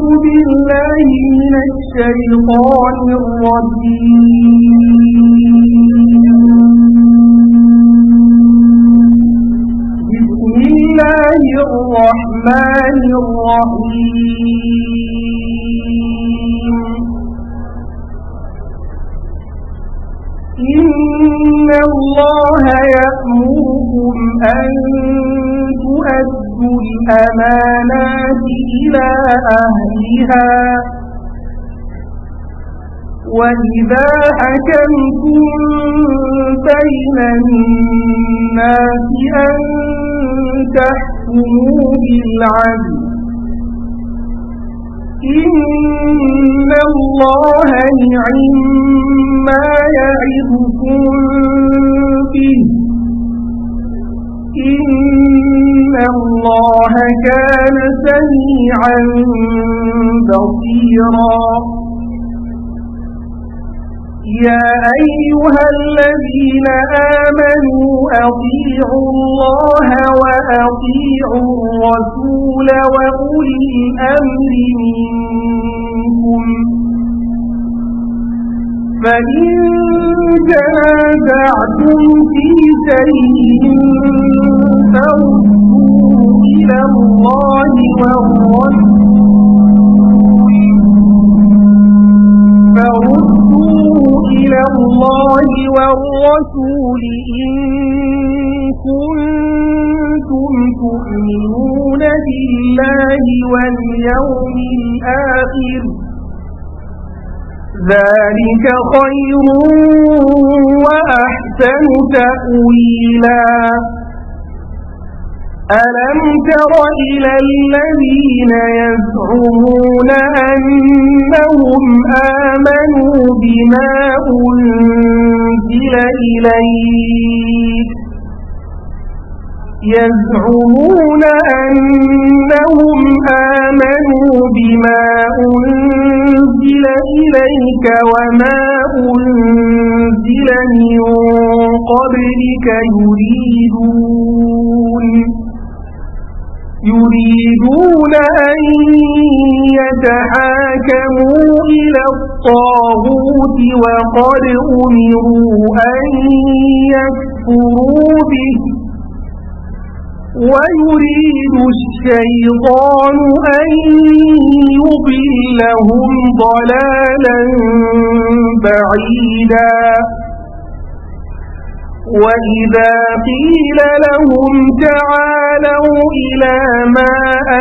أعوذ بالله من الشيطان الرجيم بسم الله الرحمن الرحيم إن الله يأمركم أن تؤدوا الْأَمَانَاتِ إِلَى أَهْلِهَا وَإِذَا حَكَمْتُمْ بَيْنَ النَّاسِ أَن تَحْكُمُوا بِالْعَدْلِ إِنَّ اللَّهَ نعم ما يَعِظُكُم بِهِ إِنَّ إن الله كان سميعا بصيرا يا أيها الذين آمنوا أطيعوا الله وأطيعوا الرسول وأولي الأمر منكم فإن تنازعتم في شيء فارجعوا إلى الله والرسول الله والرسول إن كنتم تؤمنون بالله واليوم الآخر ذلك خير وأحسن تأويلاً ألم تر إلى الذين يزعمون أنهم آمنوا بما أنزل إليك يزعمون أنهم آمنوا بما أنزل إليك وما أنزل من قبلك يريدون يريدون أن يتحاكموا إلى الطاغوت وقد أمروا أن يكفروا به ويريد الشيطان أن يضلهم ضلالا بعيداً وإذا قيل لهم تعالوا إلى ما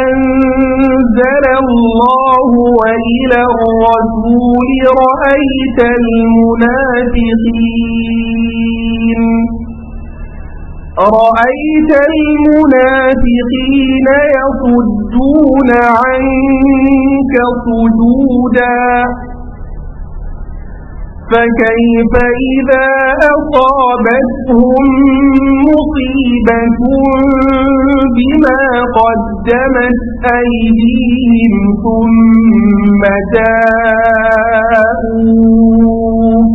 أنزل الله وإلى الرسول رأيت المنافقين رأيت المنافقين يصدون عنك صدوداً فكيف إذا أصابتهم مصيبة بما قدمت أيديهم ثم جاءوك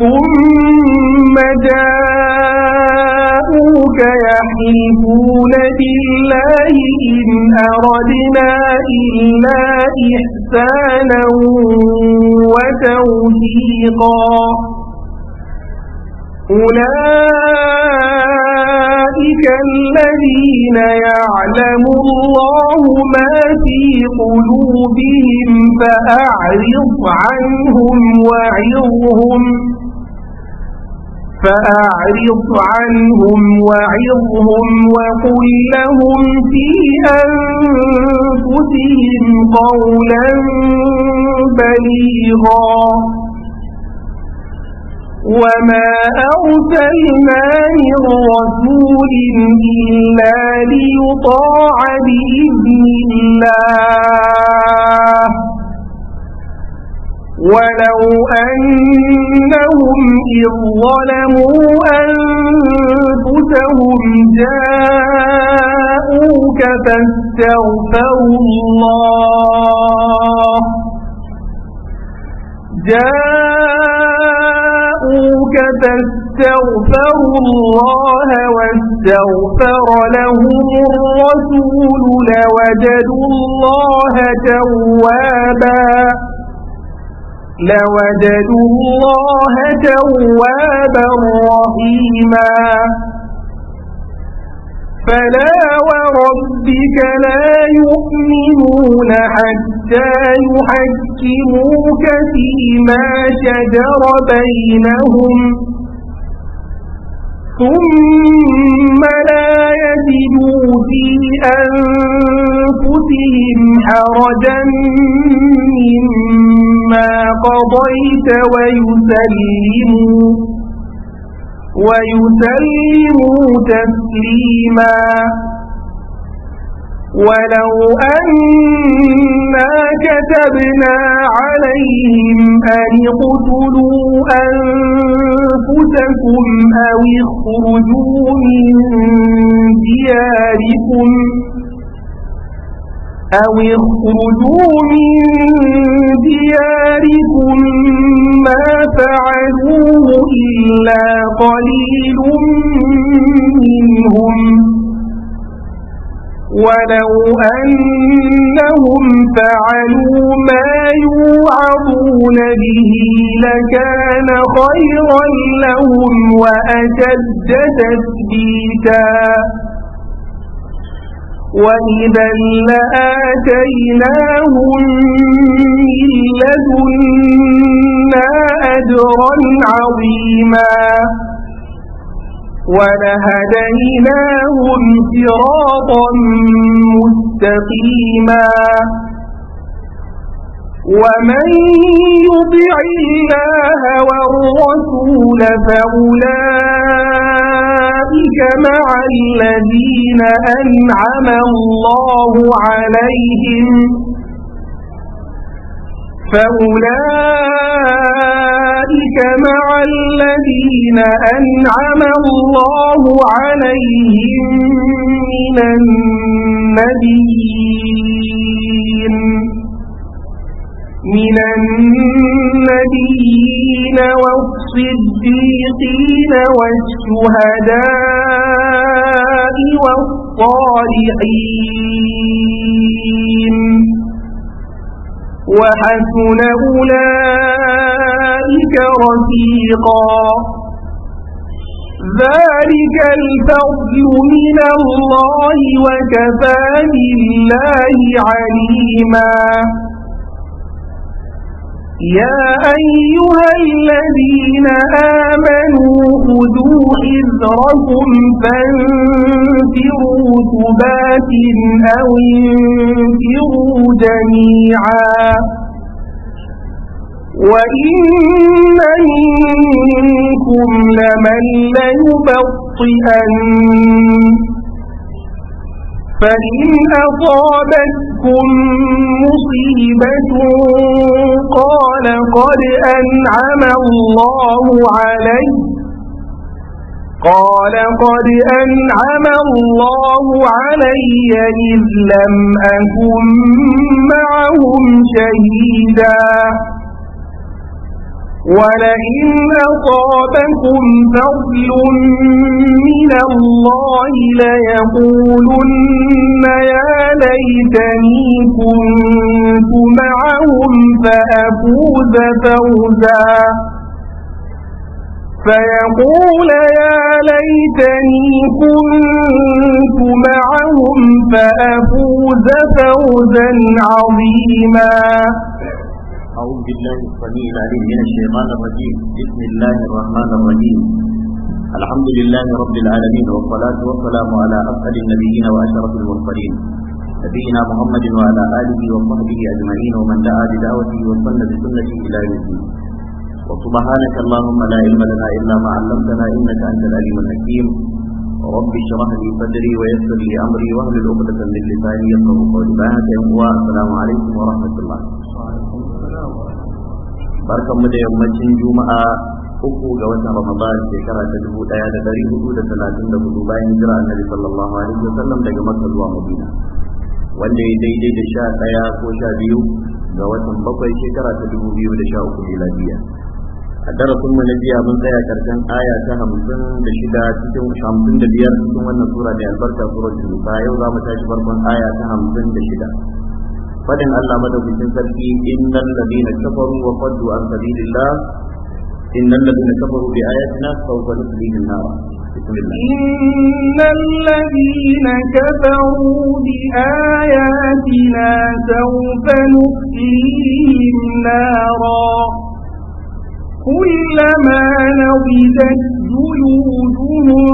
ثم جاءوك يحلفون بالله إن أردنا إلا إحسانا إحسانا وتوفيقا أولئك الذين يعلم الله ما في قلوبهم فأعرض عنهم وعظهم فأعرض عنهم وعظهم وقل لهم في أنفسهم قولا بليغا وما أرسلنا من رسول إلا ليطاع بإذن الله ولو أنهم إذ ظلموا أنفسهم جاءوك فاستغفروا الله جاءوك فاستغفروا الله واستغفر لهم الرسول لوجدوا الله توابا لوجدوا الله توابا رحيما فلا وربك لا يؤمنون حتى يحكموك فيما شجر بينهم ثم لا يجدوا في أنفسهم حرجا مما ما قضيت ويسلموا ويسلموا تسليما ولو أنا كتبنا عليهم أن اقتلوا أنفسكم أو اخرجوا من دياركم أو اخرجوا من دياركم ما فعلوه إلا قليل منهم ولو أنهم فعلوا ما يوعظون به لكان خيرا لهم وأشد تثبيتا وإذا لآتيناهم من لدنا أجرا عظيما ولهديناهم صراطا مستقيما ومن يطع الله والرسول فأولئك أولئك مع الذين أنعم الله عليهم فأولئك مع الذين أنعم الله عليهم من النبيين من النبيين والصديقين والشهداء والصالحين وحسن أولئك رفيقا ذلك الفضل من الله وكفى بالله عليماً يا أيها الذين آمنوا خذوا حذركم فانفروا ثبات أو انفروا جميعا وإن منكم لمن ليبطئن فإن أصابتكم مصيبة قال قد أنعم الله علي قال قد أنعم الله علي إذ لم أكن معهم شهيداً ولئن أصابكم فضل من الله ليقولن يا ليتني كنت معهم فأفوز فوزا فيقول يا ليتني كنت معهم فأفوز فوزا عظيما أعوذ بالله السميع العليم من الشيطان الرجيم بسم الله الرحمن الرحيم الحمد لله رب العالمين والصلاة والسلام على أفضل النبيين وأشرف المرسلين نبينا محمد وعلى آله وصحبه أجمعين ومن دعا بدعوته وسن بسنته إلى يوم الدين وسبحانك اللهم لا علم لنا إلا ما علمتنا إنك أنت العليم الحكيم رب اشرح لي صدري ويسر لي امري واهل عقدة من لساني يفقهوا قولي بعد السلام عليكم ورحمة الله. barkan mu da yammacin juma'a uku ga watan ramadan shekara ta dubu daya da dari hudu da talatin da hudu bayan hijira annabi sallallahu alaihi wasallam daga makka zuwa madina wanda ya daidai da sha daya ko sha biyu ga watan bakwai shekara ta dubu biyu da sha uku miladiya a darasin mu na jiya mun tsaya karshen aya ta hamsin da shida cikin hamsin da biyar cikin wannan sura da albarka suratul nisa yau za mu tashi farkon aya ta hamsin da shida فإن الله مدى بسن سلكي إن الذين كفروا وقدوا عن سبيل الله إن الذين كفروا بآياتنا سوف نسليه النار إن الذين كفروا بآياتنا سوف نؤتيهم نارا كلما نضجت جلودهم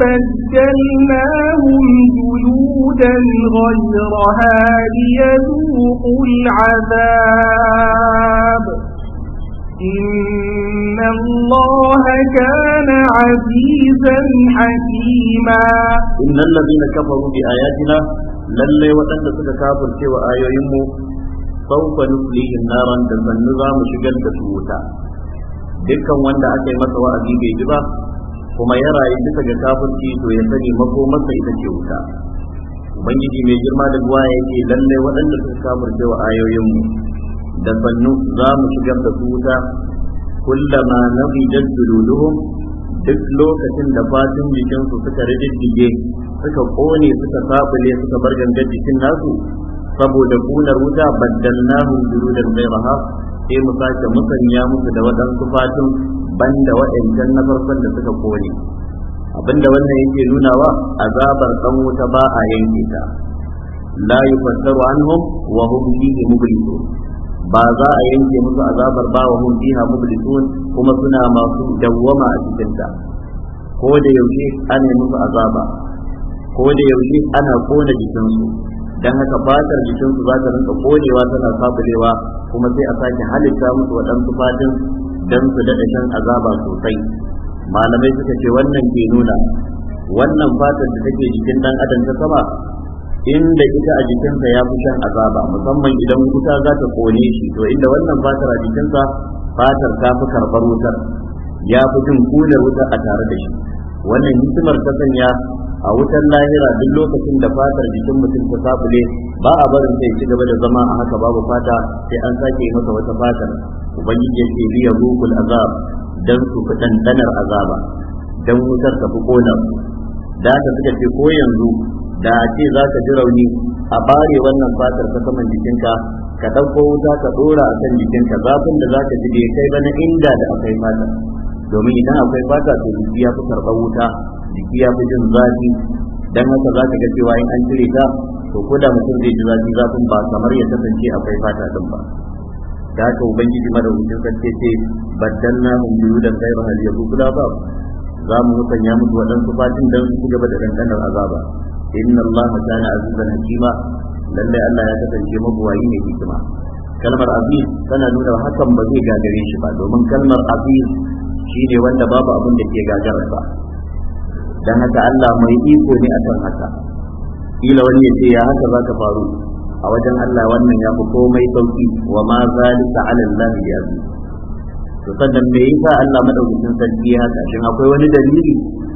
بدلناهم جلودا هدى غيرها يذوق العذاب إن الله كان عزيزا حكيما إن الذين كفروا بآياتنا لن وأن تتكافر سوى يمو سوف نفليهم نارا دفن نظام شجل تسوتا dukkan wanda aka yi masa wa'azi bai ji ba kuma ya rayu bisa ga kafirci to ya sani makomarsa ita ce wuta ubangiji mai girma da ruwa yake lallai waɗanda suka da wa ayoyinmu da sannu za mu shigar da su wuta kullama nabijat juluduhum duk lokacin da fatin jikinsu suka rididdige suka kone suka sabule suka bar gangar jikin nasu saboda kunar wuta baddalnahum bai ghayraha sai mu sake musanya musu da waɗansu fatin banda waɗancan na farkon da suka kone abinda wannan yake nunawa azabar dan wuta ba a yanke ta la yufassaru anhum wa hum fihi mublisun ba za a yanke musu azabar ba wa hum fiha mublisun kuma suna masu dawwama a cikin ta ko da yaushe ana musu azaba ko da yaushe ana kona jikinsu dan haka fatar jikinsu za ta rinka konewa tana sabulewa kuma sai a sake halitta musu waɗansu fatin dan su da shan azaba sosai malamai suka ce wannan ke nuna wannan fatar da take jikin dan adam ta sama inda ita a jikinsa ya fi shan azaba musamman idan wuta za ta kone shi to inda wannan fatar a jikinsa fatar ta fi karɓar wutar ya fi jin kula wutar a tare da shi wannan hikimar ta sanya a wutar lahira duk lokacin da fatar jikin mutum ta sabule ba a barin sai ci gaba da zama a haka babu fata sai an sake masa wata fatar ubangiji ya ce biya azab dan su fi ɗanɗanar azaba dan wutar ta fi ƙona da ta suka ce ko yanzu da a ce za ka ji rauni a bare wannan fatar ta saman jikinka ka ɗauko wuta ka ɗora a kan jikinka zafin da za ka ji bai kai ba na inda da akwai fata domin idan akwai fata to jiki ya fi karɓar wuta jiki ya fi jin zafi dan haka za ka ga cewa in an cire ta to ko da mutum zai ji zafi zafin ba kamar ya kasance akwai fata din ba da haka ubangiji madaukakin sarki ce baddalna hum biyudan ghayra hal yazuqu azab za mu musanya musu waɗansu fatin don su gaba da dandanar azaba inna allaha kana azizan hakima lalle Allah ya kasance mabuwayi ne hikima kalmar aziz tana nuna hakan ba zai gagare shi ba domin kalmar aziz shine wanda babu abin da ke gagarar ba dan haka Allah mai iko ne akan haka kila wani ya ce ya haka za ka faru a wajen Allah wannan ya fi komai sauki wa ma zalika ala Allah bi aziz to sannan me yasa Allah madaukakin sarki ya haka shin akwai wani dalili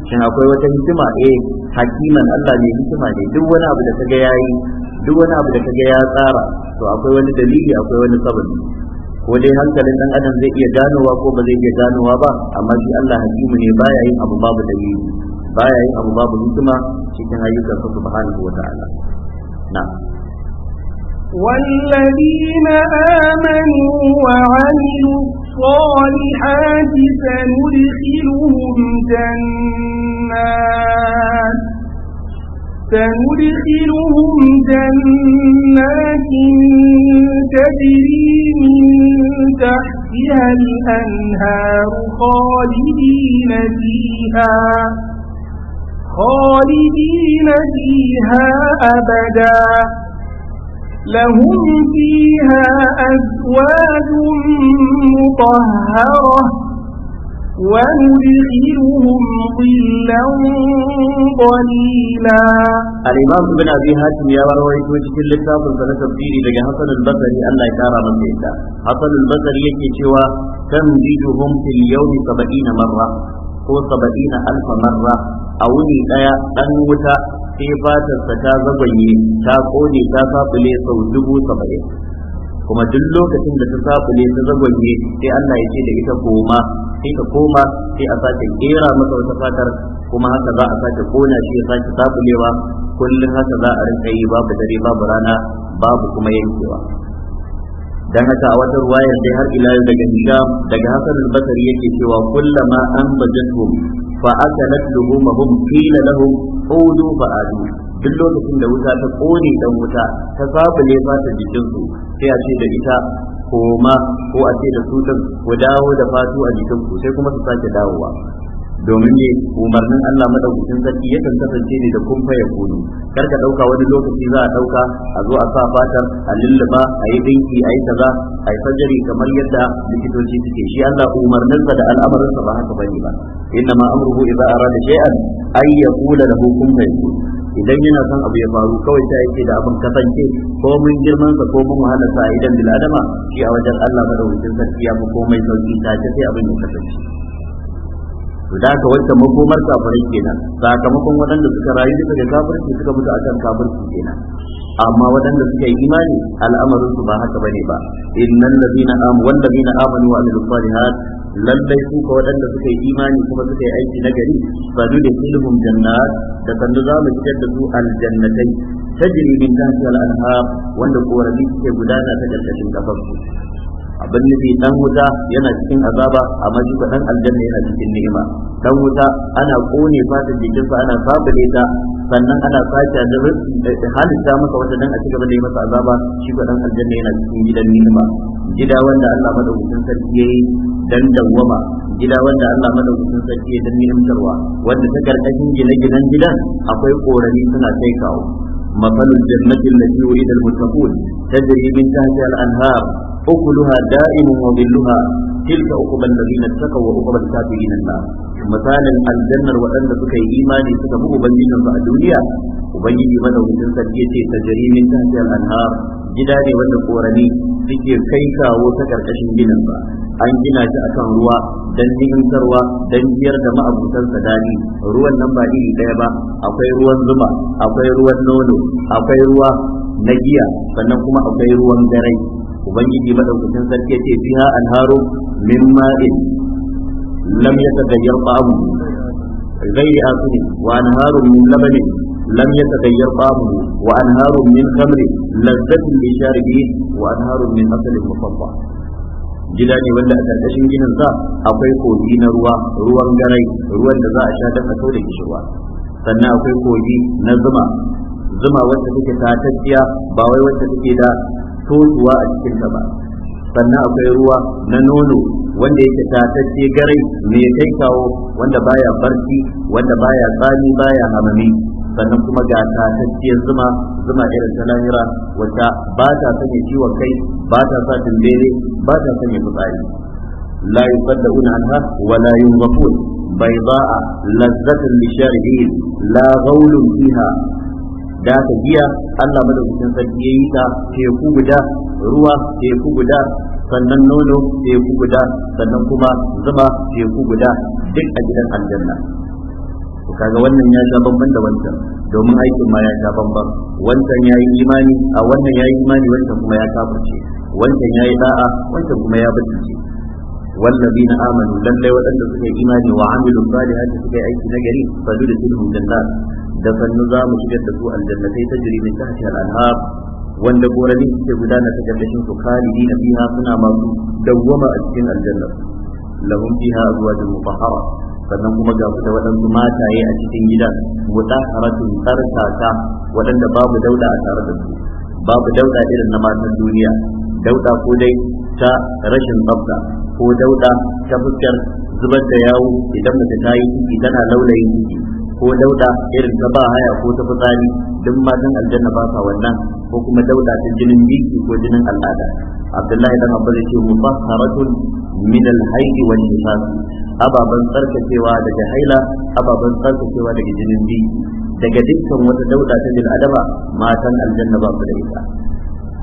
shin akwai wata hikima eh hakiman Allah ne hikima ne duk wani abu da kaga yayi duk wani abu da kaga ya tsara to akwai wani dalili akwai wani sababi ko dai hankalin dan adam zai iya ganowa ko ba zai iya ganowa ba amma shi Allah hakimu ne baya yin abu babu dalili baya yin abu babu hikima cikin ayyukansa subhanahu wa ta'ala na'am والذين آمنوا وعملوا الصالحات سندخلهم جنات سندخلهم جنات تجري من تحتها الأنهار خالدين فيها خالدين فيها أبداً لهم فيها أزواج مطهرة وندخلهم ظلا ظليلا الإمام ابن أبي هاشم يا وروي توجه للتاب سنة تفسيري لك حسن البصري أن لا يكار من بيتا حسن البصري يكي شوى تمديدهم في اليوم سبعين مرة ko saba'ina ألف مرة أو wuni daya dan sai fatarsa ta zagwanye ta kone ta sabule sau dubu saba'in kuma duk lokacin da ta safule ta zagwanye sai Allah ya ce da ita koma sai ta koma sai a sake kera masa wata fatar kuma haka za a sake kona shi ya sake sabulewa kullum haka za a rinka yi babu dare babu rana babu kuma yankewa dan haka a wata ruwayar dai har ila daga Hisham daga Hassan al-Basri yake cewa kullama an bajatum fa akalat luhumahum qila lahum udu duk lokacin da wuta ta kone dan wuta ta sabule fata jikinsu sai a ce da ita koma ko a ce da su ta ku dawo da fatu a jikinku sai kuma su sake dawowa domin ne umarnin Allah madaukakin sarki yakan kasance ne da kun fa ya kar ka dauka wani lokaci za a dauka a zo a sa fatar a lulluba a yi dinki a yi kaza a yi sajari kamar yadda likitoci suke shi Allah umarninsa da al'amarinsa ba haka bane ba inna ma amruhu idza arada shay'an ay yaqula lahu kun fa idan yana son abu ya faru kawai ta yake da abin kasance ko mun girman sa ko mun wahala sa idan bil adama shi a wajen Allah madaukakin sarki ya fi komai sauki ta sai abin ya kasance to da ka wacce makomar kafirai kenan sakamakon waɗanda suka rayu duka da kafirci suka mutu akan kafirci kenan amma waɗanda suka yi imani al'amarin su ba haka bane ba innal ladina amanu wal ladina amanu wa amilus salihat lallai su ka waɗanda suka yi imani kuma suka yi aiki na gari fa da silhum jannat da sannu za mu shigar da su aljannatai tajri min tahtiha al-anhar wanda korabi suke gudana ta karkashin gaban abin nufi dan wuta yana cikin azaba amma shi dan aljanna yana cikin ni'ima dan wuta ana kone fatan jikinsa ana sabule ta sannan ana sace da eh, eh, halin ta masa wata dan a ci gaba da yi masa azaba shi dan aljanna yana cikin gidan ni'ima gida wanda Allah madaukakin sarki yayi dan dawwama gida wanda Allah madaukakin sarki yayi dan ni'imtarwa wanda ta karkashin gine-ginen gidan akwai korani suna kai kawo مثل الجنة التي وعد المتقون تجري من تحتها الأنهار أكلها دائم وظلها تلك عقبى الذين اتقوا وعقبى الكافرين النار مثالا الجنة وأن سكي إيماني سكبه بنجنا فأدوليا وبنجي من وجن سكيتي تجري من تحت الأنهار جداري والقرني suke kai kawo ta karkashin ginin ba an gina shi akan ruwa dan ni'imtarwa dan biyar da ma'abutan sadani ruwan nan ba iri daya ba akwai ruwan zuma akwai ruwan nono akwai ruwa na giya sannan kuma akwai ruwan garai ubangiji madaukakin sarki ya ce fiha anharu min ma'in lam yatagayyar ta'amu ghairi asini wa anharu min labani lam yatagayyar ta'amu wa anharu min khamri lazzatin lisharibin wa anharu min asalin mufaffah gida ne wanda a ƙarƙashin ginin sa akwai kogi na ruwa ruwan garai ruwan da za a sha daga kau da kishirwa sannan akwai kogi na zuma zuma wacce take tafiya, ba wai wacce take da totuwa a cikinta ba sannan akwai ruwa na nono wanda yake tatacce garai mai kai kawo wanda baya barci wanda baya tsami baya hamami sannan kuma ga tatacciyar zuma zuma irin ta lahira wata ba ta sanya ciwon kai ba ta sa tumbere ba ta sanya fitsari la yusaddauna anha wa la yunzafun بيضاء لذة للشاربين la غول fiha. da aka biya Allah madaukakin sarki ya yi ta teku guda ruwa teku guda sannan nono teku guda sannan kuma zuma teku guda duk a gidan aljanna to kaga wannan ya sha bamban da wancan domin aikin ma ya sha bamban wancan ya yi imani a wannan ya yi imani wancan kuma ya kafirce wancan ya yi da'a wancan kuma ya bincike والذين آمنوا لن لا يودن سكي إيماني وعملوا الصالحات سكي أيك نجري فدول سلهم جنات da sannu za mu shigar da su sai ta jiri min tahti al-anhar wanda goranin suke gudana ta karkashin su khalidi na fiha suna masu dawwama a cikin aljanna lahum fiha azwajun mutahhara sannan kuma ga su da waɗansu mataye a cikin gidan mutahharatun tsarkaka waɗanda babu dauda a tare da su babu dauda irin na matan duniya dauda ko dai ta rashin tsafta ko dauda ta fuskar zubar da yawo idan mace ta yi ciki tana laulayin ciki ko dauda irin ta ba haya ko ta fitsari duk matan aljanna ba sa wannan ko kuma dauda ta jinin biki ko jinin al'ada abdullahi dan abbas yake mutahharatun min al-hayd wal nifas ababan tsarkakewa daga haila ababan tsarkakewa daga jinin biki daga dukkan wata dauda ta bil adama matan aljanna ba su da ita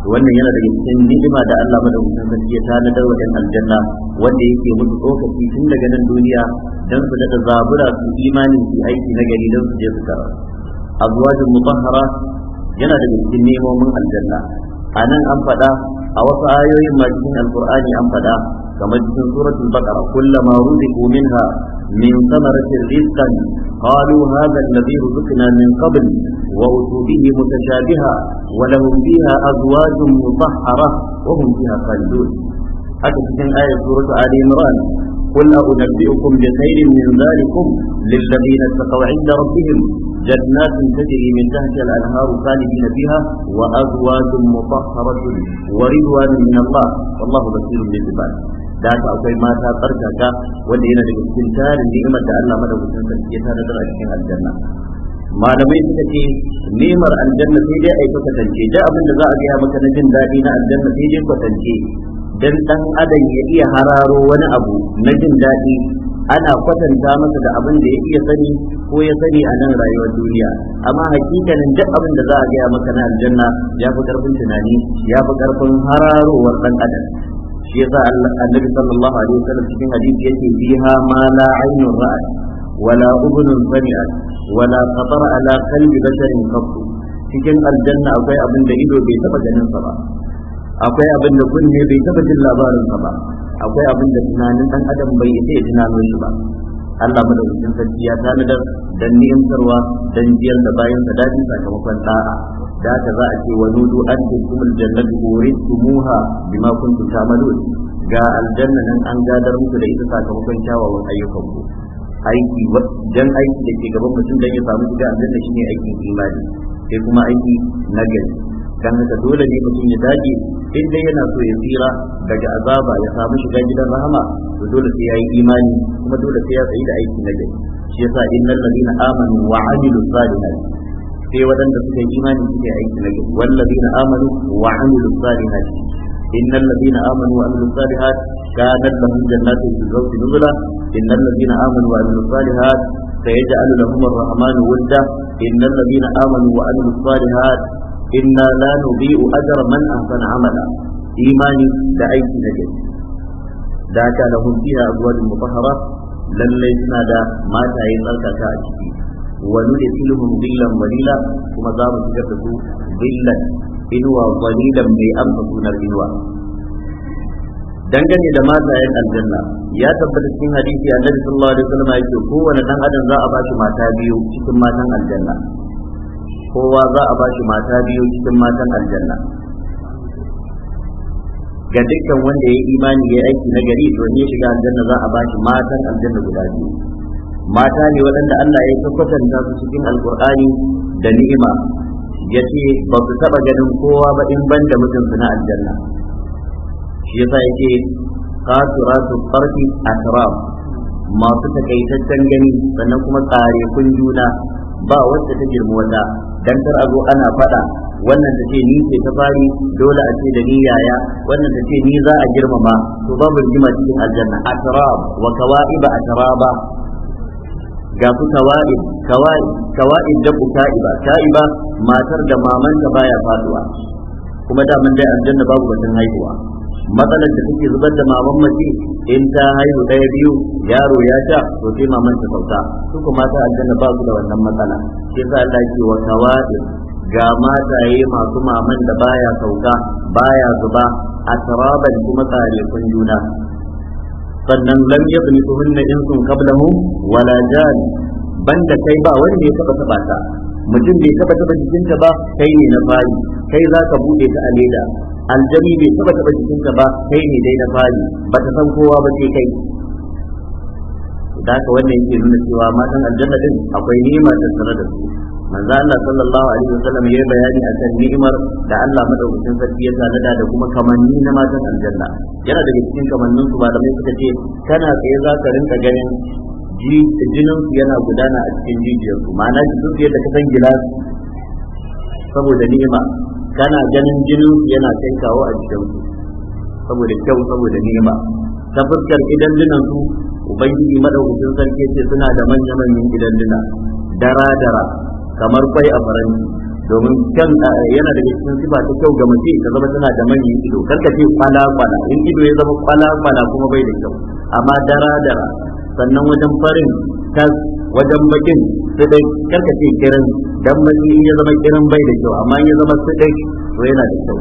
wannan yana daga cikin ni'ima da Allah madaukakin sarki ya tanadar wa aljanna wanda yake musu tsokaci tun daga nan duniya dan su daɗa zabura su imani su aiki na gari dan su je su kara azwajul mutahhara yana daga cikin nemomin aljanna anan an faɗa a wasu ayoyin ma cikin alkur'ani an faɗa kamar cikin suratul baqara kullama ruziqu minha min thamaratin rizqan qalu hadha alladhi ruziqna min qabl wa utubihi mutashabiha wa lahum fiha azwajun mutahhara wa hum fiha khalidun haka cikin ayat suratul ali imran قل أنبئكم بخير من ذلكم للذين اتقوا عند ربهم جنات تجري من تحتها الأنهار خالدين فيها وأزواج مطهرة ورضوان من الله والله بصير بالعباد da haka akwai mata tsarkaka wanda yana daga cikin tarin ni'imar da Allah madaukakin sarki ya tanadar a cikin aljanna malamai suka ce nemar aljanna sai dai a yi kwatance da abin da za a gaya maka na jin daɗi na aljanna sai dai kwatance dan dan adam ya iya hararo wani abu na jin daɗi ana kwatanta masa da abin da ya iya sani ko ya sani a nan rayuwar duniya amma hakikanin duk abin da za a gaya maka na aljanna ya fi karfin tunani ya fi karfin hararowar dan adam shi yasa annabi sallallahu alaihi wasallam cikin hadisi yake biha ma la aynun ra'at wala ubnun sami'at wala khatara ala qalbi basharin qattu cikin aljanna akwai abin da ido bai taba ganin sa ba akwai abin da kunne bai taba jin labarin sa ba akwai abin da tunanin dan adam bai isa tunano shi ba Allah madaukakin sarki ya tanadar dan ni'imtarwa dan jiyar da bayan sa dadi sakamakon da'a da ta za a ce wa nudu an tilkumul jannatu uritumuha bima kuntum ta'malun ga aljanna nan an gadar muku da ita sakamakon kyawawan ayyukanku aiki wajen aiki da ke gaban mutum don ya samu shiga aljanna shine aikin imani sai kuma aiki na gari dan haka dole ne mutum ya dage in dai yana so ya tsira daga azaba ya samu shiga gidan rahama to dole sai ya yi imani kuma dole sai ya tsayi da aiki na gari shi yasa innal ladina amanu wa amilus salihati sai waɗanda suka yi imani suka aiki na gari wallazina amanu wa amilus salihati إن الذين آمنوا وعملوا الصالحات كانت لهم جنات الفردوس نزلا إن الذين آمنوا وعملوا الصالحات سيجعل لهم الرحمن ودا إن الذين آمنوا وعملوا الصالحات إنا لا نضيء أجر من أحسن عملا إيماني كأيك نجد ذاك لهم فيها أزواج مطهرة lallai suna da mataye tsarkaka a ciki wani da silhun billan walila kuma za mu shigar da su billan inuwa qalilan mai amsa sunan inuwa dangane da matayen aljanna ya tabbata cikin hadisi annabi sallallahu alaihi wasallam yake kowane dan adam za a ba shi mata biyu cikin matan aljanna kowa za a ba shi mata biyu cikin matan aljanna ga dukkan wanda ya yi imani ya aiki na gari to ne shiga aljanna za a ba shi matan aljanna guda biyu mata ne waɗanda Allah ya kwatanta su cikin alkur'ani da ni'ima yace ba su taɓa ganin kowa ba in banda mutum na aljanna shi yasa yake qasuratu farqi asrab masu takaitaccen gani sannan kuma tsare kun juna ba wacce ta girma wata dan a zo ana faɗa. wannan ta ce ni ce ta fari dole a ce da ni yaya wannan ta ce ni za a girmama to babu rigima cikin aljanna atrab wa kawaiba atraba ga su kawai kawai da ku ta'iba ta'iba matar da mamanta baya faduwa kuma da mun dai aljanna babu batun haihuwa matsalar da take zubar da maman mace in ta haihu ɗaya biyu yaro ya sha to sai maman ta sauka su kuma ta aljanna babu da wannan matsala sai sa Allah ke wa kawai ga mataye masu maman da baya sauka baya zuba asraban kuma kun juna sannan lam yaqnituhunna insun qablahum wala jan banda kai ba wanda ya taba taba ta mutum bai taba taba jikinta ba kai ne na fari kai za ka bude ta a leda aljami bai taba taba jikinta ba kai ne dai na fari ba ta san kowa ba sai kai da ka wannan yake nuna cewa matan aljanna din akwai ta tattare da su manzo Allah sallallahu alaihi wasallam yayi bayani akan ni'imar da Allah madaukakin sarki ya tanada da kuma kamanni na matan aljanna yana daga cikin kamannin su malamai suka ce kana tsaye za ka rinka ganin jinin su yana gudana a cikin jijiyar su ma'ana duk yadda ka san gilas saboda ni'ima kana ganin jinin su yana kai kawo a cikin su saboda kyau saboda ni'ima ta fuskar idan jinin su ubangiji madaukakin sarki ce suna da manya manyan idan dara dara kamar kwai a faranti domin kan yana daga cikin sifa ta kyau ga mace ta zama tana da manyan ido kar ka ce kwala kwala in ido ya zama kwala kwala kuma bai da kyau amma dara dara sannan wajen farin tas wajen bakin su dai karka ce kiran dan mazi in ya zama kiran bai da kyau amma in ya zama su dai to yana da kyau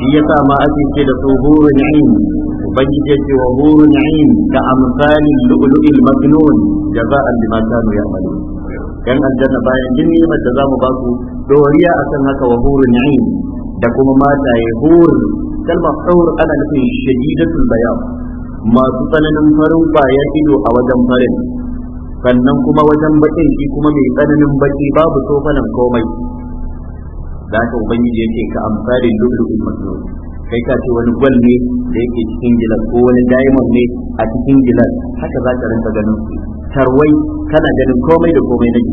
shi yasa ma ake ce da su hurun ain ubangiji ce wa hurun ain ka amsalin lu'lu'il maknun jaza'an bima kanu ya'malun yan aljanna bayan jin ni'imar da zamu ba su doriya akan haka wa hurun ni'im da kuma mataye hur kalmar hur ana nufin shadidatul bayan masu tsananin farin baya ido a wajen farin sannan kuma wajen bakin shi kuma mai tsananin baki babu tofanan komai da haka ubangiji yake ka amfani lullubin masu kai ka ce wani gwal ne da yake cikin gilas ko wani diamond ne a cikin gilas haka za ka rinka ganin su tarwai kana ganin komai da komai na su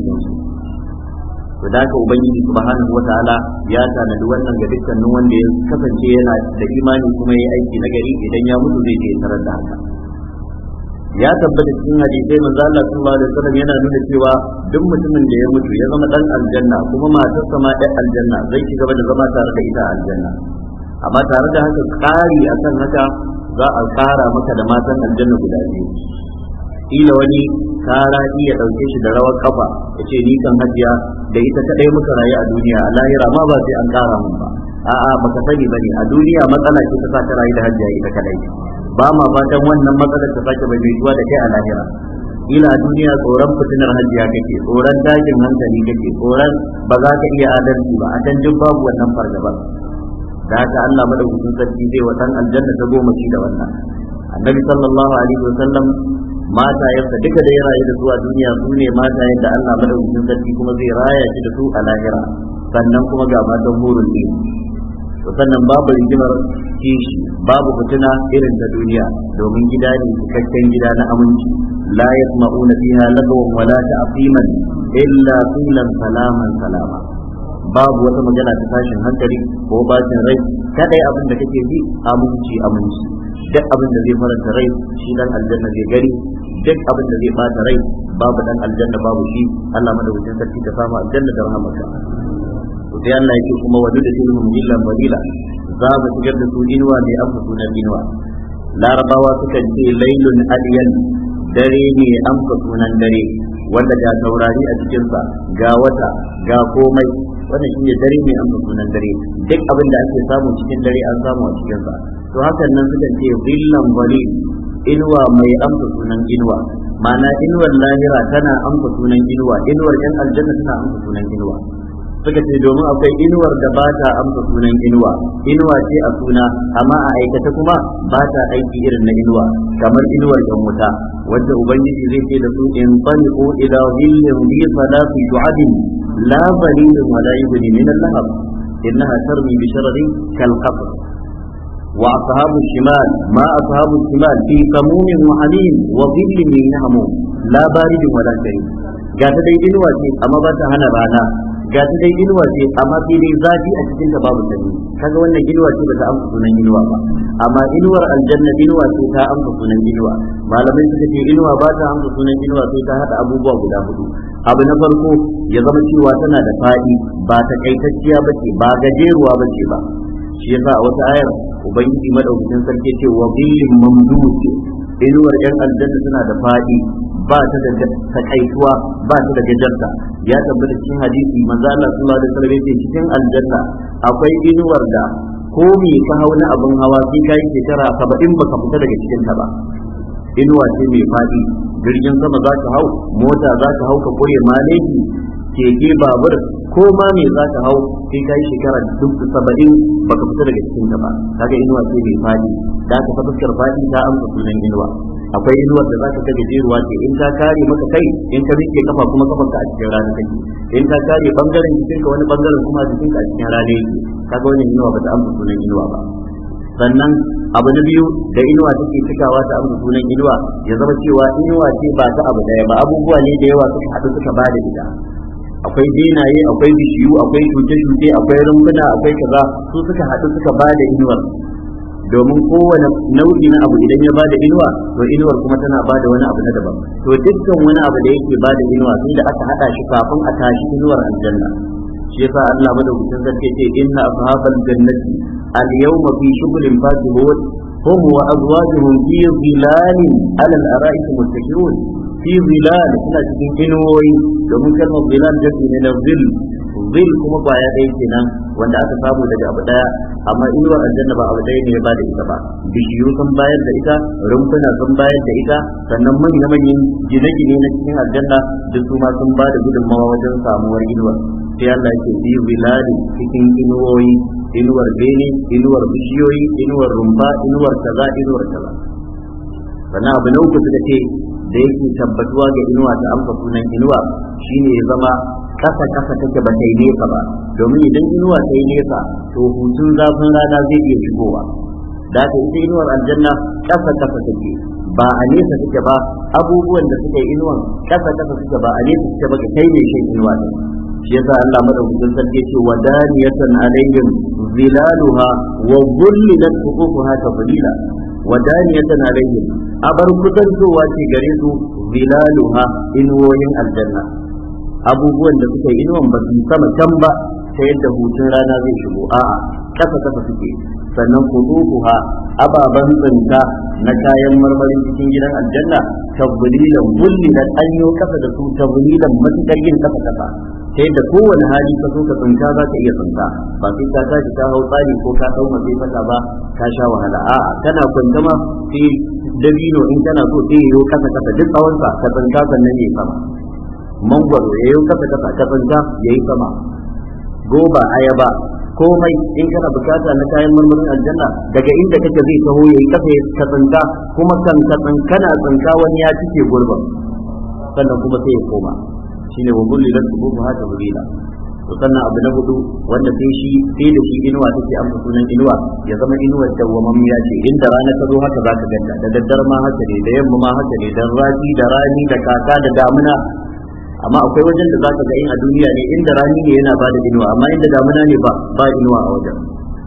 to da ka ubangiji subhanahu wataala ya tanadi wannan ga dukkanin wanda ya kasance yana da imani kuma yayi aiki na gari idan ya mutu zai je tarar da haka ya tabbata cikin hadisai manzo Allah sallallahu alaihi wasallam yana nuna cewa duk mutumin da ya mutu ya zama dan aljanna kuma matarsa ma da aljanna zai ci gaba da zama tare da ita aljanna amma tare da haka kari akan haka za a fara maka da matan aljanna guda biyu kila wani kara iya ɗauke shi da rawar kafa ya ce ni kan hajiya da ita kaɗai muka rayu a duniya a lahira ma ba sai an kara mun ba a'a baka sani bane a duniya matsala ce ta rayu da hajiya ita kaɗai ba ma fatan wannan matsalar ta sake bai zuwa da kai a lahira kila a duniya tsoron fitinar hajiya kake tsoron tashin hankali kake tsoron ba za ka iya adalci ba a can duk babu wannan fargabar da haka Allah madaukakin sarki zai wa aljanna ta goma shi da wannan annabi sallallahu alaihi wasallam Mata matayensa duka da ya rayu da su a duniya su ne matayen da Allah madaukakin sarki kuma zai raya shi da su a lahira sannan kuma ga matan burin ne to sannan babu rigimar kishi babu fituna irin ta duniya domin gida ne cikakken gida na aminci la yasma'una fiha lagawan wala ta'fiman illa qilan salaman salama babu wata magana ta tashin hankali ko bacin rai kadai abin da kake ji aminci aminci duk abin da zai faranta rai shi dan aljanna zai gari duk abin da zai bata rai babu dan aljanna babu shi Allah madaukakin sarki ka samu aljanna da rahmarka to sai Allah yake kuma wadu da tilmu mujillan wadila za mu shigar da su inuwa mai amsa sunan inuwa larabawa sukan ce lailun aliyan dare ne amsa sunan dare wanda ga saurari a cikinsa ga wata ga komai wannan shine dare ne an sunan dare duk abin da ake samu cikin dare an samu a cikin sa to hakan nan suka ce zillan walid inuwa mai amsa sunan inuwa ma'ana inuwar lahira tana amsa sunan inuwa inuwar yan aljanna tana amsa sunan inuwa suka ce domin akwai inuwar da ba ta amsa sunan inuwa inuwa ce a suna amma a aikata kuma ba ta aiki irin na inuwa kamar inuwar yan wuta wanda ubangiji zai ce da su in taliqu ila dhillin bi salati shu'abin la baridun wa la yughni min al-lahab innaha tarmi bi sharadin kal ga ta dai inuwa ce amma ba ta hana rana ga ta dai inuwa ce amma sai zafi a cikin ta babu sanyi kaga wannan inuwa ce bata amsa sunan inuwa ba amma inuwar aljanna inuwa ce ta amsa sunan inuwa malamai suka ce inuwa ba ta amsa sunan inuwa sai ta hada abubuwa guda hudu abu na farko ya zama cewa tana da fadi ba ta kaitacciya ce, ba gajeruwa ba ce ba shi yasa a wata ayar ubangiji madaukakin sarki ce wa billin mamdud inuwar yan aljanna tana da fadi ba ta da takaituwa ba ta da gajarta ya tabbata cikin hadisi manzo Allah sallallahu alaihi wasallam yace cikin aljanna akwai inuwar da ko me ka hauna abin hawa sai yi shekara ba ka fita daga cikin ta ba inuwa ce mai faɗi jirgin sama za ka hau mota za ka hau ka koye ke keke babur ko ma me za ka hau sai ka yi shekara duk saba'in ka fita daga cikin ta ba kaga inuwa ce mai faɗi da ka fuskar faɗi ta amsa sunan inuwa akwai inuwar da za ka kaga jeruwa ce in ta kare maka kai in ka rike kafa kuma kafar ka a cikin rana take in ta kare bangaren jikin ka wani bangaren kuma jikin ka a cikin rana yake kaga wannan inuwa ba ta amsa sunan inuwa ba sannan abu na biyu da inuwa take cikawa ta amsa sunan inuwa ya zama cewa inuwa ce ba ta abu daya ba abubuwa ne da yawa suka haɗu suka bada ita akwai denaye, akwai bishiyu akwai shuke-shuke akwai rumbuna akwai kaza su suka haɗu suka bada inuwar domin kowane nau'i na abu idan ya da inuwa to inuwar kuma tana bada wani abu na daban to dukkan wani abu da yake bada inuwa sai da aka hada shi kafin a tashi inuwar aljanna shi yasa Allah madaukakin sarki ce inna ashabal jannati al yawma fi shughlin fakihun hum wa azwajuhum fi dhilalin ala al ara'ik muttashirun fi dhilal suna cikin inuwoyi domin kalmar dhilal da ne na bil kuma kwaya ɗaya kenan wanda aka samu daga abu ɗaya amma inuwar aljanna ba abu ɗaya ne ya bada ita ba bishiyu sun bayar da ita rumfuna sun bayar da ita sannan manya manyan gine-gine na cikin aljanna duk su ma sun bada gudunmawa wajen samuwar inuwar sai Allah ya ce bi cikin inuwoyi inuwar bene inuwar bishiyoyi inuwar rumfa inuwar kaza inuwar kaza sannan abu na uku suka ce da yake tabbatuwa ga inuwa ta amfa sunan inuwa shine ya zama kasa kasa take ba ta yi nesa ba domin idan inuwa ta yi nesa to hutun zafin rana zai iya shigowa da aka ita inuwar aljanna kasa kasa take ba a nesa take ba abubuwan da suka yi inuwan kasa kasa suke ba a nesa suke ba ta. kai ne shan inuwa ne shi yasa Allah madaukakin sarki ce wa daniyatan alaihim zilaluha wa dhullilat qutufuha tafdila wa daniyatan alaihim abar kutantowa ce gare su zilaluha inuwoyin aljanna abubuwan da suka yi inuwan ba su sama can ba ta yadda hutun rana zai shigo a kasa kasa suke sannan ku ha ababan tsinka na kayan marmarin cikin gidan aljanna tabbulilan bulli na yo kasa da su tabbulilan matukar yin kasa kasa ta yadda kowane hali ka so ka tsinka za ka iya tsinka ba sai ka tashi ka hau tsari ko ka dau mace fata ba ka sha wahala a'a kana kwanta ma sai dabino in kana so sai yo kasa kasa duk tsawon ka tsinka sannan ya sama mangwaro ya eh, yi kasa kasa kasanta ya yi sama goba ayaba komai in kana bukata na kayan marmarin aljanna daga inda kake zai taho ya yi kasa kasanta kuma kan kana tsanka wani ya cike gurbin sannan kuma sai ya koma ne lilar su gurbin haka tawila to sannan abu na hudu wanda sai shi sai da shi inuwa take amsa sunan inuwa ya zama inuwar ya ce inda rana ta zo haka za ka ganta da daddar ma haka ne da yamma ma haka ne da rafi da rani da kaka da damuna amma akwai wajen da zaka ga in a duniya ne inda rani ne yana bada inuwa amma inda damuna ne ba ba inuwa a wajen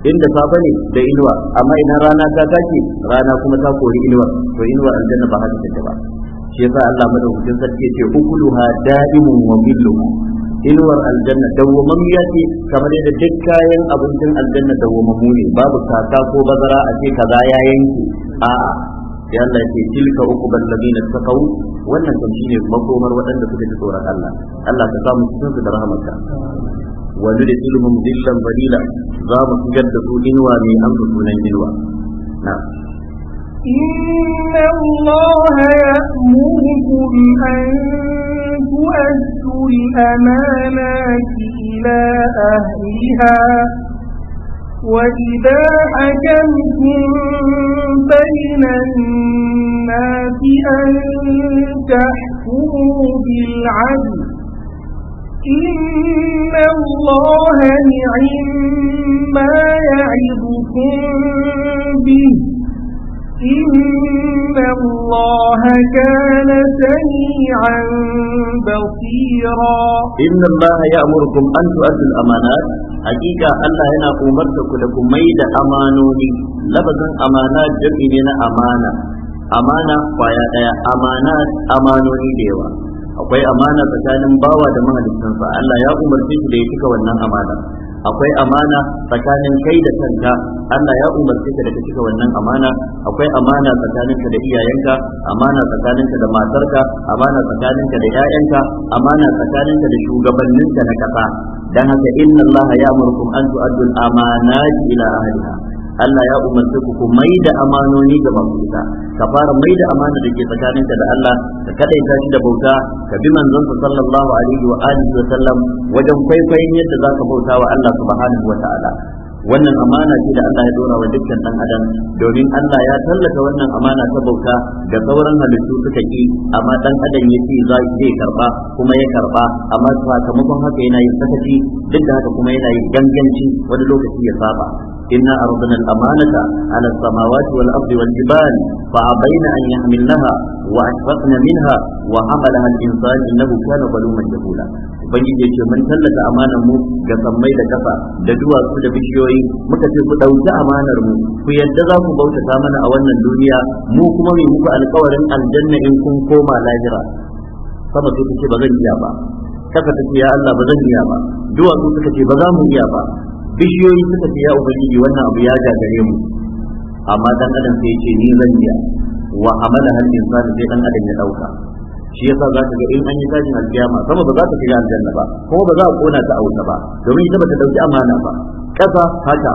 inda safa ne da inuwa amma ina rana ta take rana kuma ta kori inuwa to inuwa aljanna ba haka take ba shi yasa Allah madaukakin sarki yake ce ukuluha da'imun wa billu inuwar aljanna ya ce kamar yadda duk kayan abincin aljanna dawwamammu ne babu kaka ko bazara a ce kaza ya yanke a'a sai Allah ya ce tilka uqbal ladina taqaw wannan kan shine makomar waɗanda suka ji tsoron Allah Allah ka samu cikin su da rahmarka wa nudkhiluhum dhillan zalila za mu shigar da su inuwa mai amsa sunan inuwa na'am إن الله يأمركم أن تؤدوا الأمانات إلى أهلها وإذا حكمتم بين الناس أن تحكموا بالعدل إن الله نعم ما يعظكم به inna allaha ya amurkum an tu'adul amana hakika allaha yana umarta ku da ku mai da amanoni labazin amana jirgi ne na amana amana kwaya ɗaya. amana amanoni da yawa akwai amana tsakanin bawa da mahalittansa Allah ya umarci su da ya cika wannan amana akwai amana tsakanin kai da kanka Allah ya umarce ka da ka cika wannan amana akwai amana tsakaninka da iyayenka amana tsakaninka da matarka amana tsakaninka da 'ya'yanka amana tsakaninka da shugabanninka na kasa dan haka inna Allah ya amurkum an tu'addu al-amanati ila ahliha Allah ya umarce ku ku mai da amanoni ga bakuta ka fara mai da amana da ke tsakaninka da Allah ka kadaita shi da bauta ka bi manzon sallallahu alaihi wa alihi wa sallam wajen kwaikwayon yadda zaka bauta wa Allah subhanahu wa ta'ala wannan amana ce da Allah ya dora wa dukkan dan adam domin Allah ya tallata wannan amana ta bauta da sauran halittu suka ki amma dan adam ya ce za zai karba kuma ya karba amma sakamakon haka yana yin sakaci duk da haka kuma yana yin ganganci wani lokaci ya saba إنا أرضنا الأمانة على السماوات والأرض والجبال فأبين أن يحملنها وأشفقن منها وحملها الإنسان إنه كان ظلوما جهولا ubangiji ya ce mun tallata amanar mu ga sammai da kafa da duwatsu da bishiyoyi muka ce ku ɗauki amanar mu ku yadda za ku bautata mana a wannan duniya mu kuma mai muku alkawarin aljanna in kun koma lahira sama sai ta ce ba zan iya ba kasa ta ce ya Allah ba zan iya ba duwatsu suka ce ba za mu iya ba bishiyoyi suka ce ya ubangiji wannan abu ya gagare mu amma dan adam sai ce ni zan yi wa amala hal insani sai dan adam ya dauka shi yasa za ka ga in an yi tashin alkiyama sama ba za ta shiga aljanna ba kuma ba za a kona ta a wuta ba domin ita ba ta dauki amana ba kasa haka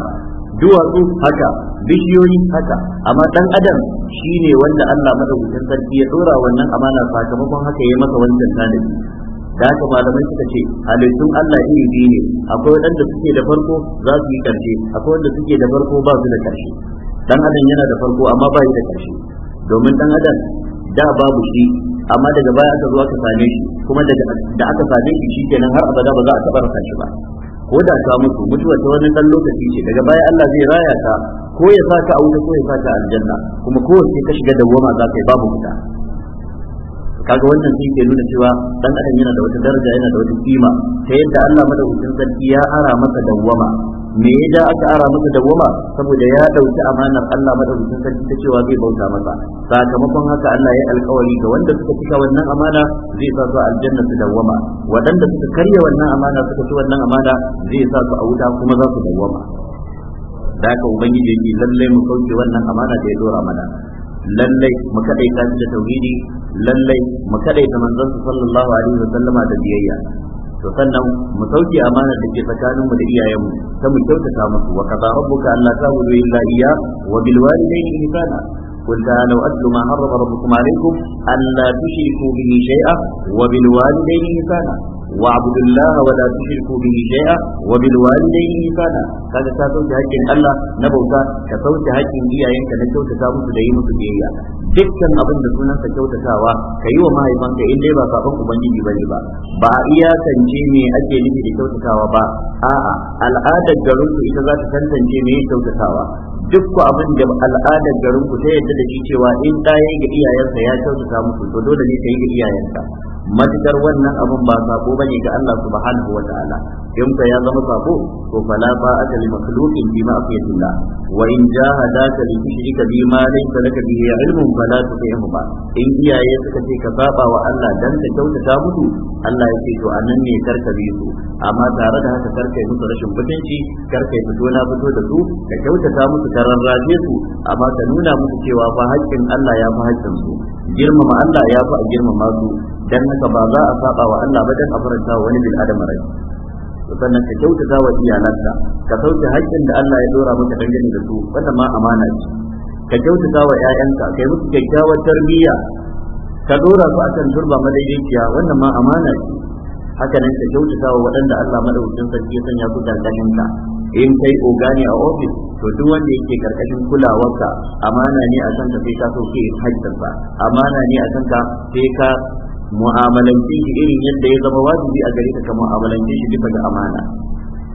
duwatsu haka bishiyoyi haka amma dan adam shine wanda Allah madaukakin sarki ya dora wannan amana sakamakon haka yayi masa wancan tanadi da haka malamai suka ce halittun Allah iri biyu ne akwai wanda suke da farko za su yi ƙarshe akwai wanda suke da farko ba su da karshe dan adam yana da farko amma ba shi da ƙarshe domin dan adam da babu shi amma daga baya aka zo aka same shi kuma da aka same shi shikenan har abada ba za a taɓa rasa shi ba ko da ka mutu mutuwa ta wani dan lokaci ce daga baya Allah zai raya ka ko ya sa a wuta ko ya sa aljanna kuma kowace ka shiga dawwama za ka yi babu wuta. kaga wannan sai ke nuna cewa dan adam yana da wata daraja yana da wata kima ta yadda Allah madaukakin sarki ya ara masa dawwama me ya da aka ara masa dawwama saboda ya dauki amanar Allah madaukakin sarki ta cewa zai bauta masa sakamakon haka Allah ya alkawari ga wanda suka cika wannan amana zai sa su aljanna su dawwama wadanda suka karya wannan amana suka ci wannan amana zai sa su a wuta kuma za su dawwama da haka ubangiji yake lallai mu kauce wannan amana da ya dora mana lallai mu kadaita ta da tauhidi lallai mu kadaita manzon sallallahu alaihi wa sallama da biyayya to sannan mu sauke amanar da ke tsakanin mu da iyayenmu ta mu kyautata musu wa kaza rabbuka alla ta'budu illa iyya wa bil walidayni ihsana قل تعالوا أتل ما حرم ربكم عليكم ألا تشركوا به شيئا وبالوالدين إحسانا واعبدوا الله ولا تشركوا به شيئا وبالوالدين إحسانا kaga ta sauke hakkin Allah na bauta ka sauke hakkin iyayenka na kyautata musu da yi musu biyayya dukkan abin da sunansa kyautatawa ka yi wa mahaifanka in dai ba kafin ubangiji ba ne ba ba a iyakance me ake nufi da kyautatawa ba a'a al'adar garin ku ita za ta tantance me kyautatawa duk ku abin da al'adar garin ku ta yadda da shi cewa in ɗaya ga iyayensa ya kyautata musu to dole ne ka yi ga iyayensa matukar wannan abin ba sako bane ga Allah subhanahu wa ta'ala in ka ya zama sako to fala aka li makhluqin bi ma'siyatillah wa in jahadaka li tushrika bi ma laysa laka bihi ilmun fala tuti'huma in iyaye suka ce ka saba wa Allah dan ka kyautata musu Allah ya ce to anan ne karka bi su amma tare da haka karka yi musu rashin mutunci karka yi fito na fito da su ka kyautata musu ka rarraje su amma ka nuna musu cewa fa haƙƙin Allah ya fi haƙƙin su girmama Allah ya fi a girmama su dan haka ba za a saba wa Allah ba dan a faranta wani bil adam rai sannan ka kyautata wa iyalanka ka sauke haƙƙin da Allah ya dora maka dangane da su wata ma amana ce ka kyautata wa ƴaƴanka kai musu kyakkyawar tarbiyya ka dora su akan turba madaidaiciya wannan ma amana ce haka nan ka kyautata wa waɗanda Allah madaukakin sarki ya sanya su karkashin ka in kai oga ne a ofis to duk wanda yake karkashin kulawarka amana ne a kanka sai ka so sauke haƙƙinsa amana ne a kanka sai ka mu'amalance shi irin yadda ya zama wajibi a gare ka ka mu'amalance shi bisa ga amana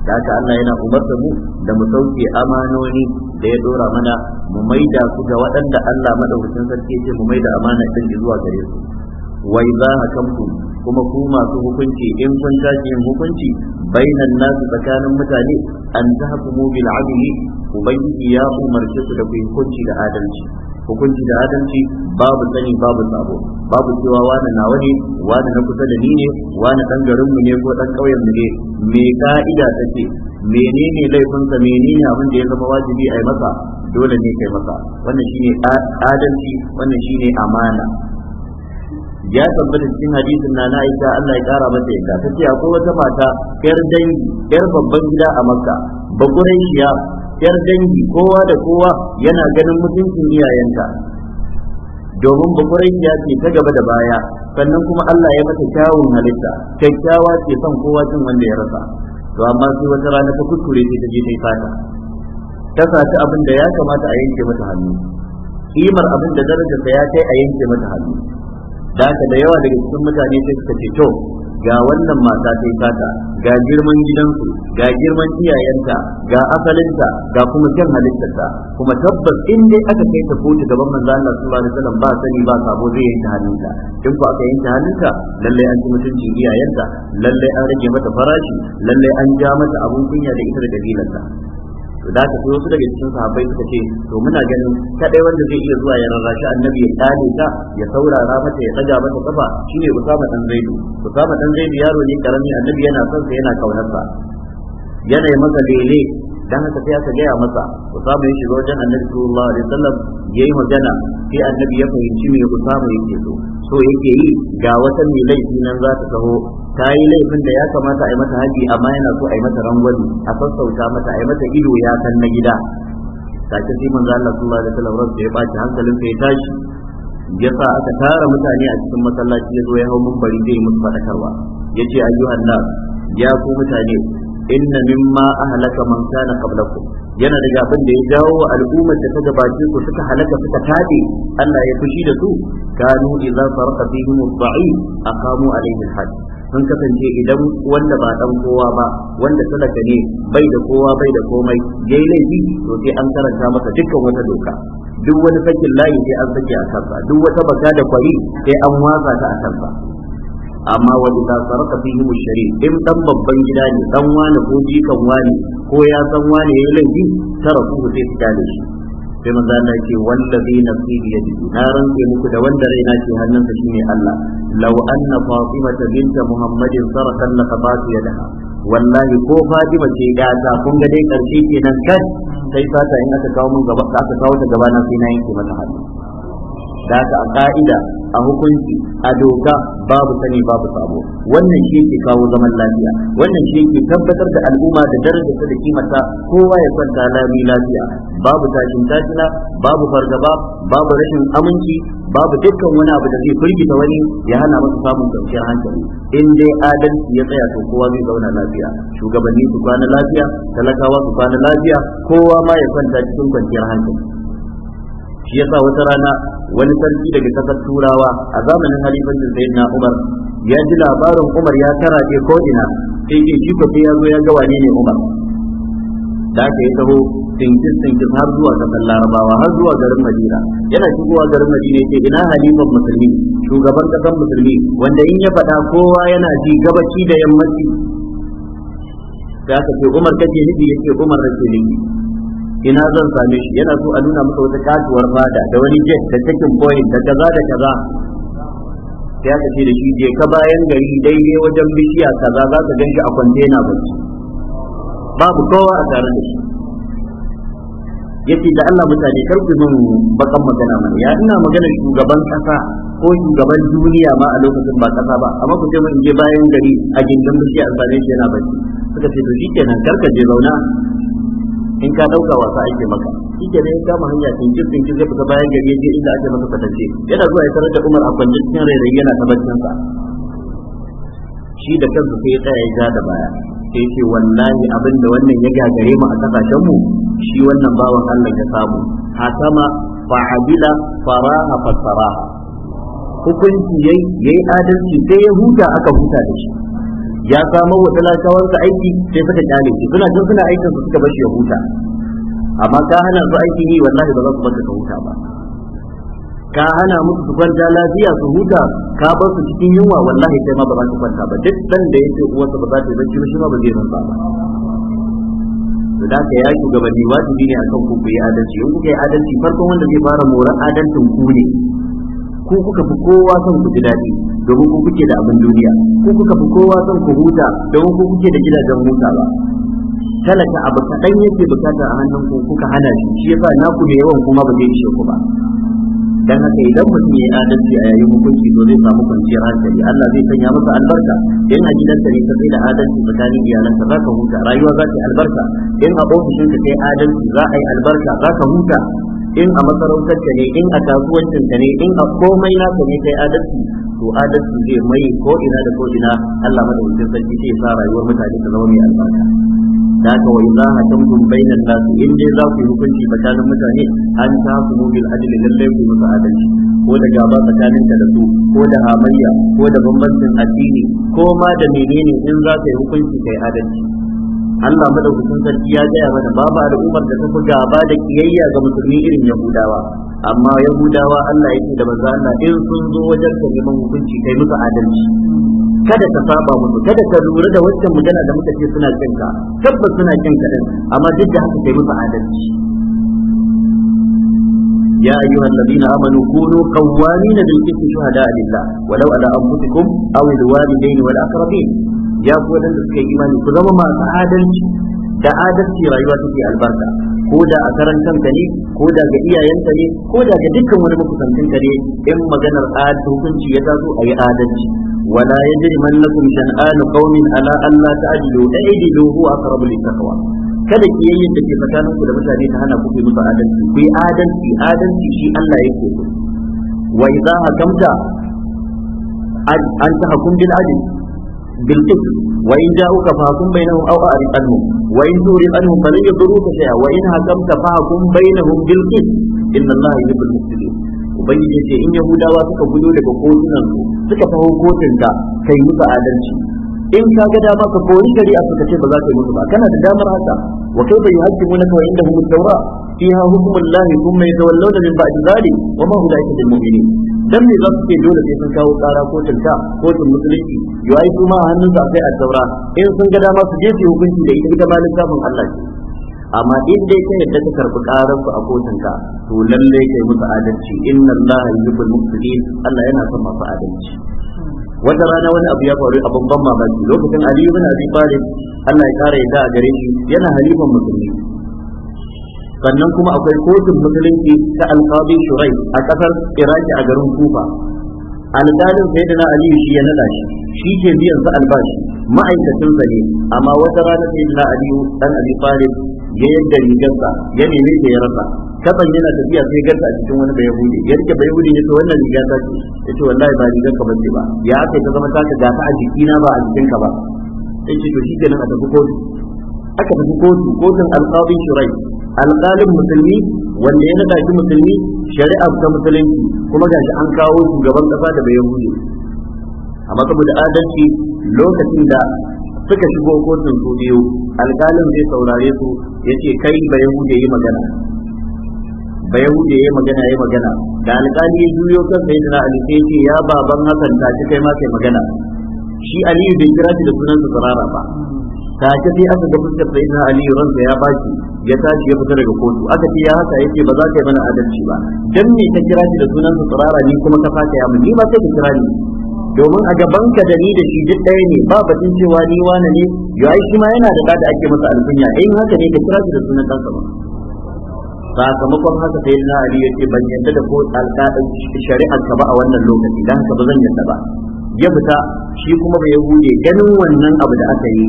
da haka Allah yana umarta mu da mu sauke amanoni da ya dora mana mu maida su ga waɗanda Allah madaukakin sarki ce mu maida amana din zuwa gare su wa idza hakamtum kuma ku masu hukunci in kun tashi yin hukunci bainan nasu tsakanin mutane an tahkumu bil adli ubangiji ya umarce su da ku hukunci da adalci hukunci da adalci babu sani babu sabo babu cewa wani nawa ne wani na kusa da ni ne wani dan garin mu ne ko dan kauyen mu ne me ka'ida ta ce laifin laifinsa menene abin da ya zama wajibi a yi masa dole ne kai masa wannan shine adalci wannan shine amana ya tabbata cikin hadisin na na aisha Allah ya kara mata yadda ta ce akwai wata mata yar dangi yar babban gida a makka bakurai ya yar dangi kowa da kowa yana ganin mutuncin iyayenta domin bukurai ya ce ta gaba da baya sannan kuma Allah ya mata kyawun halitta kyakkyawa ce son kowa cin wanda ya rasa to amma sai wata rana ta kuskure ce ta je ta fata ta saci abin da ya kamata a yanke mata hannu kimar abin da darajarsa ya kai a yanke mata hannu da da yawa daga cikin mutane sai suka ce to ga wannan mata sai tata ga girman gidansu ga girman iyayenta ga asalinta ga kuma kyan halittarta kuma tabbas in dai aka kai ta kotu gaban manzo Allah sallallahu alaihi wasallam ba sani ba sabo zai yanke hannunta in ko aka yanke hannunta lalle an ji mutunci iyayenta lalle an rage mata farashi lalle an ja mata abun kunya da ita da kabilarta da ta fi wasu daga cikin sahabbai suka ce to muna ganin kadai wanda zai iya zuwa ya rarrashi annabi ya dale ta ya saurara mata ya tsaga mata kafa shine Usama dan Zaidu Usama dan Zaidu yaro ne karami annabi yana son sa yana sa yana masa lele dan haka sai aka gaya masa Usama ya shiga wajen Annabi sallallahu alaihi wasallam yayi magana sai Annabi ya fahimci me Usama yake so so yake yi ga wata mai laifi nan za ta taho ta yi laifin da ya kamata a yi mata haji amma yana so a yi mata rangwani a sassauta mata a yi mata ido ya san na gida take sai manzo Allah sallallahu alaihi wasallam rabbi ya baci hankalin sai ya tashi ya sa aka tara mutane a cikin masallaci ya zo ya hau bari zai musu fadakarwa yace ayyuhan nas ya ku mutane inna mimma ahlaka man kana qablakum yana daga abin da ya jawo wa al'ummar da ta gabace ku suka halaka suka tade Allah ya fushi da su kanu idza farqa fihim ad-da'if aqamu alayhi al-hadd sun kasance idan wanda ba dan kowa ba wanda talaka ne bai da kowa bai da komai yayi laifi to sai an karanta masa dukkan wata doka duk wani sakin layi sai an sake a kansa duk wata baka da kwari sai an watsa ta a kansa amma wa idza saraka fihi musharin in dan babban gida ne dan wani ko jikan wani ko ya san wani yayi laifi tarafu sai su kyale shi sai manzo Allah yake wallazi nafsi bi yadihi na rantse muku da wanda raina ke hannunsa shine Allah law anna fatimata binta muhammadin sarakan la qabatu yadaha wallahi ko fatima ce ya ta kun ga dai karshe kenan kan sai fata in aka kawo mun gaba aka kawo ta gaba na sai na yanke mata hannu da a ka'ida a hukunci a doka babu sani babu sabo wannan shi ke kawo zaman lafiya wannan shi ke tabbatar da al'umma da daraja ta da kimarsa kowa ya kwanta lami lafiya babu tashin tashina babu fargaba babu rashin aminci babu dukkan wani abu da zai firgita wani ya hana masa samun kwanciyar hankali in dai adalci ya tsaya to kowa zai zauna lafiya shugabanni su kwana lafiya talakawa su kwana lafiya kowa ma ya kwanta cikin kwanciyar hankali shi yasa wata rana wani sarki daga kasar turawa a zamanin zai na umar ya ji labarin umar ya karaje ko ina sai ke shi sai ya zo ya ga wane ne umar da aka yi taho tinkin tinkin har zuwa kasar larabawa har zuwa garin madina yana shigowa garin madina ce ina halifan musulmi shugaban kasar musulmi wanda in ya faɗa kowa yana ji gabaci da yammaci Ya aka ce umar kake nufi yake umar rake nufi ina zan same shi yana so a nuna masa wata kasuwar fada da wani jet da cikin point da kaza da kaza sai aka ce da shi je ka bayan gari daidai wajen bishiya kaza za ka gan shi a kwantena ba babu kowa a tare da shi yace da Allah mutane kar ku min bakan magana mana ya ina magana shugaban kasa ko shugaban duniya ma a lokacin ba kasa ba amma ku ce mun je bayan gari a gindin bishiya a same shi yana ba suka ce to kenan kar ka je zauna in ka dauka wasa ake maka kike ne kama hanya kin ji kin zai fita bayan gari yake inda ake masa fatance yana zuwa ya tarar da Umar a kwance cikin rairayi yana tabbacin sa shi da kansa sai ya tsaya ya ja da baya sai ce wallahi abin wannan ya gagare mu a kasashen mu shi wannan bawan Allah ya samu Hasama, fa'adila faraha saraha hukunci yayi yayi adalci sai ya huta aka huta da shi ya samo wa talakawansa aiki sai suka kyale shi suna jin suna aikin su suka bashi ya huta amma ka hana su aiki ne wallahi ba za su baka ka huta ba ka hana musu su kwanta lafiya su huta ka bar su cikin yunwa wallahi sai ma ba za su kwanta ba duk dan da yake uwarsa ba za ta yi shi ma ba zai rantsa ba to da ka ya shugabanni wajibi ne akan ku ku yi adalci in kuka yi adalci farkon wanda zai fara mora adalcin ku ne ku kuka fi kowa son ku ji daɗi domin ku kuke da abin duniya ko kuka fi kowa son ku huta domin ku kuke da gidajen ba? talaka abu kaɗan yake bukata a hannun ku kuka hana shi shi yasa naku da yawan kuma ba zai ku ba dan haka idan mutum ya adalci a yayin hukunci to zai samu kwanciyar hankali Allah zai sanya masa albarka in a gidan ne ka kai da adalci tsakanin iyalanka za ka huta rayuwa za ta albarka in a ofishin ofishinka kai adalci za a yi albarka za ka huta in a masarautar ta ne in a kasuwancin ta ne in a komai na ta ne kai adalci to adalci zai mai ko ina da ko ina Allah madaukakin sarki zai sa rayuwar mutane ta zama mai albarka da ka a idza hakamtum bainan nas in dai za ku yi hukunci tsakanin mutane an ta ku bil adli lallai ku musu adalci ko da gaba tsakanin ka da su ko da hamayya ko da bambancin addini ko ma da menene in za ka yi hukunci kai adalci Allah madaukakin sarki ya gaya mana babu al'ummar da tafi gaba da kiyayya ga musulmi irin Yahudawa amma Yahudawa Allah yake da manzo Allah in sun zo wajen ka neman hukunci kai musu adalci kada ka saba musu kada ka lura da waccan magana da muka ce suna kin ka tabbas suna kin ka din amma duk da haka kai musu adalci يا أيها الذين آمنوا كونوا قوامين بالقسط شهداء لله ولو على أنفسكم أو الوالدين والأقربين ya ku waɗanda suka yi imani ku zama masu adalci da adalci rayuwa take albarka ko da a karan kanka ne ko da ga iyayenka ne ko da ga dukkan wani makusantin ka ne in maganar adalci hukunci ya taso a yi adalci ya shan ولا يجرمنكم شنآن قوم على ألا تعدلوا اعدلوا هو أقرب للتقوى kada ki yayin da ke tsakanin ku da mutane ta hana ku musu adalci ku yi adalci adalci shi Allah yake so wa idza hakamta an tahkum bil adalci. بالقسط وإن جاءوك فحكم بينهم أو أعرض عنهم وإن تعرض عنهم فلن يضروك شيئا وإن حكمت فحكم بينهم بالقسط إن الله يحب المفسدين ubangiji ya ce in yahudawa suka gudo daga kotunan su suka ka kai musu adalci in ka ga dama ka kori gari ba za ta yi musu ba kana da damar haka wa kai bai hakki mun kawai inda hukumar taura fiha hukumul lahi kuma yatawallawna min ba'd zalik wa ma ulaika bil mu'minin dan me za su ce dole sai sun kawo kara ko tunta ko tun musulunci yayi kuma a hannun su akai at-taura in sun ga dama su je su hukunci da ita ita ba samun Allah ce amma in dai kai yadda ka karbi karar su a kotunka to lallai kai musu adalci inna Allah yuhibbul muqsitin Allah yana son masu adalci wata rana wani abu ya faru a babban mamaki lokacin Ali ibn Abi Talib Allah ya kare da a gare shi yana halifan musulmi sannan kuma akwai kotun musulunci ta alqadi shurai a kasar iraki a garin kufa alƙalin sayyidina aliyu shi ya nada shi shi ke biyan sa albashi ma'aikacin sa ne amma wata rana sayyidina aliyu dan abi talib ya yadda rigarsa ya nemi da ya rasa kaban yana tafiya sai garsa a cikin wani bayahudi ya rike bayahudi ne to wannan riga ta ce ya ce wallahi ba rigar ka bace ba ya aka ta zama ta ga ta a jikina ba a jikinka ba sai ce to shi kenan a tafi kotu aka tafi kotu kotun alƙali shirai alƙalin musulmi wanda ya naɗa shi musulmi shari'a ta musulunci kuma gashi an kawo shugaban ƙasa da bayan hudu amma saboda adalci lokacin da suka shigo kotun su biyu alƙalin zai saurare su ya ce kai bayan ya yi magana bayan ya magana ya magana da alƙali ya juyo kan sai da ali sai ce ya baban hasan ta ce kai ma kai magana shi aliyu bai kira shi da sunan sa sarara ba take sai aka ga fuskar sai na Ali ransa ya baki ya tashi ya fita daga kotu aka ce ya haka yake ba za ka yi mana adalci ba dan me ka kira shi da sunan sa tsirara ni kuma ka fata ya mun ni ba sai ka kira ni domin a gaban ka da ni da shi duk ɗaya ne ba batun cewa ni wani ne yayi shi ma yana da da ake masa alkunya in haka ne ka kira shi da sunan kansa ba sakamakon haka sai na Ali ya ce ban yadda da ko alƙaɗin shari'ar ka ba a wannan lokaci dan haka ba zan yadda ba ya fita shi kuma bai hude ganin wannan abu da aka yi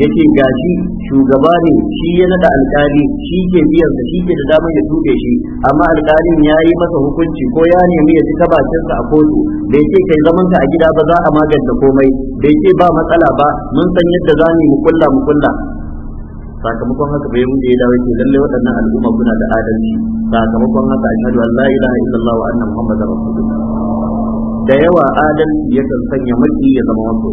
yake gashi shugaba ne shi ya nada alkali shi ke biyan sa shi ke da damar ya tuke shi amma alkalin ya yi masa hukunci ko ya nemi ya ci ta bakin sa a kotu bai ce kai zaman ka a gida ba za a magance komai bai ce ba matsala ba mun san yadda za mu kulla mu kulla sakamakon haka bai mutu ya dawo ce lalle waɗannan al'umma kuna da adalci sakamakon haka ashhadu an la ilaha illallah wa anna muhammadar rasulullah da yawa adalci yakan sanya mulki ya zama wasu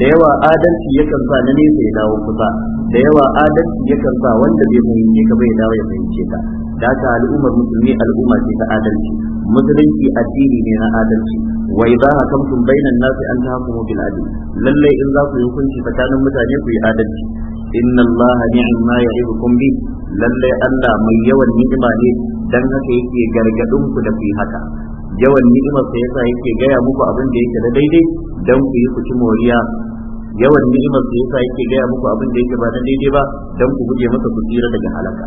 da yawa adalci yakan sa na nesa ya dawo kusa da yawa adalci yakan sa wanda bai fahimce ka bai dawo ya fahimce ka da haka al'ummar musulmi al'umma ce ta adalci musulunci addini ne na adalci wa idza hakamtum bainan nasi an tahkumu bil adl Lallai in za ku yi hukunci tsakanin mutane ku yi adalci inna allaha ni'ma ya'idukum bi lallai Allah mai yawan ni'ima ne dan haka yake gargadin ku da ku yi haka yawan ni'imar sa yasa yake gaya muku abin da yake da daidai dan ku yi ku ci moriya yawan ni'imar da yasa yake gaya muku abin da yake ba na daidai ba dan ku guje masa ku tsira daga halaka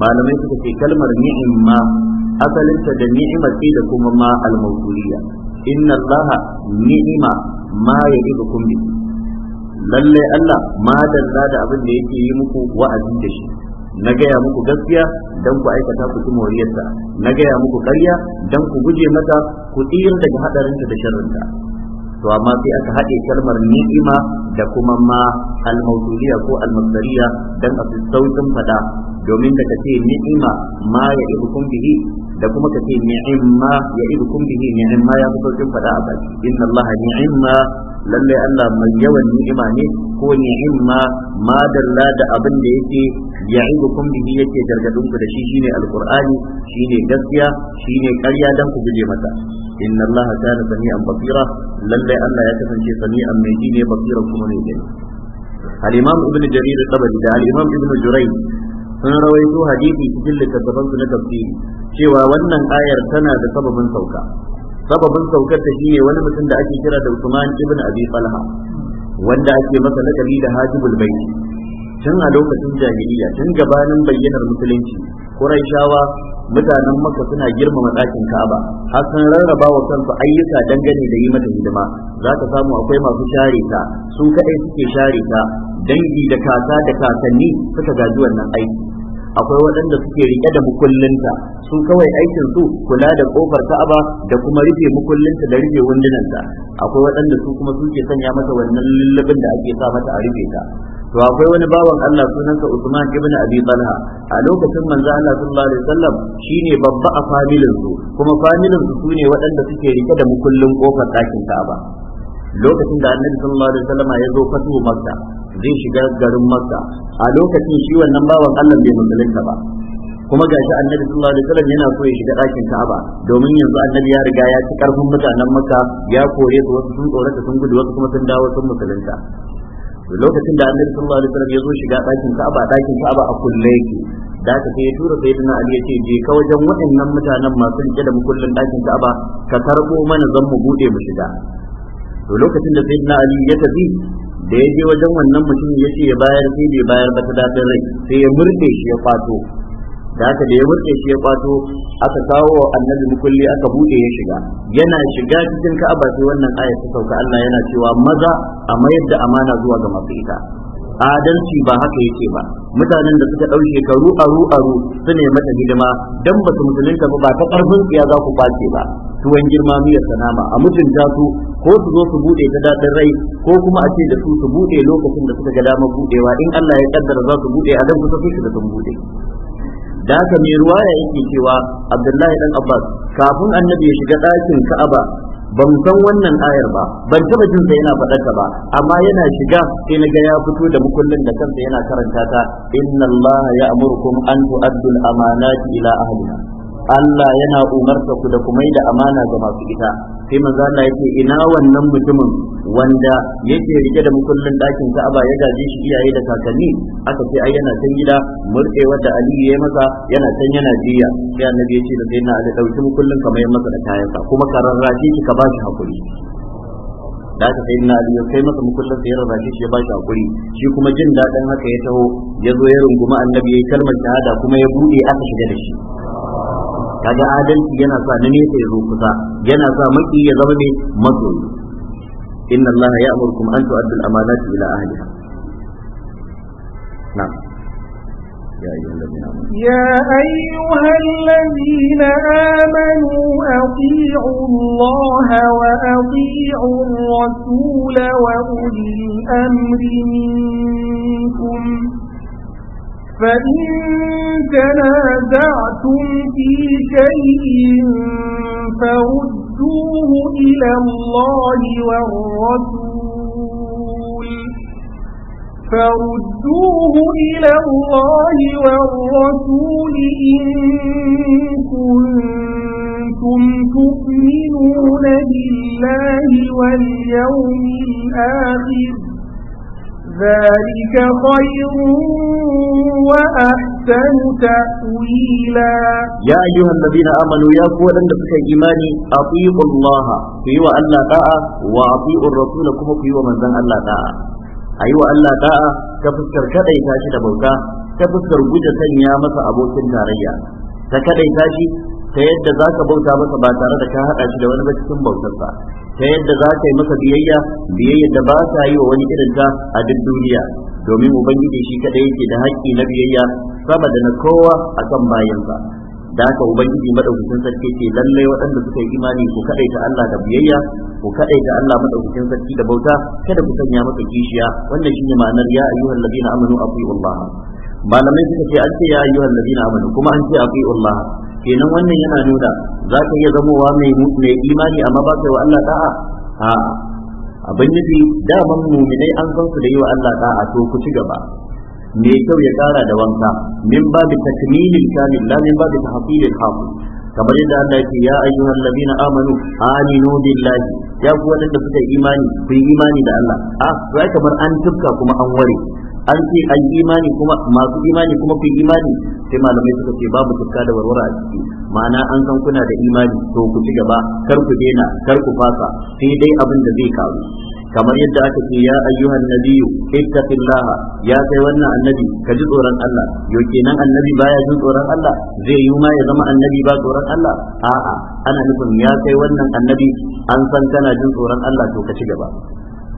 malamai suka ce kalmar ni'imma asalinta da ni'imar ce da kuma ma al-mawduriya inna allaha ni'ima ma ya'idukum bi lalle Allah ma dalla da abin da yake yi muku wa'azi da shi na gaya muku gaskiya dan ku aikata ku ci moriyarsa na gaya muku ƙarya dan ku guje mata ku tsira daga hadarinta da sharrinta to amma sai aka haɗe kalmar ni'ima da kuma ma al-mawduriya ko al-masdariya dan a sautin fada domin da kace ni'ima ma ya ibu kun bihi da kuma kace ni'imma ya ibu kun bihi ni'imma ya sautin fada a baki inna allaha ni'imma lalle Allah mai yawan ni'ima ne ko ni'imma ma dalla da abin da yake kun bihi yake gargadin ku da shi shine alqur'ani shine gaskiya shine ƙarya dan ku guje mata inna Allah kana sami'an basira lallai Allah ya kasance sami'an mai ji ne basira kuma ne gani al-imam ibnu jarir tabari da al-imam ibnu jurayj sun rawaito hadisi cikin littattafan su na tafsiri cewa wannan ayar tana da sababin sauka sababin saukar ta shine wani mutum da ake kira da Usman ibn Abi Talha wanda ake masa lakabi da Hajibul Bait tun a lokacin jahiliya tun gabanin bayyanar musulunci shawa, mutanen maka suna girmama ɗakin Ka'aba har sun rarraba wa kansu ayyuka dangane da yi mata hidima za ka samu akwai masu share ta su kaɗai suke share ta dangi da kasa da kakanni suka gaji wannan aiki akwai waɗanda suke rike da mukullinta su kawai aikin su kula da kofar Ka'aba da kuma rufe mukullinta da rufe wundunanta akwai waɗanda su kuma suke sanya mata wannan lullubin da ake sa mata a rufe ta to akwai wani bawan Allah sunansa Usman ibn Abi Talha a lokacin manzo Allah sallallahu alaihi wasallam shine babba a familin su kuma familin su sune waɗanda suke rike da mukullin kofar ɗakin Ka'aba lokacin da Annabi sallallahu alaihi wasallam ya zo fatu Makka zai shiga garin Makka a lokacin shi wannan bawan Allah bai musulunta ba kuma gashi annabi sallallahu alaihi wasallam yana so ya shiga ɗakin Ka'aba domin yanzu annabi ya riga ya ci karfin mutanen Makka ya kore su wasu sun tsorata sun gudu wasu kuma sun dawo sun musulunta lokacin da annabi sallallahu alaihi wasallam ya zo shiga ɗakin Ka'aba ɗakin Ka'aba a kulle yake da ka sai ya tura sayyidina Ali ya ce je ka wajen waɗannan mutanen masu rike da mukullin dakin Ka'aba ka karbo mana zan mu bude mu shiga to lokacin da sayyidina Ali ya tafi da ya je wajen wannan mutum ya ce ya bayar sai bai bayar ba ta dadin rai sai ya murde shi ya fato da haka da ya burke shi ya kwato aka kawo wa annabi mukulli aka bude ya shiga yana shiga cikin ka'aba sai wannan aya ta sauka Allah yana cewa maza a mayar da amana zuwa ga masu ita adalci ba haka yake ba mutanen da suka dauke shekaru aru aru su ne mata hidima dan ba su musulunta ba ba ta karfin tsiya za ku kwace ba tuwon girma miyar sanama a mutunta su ko su zo su bude ta daɗin rai ko kuma a ce da su su bude lokacin da suka ga damar budewa in Allah ya kaddara za su bude a dan kusa su da sun bude da haka mai ya yake cewa abdullahi dan abbas kafin annabi ya shiga ɗakin ka'aba ban san wannan ayar ba ban taba jin sa yana faɗar ta ba amma yana shiga sai na ga ya fito da mukullin da kansa yana karanta ta inna allah ya'murukum an tu'addu al-amanati ila ahliha Allah yana umarta ku da ku mai da amana ga masu ita sai manzo Allah yake ina wannan mutumin wanda yake rike da mukullin ɗakin Ka'aba ya gaje shi iyaye da kakanni aka ce ai yana can gida murƙewar da Ali ya masa yana can yana jiya sai annabi ya ce da dai na da dauki mukullin mai masa da kayansa kuma kararrashi shi ka bashi hakuri da aka sai na Ali ya kai masa mukullin sai ya rarrashi shi ya bashi hakuri shi kuma jin daɗin haka ya taho ya zo ya runguma annabi ya yi kalmar shahada kuma ya buɗe aka shiga da shi kaga adalci yana sa na nesa ya zo kusa yana sa maki ya zama ne masoyi inna allaha ya'murukum an tu'addu al-amanati ila ahliha na'am يا أيها الذين آمنوا يا أيها الذين آمنوا أطيعوا الله وأطيعوا الرسول وأولي الأمر منكم فإن تنازعتم في شيء فردوه إلى الله والرسول فردوه إلى الله والرسول إن كنتم تؤمنون بالله واليوم الآخر ذلك خير وأحسن تأويلا يا أيها الذين آمنوا يا قوة لك إيماني أطيعوا الله في وأن لا وأطيعوا الرسول كما في ومن ذا أن لا a yi wa Allah da'a ta fuskar tashi da bauta ta fuskar guje sanya masa abokin tarayya ta kadaita ta yadda za ka bauta masa ba tare da ka haɗa shi da wani ba cikin bautarsa ta yadda za ka yi masa biyayya biyayya da ba ta yi wa wani irin ta a duk duniya domin ubangiji shi kadai yake da haƙƙi na biyayya sama da na kowa akan bayansa da haka ubangiji madaukakin sarki ke lallai waɗanda suka yi imani ku kaɗaita Allah da biyayya ku ta Allah madaukakin sarki da bauta kada ku sanya masa kishiya wannan shine ma'anar ya ayyuhal ladina amanu atiu Allah malamai suka ce an ce ya ayyuhal ladina amanu kuma an ce atiu Allah kenan wannan yana nuna za ka iya zamowa mai mai imani amma ba kai wa Allah da'a a abin nufi daman muminai an san su da yi wa Allah da'a to ku ci gaba mai kyau ya kara da wanka min babu takmilil kamil la min babu tahfilil hafu kamar yadda Allah ya ce ya ayyuhal ladina amanu aminu billahi ya ku wadanda suka imani ku yi imani da Allah a sai kamar an tufka kuma an ware an ce an imani kuma masu imani kuma ku imani sai malamai suka ce babu tukka da warwara a ciki ma'ana an san kuna da imani to ku ci gaba kar ku daina kar ku fasa sai dai abin da zai kawo. kamar yadda aka ce ya ayyuhan nabiyyu ittaqillah ya kai wannan annabi ka ji tsoron Allah yo kenan annabi baya jin tsoron Allah zai yi ma ya zama annabi ba tsoron Allah a'a ana nufin ya kai wannan annabi an san kana jin tsoron Allah to ka ci gaba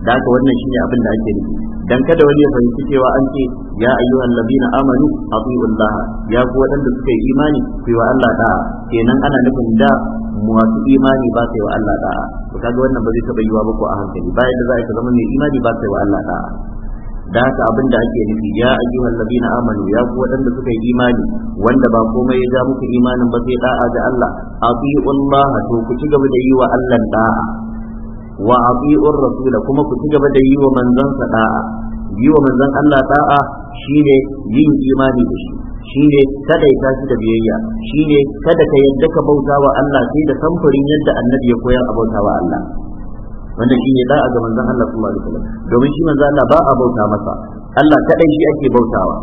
da haka wannan shi ne abin da ake nufi dan kada wani ya fahimci cewa an ce ya ayyuhal ladina amanu atiullaha ya ku wadanda suka yi imani ku yi wa Allah da'a kenan ana nufin da masu imani ba sai wa Allah da'a to kaga wannan ba zai taba yiwa ba ko a hankali bayan da za ka zama mai imani ba sai wa Allah da'a da haka abin da ake nufi ya ayyuhal ladina amanu ya ku wadanda suka yi imani wanda ba komai ya ja muku imanin ba sai da'a ga Allah atiullaha to ku ci gaba da yi wa Allah da'a wa ati'ur rasula kuma ku ci gaba da yi wa manzon sa da'a yi wa manzon Allah da'a shine yin imani da shi shine kadaita shi da biyayya shine kada ka yadda ka bauta wa Allah sai da samfurin yadda annabi ya koyar a bauta wa Allah wannan shine da'a ga manzon Allah sallallahu alaihi wasallam domin shi manzon Allah ba a bauta masa Allah kadai shi ake bautawa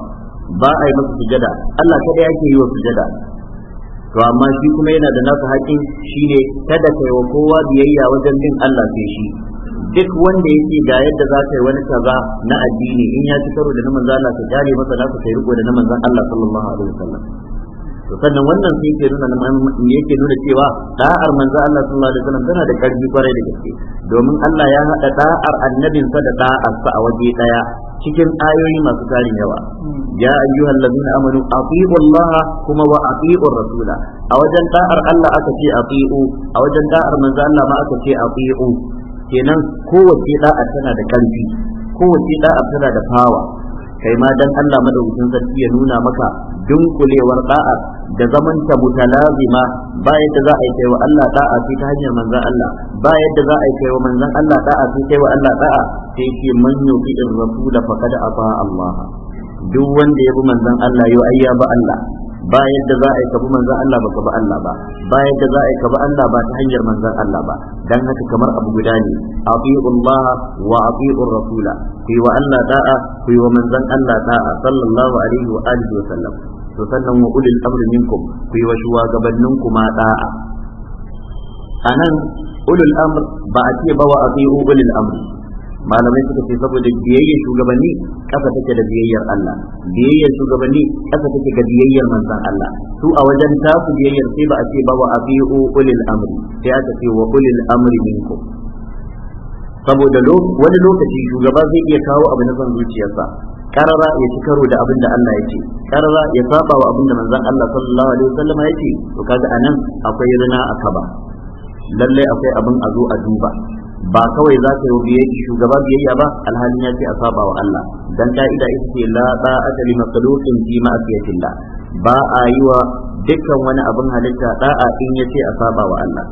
ba a yi masa sujada Allah kadai ake yi wa sujada to amma shi kuma yana da nasa shi shine kada kai wa kowa biyayya wajen bin Allah sai shi duk wanda yake ga yadda za ka yi wani kaza na addini in ya ci karo da na manzo Allah ka jare masa ka kai riko da na manzon Allah sallallahu alaihi wasallam sannan wannan sai yake nuna yake nuna cewa da'ar manzo Allah sallallahu alaihi wasallam tana da karfi kwarai da gaske domin Allah ya hada da'ar annabinsa da da'ar sa a waje daya cikin ayoyi masu tarin yawa ya ayyuhal ladina amanu atiiu Allah kuma wa atiiu rasula a wajen da'ar Allah aka ce atiiu a wajen da'ar manzo Allah ma aka ce atiiu kenan kowace da'a tana da karfi kowace da'a tana da power. kai ma dan Allah madaukakin sarki ya nuna maka dunkulewar da'a da zamanta mutalazima ba yadda za a yi kaiwa Allah da'a sai ta hanyar manzan Allah ba yadda za a yi kaiwa manzan Allah da'a sai kaiwa Allah da'a sai yake man yuti in da faqad aba Allah duk wanda ya bi manzan Allah yau ayya ba Allah ba yadda za a yi kabi manzan Allah ba kabi Allah ba ba yadda za a yi kabi Allah ba ta hanyar manzan Allah ba dan haka kamar abu guda ne ati'u Allah wa ati'u rasula ku yi wa Allah da'a ku yi wa manzan Allah da'a sallallahu alaihi wa alihi wa sallam to sannan wa ulil amri minkum ku yi wa shugabannin ku ma da'a anan ulul amr ba a ce ba wa ati'u ulil amri malamai suka ce saboda biyayyar shugabanni kasa take da biyayyar Allah biyayyar shugabanni kasa take ga biyayyar manzon Allah su a wajen tasu biyayyar sai ba a ce ba wa abiu ulil amri sai aka ce wa ulil amri minkum saboda wani lokaci shugaba zai iya kawo abu na son zuciyarsa karara ya ci karo da abin da Allah ya ce karara ya saba wa abin da manzon Allah sallallahu alaihi wasallam ya ce to kaga anan akwai rina a kaba lallai akwai abin a zo a duba ba kawai za ka yi biyayya shugaba biyayya ba alhalin ya ce a saba wa Allah dan ka'ida ita ce la ta'ata li makhluqin fi ma'siyatillah ba a yi wa dukkan wani abin halitta da'a in ya ce a saba wa Allah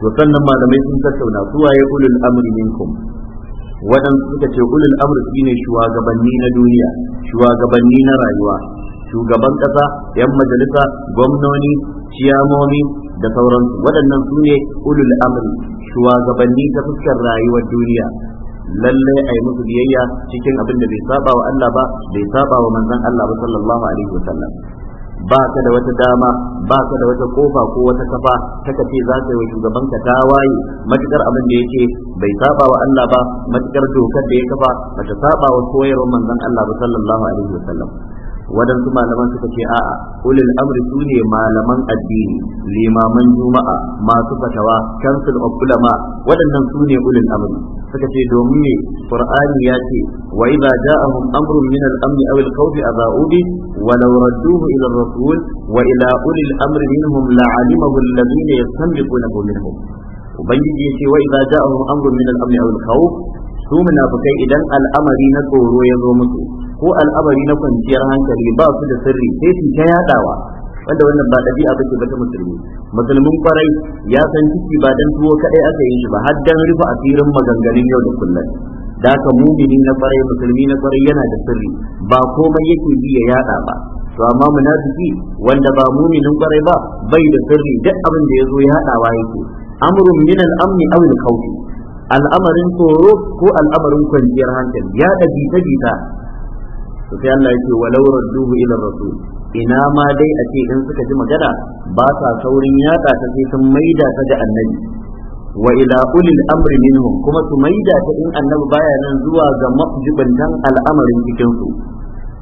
to sannan malamai sun tattauna su waye ulul amri minkum waɗansu suka ce ulul amri shine shugabanni na duniya shugabanni na rayuwa shugaban ƙasa yan majalisa gwamnoni ciyamomi da sauransu waɗannan su ne ulul amri shugabanni ta fuskar rayuwar duniya lallai a yi musu biyayya cikin abin da bai saba wa Allah ba bai saba wa manzon Allah ba sallallahu alaihi wa sallam ba ka da wata dama ba ka da wata kofa ko wata kafa ta kace za ka yi wa shugabanka tawaye. matukar abin da yake bai saba wa Allah ba matukar dokar da ya kafa ba ta saba wa koyarwar manzon Allah ba sallallahu alaihi wa sallam waɗansu malaman suka ce a'a ulil amri su ne malaman addini limaman juma'a masu fatawa council of ulama waɗannan su ne ulil amri suka ce domin ne qur'ani ya ce wa idza ja'ahum amrun min al-amn aw al-khawf adha'u bi wa law radduhu ila ar-rasul wa ila ulil amri minhum la'alimahu alladhina yastanbiqunahu minhum ubangiji ya ce wa idza ja'ahum amrun min al-amn aw al-khawf su munafikai idan al'amari na tsoro ya zo musu ko al'amari na kwanciyar hankali ba su da sirri sai su ta yadawa wanda wannan ba ɗabi'a ba ce ta musulmi musulmin kwarai ya san ciki ba dan tuwo kadai aka yi shi ba har dan rufe asirin maganganun yau da kullum da haka mumini na kwarai musulmi na kwarai yana da sirri ba komai yake bi ya yada ba to amma munafiki wanda ba muminin kwarai ba bai da sirri duk abin da yazo ya zo yake amrun min al-amn aw al-khawf al'amarin tsoro ko al'amarin kwanciyar hankali ya da jita jita to sai Allah yake walau radduhu ila rasul ina ma dai a ce in suka ji magana ba sa saurin yatsa ta sai sun maida ta ga annabi wa ila ulil amri minhum kuma su maida ta in annabi baya nan zuwa ga majibantan al'amarin cikin su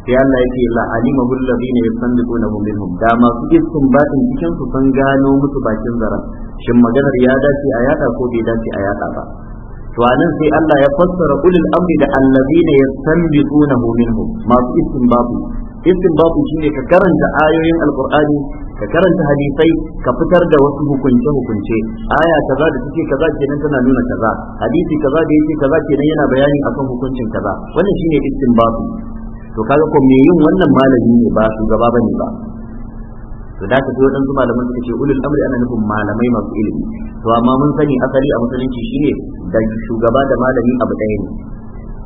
sai Allah yake la alima alladhina yastanbiduna minhum da masu istin batin cikin su sun gano musu bakin zara shin maganar ya dace a yada ko bai dace a yada ba to anan sai Allah ya fassara ulul amri da allazina yastanbitunahu minhum masu istinbabu istinbabu shine ka karanta ayoyin alqur'ani ka karanta hadisai ka fitar da wasu hukunce hukunce aya kaza da take kaza kenan tana nuna kaza hadisi kaza da yake kaza kenan yana bayani akan hukuncin kaza wannan shine istinbabu to kaga ko me yin wannan malami ne ba shugaba bane ba to da ka ji waɗansu malaman suka ce ulul amri ana nufin malamai masu ilimi to amma mun sani asali a musulunci shine da shugaba da malami abu ɗaya ne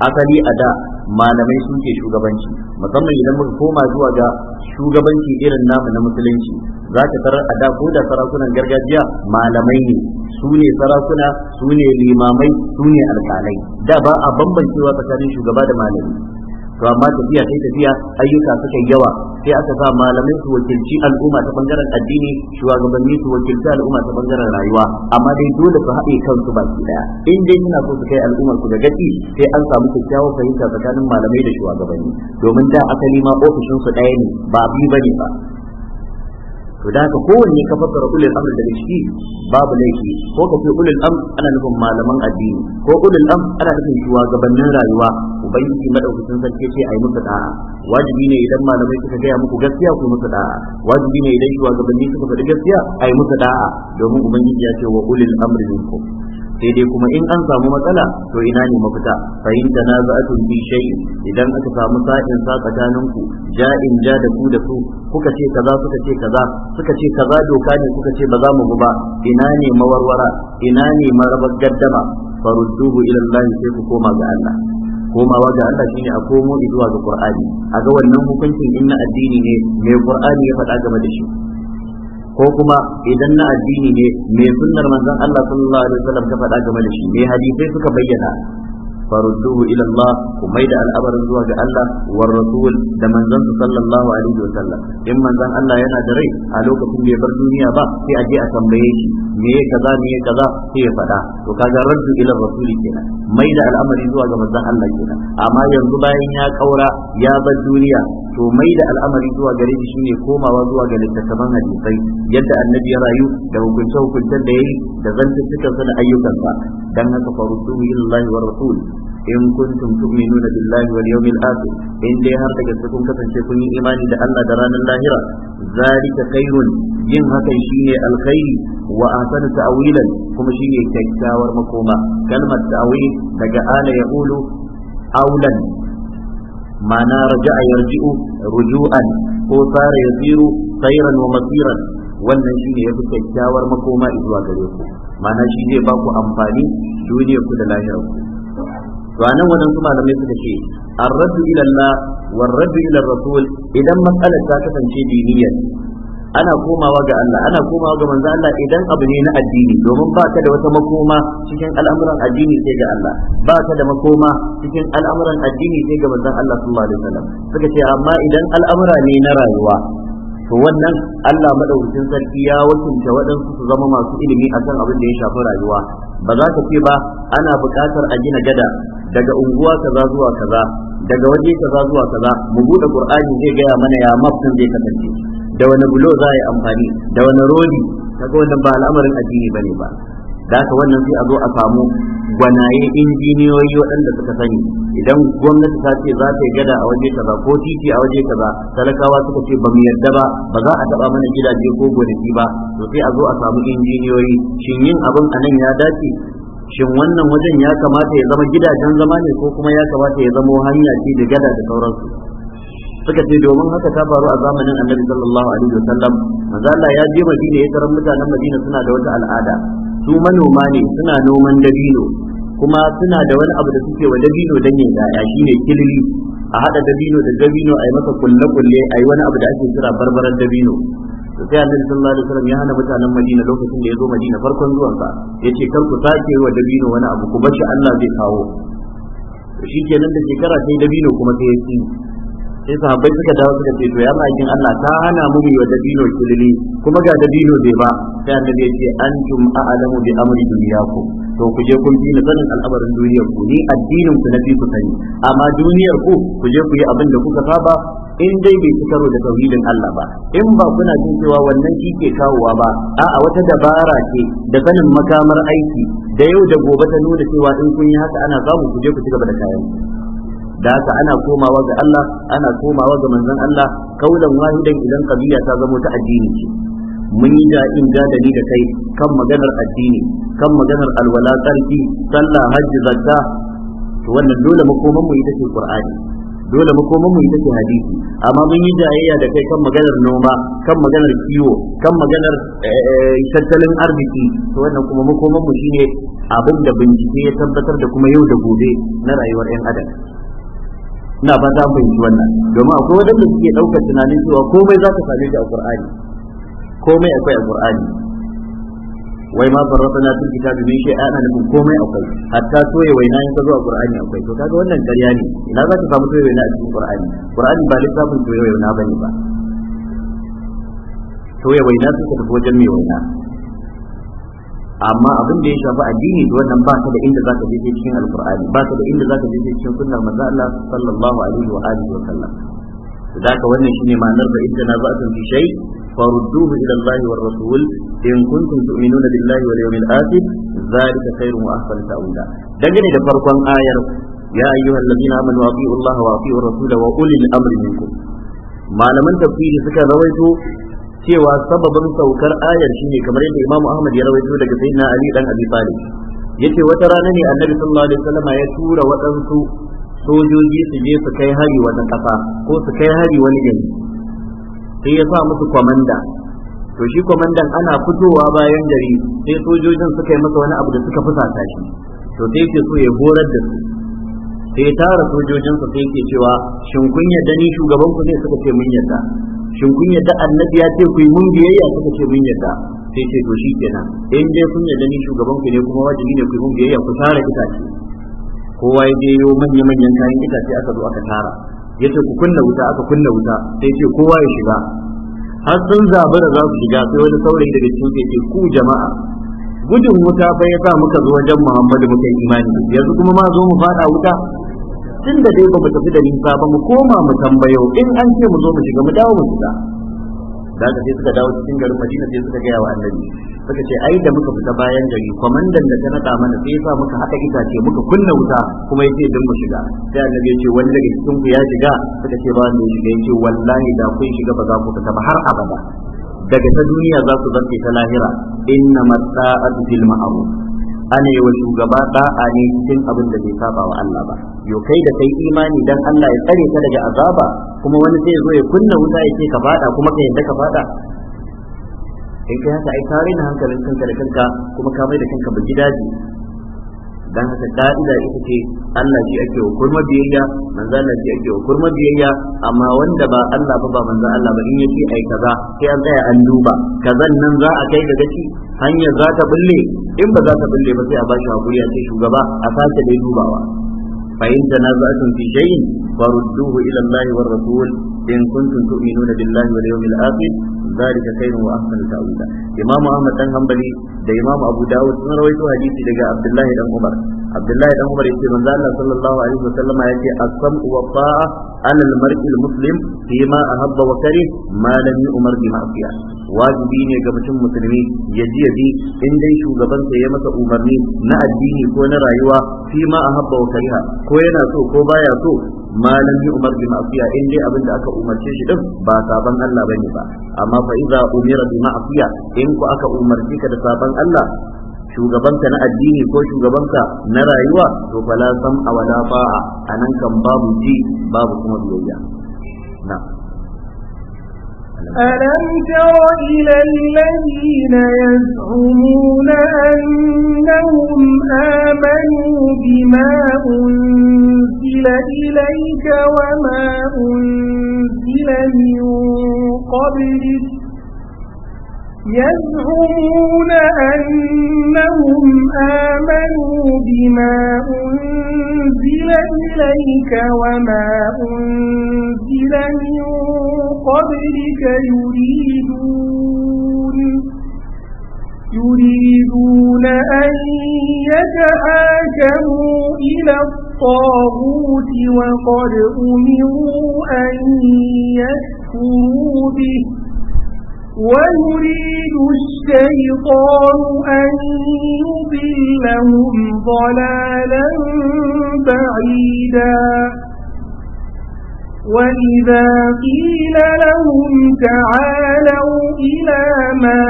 asali a da malamai sun ke shugabanci musamman idan muka koma zuwa ga shugabanci irin namu na musulunci za ka tarar a da ko da sarakunan gargajiya malamai ne su ne sarakuna su ne limamai su ne alƙalai da ba a bambancewa tsakanin shugaba da malami to amma tafiya sai tafiya ayyuka suka yawa sai aka sa malamai su wakilci al'umma ta bangaren addini shugabanni su wakilci al'umma ta bangaren rayuwa amma dai dole su haɗe kansu baki daya in dai suna so su kai al'ummar su da gaci sai an samu kyakkyawar fahimta tsakanin malamai da shugabanni domin da asali ma ofishin su ɗaya ne ba biyu bane ba to da haka kowanne ka fassara ulul amr daga ciki babu laifi ko ka ce ulul amr ana nufin malaman addini ko ulul amr ana nufin shugabannin rayuwa ubangiji madaukakin sarki ce ai musu da'a wajibi ne idan malamai suka gaya muku gaskiya ku musu da'a wajibi ne idan shugabanni suka faɗi gaskiya ayi musu da'a domin ubangiji ya ce wa ulul amr minkum sai dai kuma in an samu matsala to ina ne mafita fa in tanaza'atun bi shay'in idan aka samu sa'in sa tsakaninku ja'in ja da ku da bu kuka ce kaza suka ce kaza suka ce kaza doka ne kuka ce ba za mu guba? ina ne mawarwara ina ne marabar gaddama farudduhu ila Allah sai ku koma ga Allah komawa ga Allah shine a komo zuwa ga Qur'ani a ga wannan hukuncin inna addini ne mai Qur'ani ya faɗa game da shi ko kuma idan na addini ne mai sunnar manzon Allah sallallahu alaihi wasallam ta faɗa game da shi mai hadisai suka bayyana farudduhu ila Allah ku al'amarin zuwa ga Allah war da manzon sallallahu alaihi wa sallam in manzon Allah yana da rai a lokacin da ya bar duniya ba sai a je a tambaye shi me ya kaza me ya kaza sai ya faɗa to kaga raddu ila rasuli kenan maida al'amari zuwa ga manzon Allah kenan amma yanzu bayan ya kaura ya bar duniya to maida al'amari zuwa gare shi shine komawa zuwa ga littattafan hadisai yadda annabi ya rayu da hukunce hukuncen da yayi da zantuttukansa da ayyukansa dan haka farudduhu ila wa rasul in kuntum tu'minuna billahi wal yawmil akhir in dai har daga kun kasance kun yi imani da Allah da ranar lahira zalika khairun yin hakan shine alkhairi wa ahsanu ta'wilan kuma shine kyakkyawar makoma kalmar ta'wil daga ala yaqulu aulan ma'ana raja'a yarji'u ruju'an ko sara yasiru khairan wa masiran wannan shine yafi kyakkyawar makoma zuwa gare ku ma'ana shi zai ba ku amfani duniyar ku da lahirar ku to anan waɗansu malamai suka ce ar-raddu ila Allah war raddu ila rasul idan matsalar ta kasance diniyya ana komawa ga Allah ana komawa ga manzo Allah idan abu ne na addini domin ba ka da wata makoma cikin al'amuran addini sai ga Allah ba ka da makoma cikin al'amuran addini sai ga manzon Allah sallallahu alaihi wasallam suka ce amma idan al'amura ne na rayuwa to wannan Allah madaukakin sarki ya wakilta waɗansu su zama masu ilimi akan abin da ya shafi rayuwa ba za ka ce ba ana buƙatar a gina gada daga unguwa kaza zuwa kaza daga waje kaza zuwa kaza mu buɗe qur'ani zai gaya mana ya map zai kasance da wani bulo za a yi amfani da wani rodi kaga wannan ba al'amarin addini bane ba da haka wannan sai a zo a samu gwanaye injiniyoyi waɗanda suka sani idan gwamnati ta ce za ta yi gada a waje kaza ko titi a waje kaza talakawa suka ce ba mu yarda ba ba za a taɓa mana gidaje ko gonaki ba to sai a zo a samu injiniyoyi shin yin abin a nan ya dace shin wannan wajen ya kamata ya zama gidajen zama ne ko kuma ya kamata ya zama hanya ce da gada da sauransu suka ce domin haka ta faru a zamanin annabi sallallahu alaihi wasallam manzo Allah ya je Madina ya tarar mutanen Madina suna da wata al'ada su manoma ne suna noman dabino kuma suna da wani abu da suke wa dabino dan yin yaya ne, kilili a hada dabino da dabino a yi masa kulle kulle a yi wani abu da ake kira barbaran dabino to sai annabi sallallahu alaihi wasallam ya hana mutanen Madina lokacin da ya zo Madina farkon zuwansa yace kar ku sake wa dabino wani abu ku bashi Allah zai kawo to shikenan da shekara sai dabino kuma sai ya sai sahabbai suka dawo suka ce to ya ma'aikin Allah ta hana mu wa dabino kilili kuma ga dabino bai ba sai annabi ya ce antum a'lamu bi amri dunyakum to ku je kun fi sanin al'amarin duniyar ku ni addinin ku na fi ku sani amma duniyar ku ku je ku yi abin da kuka saba in dai bai karo da tauhidin Allah ba in ba kuna jin cewa wannan shi ke kawowa ba a'a wata dabara ce da sanin makamar aiki da yau da gobe ta nuna cewa in kun yi haka ana samu ku je ku ci gaba da kayan da haka ana komawa ga Allah ana komawa ga manzon Allah kaulan wahidan idan kabiya ta zamo ta addini ce mun yi da in gadani da kai kan maganar addini kan maganar alwala tsarki sallah hajji zakka to wannan dole makoman mu ita ce qur'ani dole makoman mu ita ce hadisi amma mun yi jayayya da kai kan maganar noma kan maganar kiwo kan maganar eh, eh, tattalin arziki to wannan kuma makoman mu shine abin da bincike ya tabbatar da kuma yau da gobe na rayuwar yan adam ina ba za ku yi wannan domin akwai wadanda suke daukar tunanin cewa komai za ka same shi a Qur'ani komai akwai a Qur'ani wai ma farratana fil kitabi min shi ana nufin komai akwai hatta soye waina na yanzu a Qur'ani akwai to kaga wannan ƙarya ne ina za ka samu soye waina a cikin Qur'ani Qur'ani ba littafin soye waina bane ba soye waina suka tafi wajen mai waina amma abin da ya shafi addini da wannan ba ta da inda zaka je cikin alqur'ani ba ta da inda zaka je cikin sunnar manzo Allah sallallahu alaihi wa alihi wa sallam da wannan shine ma'anar da idda nazatun fi shay farudduhu ila Allah wa rasul in kuntum tu'minuna billahi wal yawmil akhir zalika khairun wa ahsanu ta'wila dangane da farkon ayar ya ayyuhal ladina amanu atiiu Allah wa atiiu rasul wa amri minkum malaman tafsiri suka rawaito cewa sababin saukar ayar ne kamar yadda Imam Ahmad ya rawaito daga Sayyidina Ali dan Abi Talib yace wata rana ne Annabi sallallahu alaihi wasallam ya tura waɗansu sojoji su je su kai hari wata kafa ko su kai hari wani gari sai ya sa musu komanda to shi kwamandan ana fitowa bayan gari sai sojojin suka yi masa wani abu da suka fusata shi to sai ke so ya horar da su sai tara sojojinsa sai ke cewa shin kun yadda ni shugaban ku ne suka ce mun yadda shin kun yadda annabi ya ce ku yi mun biyayya suka ce mun yadda sai ce to shi kenan, in dai kun yadda ni shugaban ku ne kuma wajibi ne ku yi mun biyayya ku tara itace kowa ya je yo manya manyan kayan itace aka zo aka tara yace ku kunna wuta aka kunna wuta sai ce kowa ya shiga har sun zabi da za su shiga sai wani saurayi daga cikin ke ce ku jama'a gudun wuta bai ya sa muka zo wajen Muhammadu muka yi imani yanzu kuma ma zo mu fada wuta tun da dai ba mu tafi da nisa ba mu koma mu tambayo in an ce mu zo mu shiga mu dawo mu shiga da ka sai suka dawo cikin garin Madina sai suka gaya wa annabi suka ce ai da muka fita bayan gari kwamandan da ta naɗa mana sai sa muka haɗa itace muka kunna wuta kuma yace dan mu shiga sai annabi ya ce wani daga cikin ku ya shiga suka ce ba wanda ya shiga yace wallahi da kun shiga ba za ku fita ba har abada daga ta duniya za su zance ta lahira inna mata'atu fil ma'ruf ana yi wa shugaba da'a ne cikin abin da bai saba wa Allah ba yo kai da kai imani dan Allah ya tsare ka daga azaba kuma wani sai ya zo ya kunna wuta ya ce ka fada kuma ka yadda ka fada in kai haka ai ka raina hankalin kanka da kanka kuma ka mai da kanka ba gidaje dan haka ka'ida ita ce Allah shi ake wa kurma biyayya manzo Allah shi ake wa kurma biyayya amma wanda ba Allah ba ba manzo Allah ba in yace ai kaza sai an tsaya an duba kazan nan za a kai ga gaci hanyar za ta bulle in ba za ta bulle ba sai a bashi hakuri a ce shugaba a sake dai dubawa فإن تنازعتم في شيء فردوه إلى الله والرسول إن كنتم تؤمنون بالله واليوم الآخر zalika khairun wa ahsanu ta'wila imam ahmad dan hanbali da imam abu dawud sun rawaito hadisi daga abdullahi dan umar abdullahi ɗan umar yace manzo Allah sallallahu alaihi wasallama yace as-sam'u wa ta'a ala al-mar'i al-muslim fi ma ahabba wa kari ma lam yu'mar bi ma'siyah wajibi ne ga mutum musulmi ya ji ya bi in dai shugaban sa ya masa umarni na addini ko na rayuwa fi ma ahabba wa kariha ko yana so ko baya so malam umar bi ma'siya in dai abin da aka umarce shi din ba saban Allah bane ba amma fa idza umira bi ma'siya in ku aka umarci ka da saban Allah shugabanka na addini ko shugabanka na rayuwa to fala sam awala ba'a anan kan babu ji babu kuma biyayya na'am ألم تر إلى الذين يزعمون أنهم آمنوا بما أنزل إليك وما أنزل من قبلك يزعمون أنهم آمنوا بما أنزل إليك وما أنزل من قبلك يريدون يريدون أن يتحاكموا إلى الطاغوت وقد أمروا أن يكفروا به ويريد الشيطان أن يضلهم ضلالا بعيدا وإذا قيل لهم تعالوا إلى ما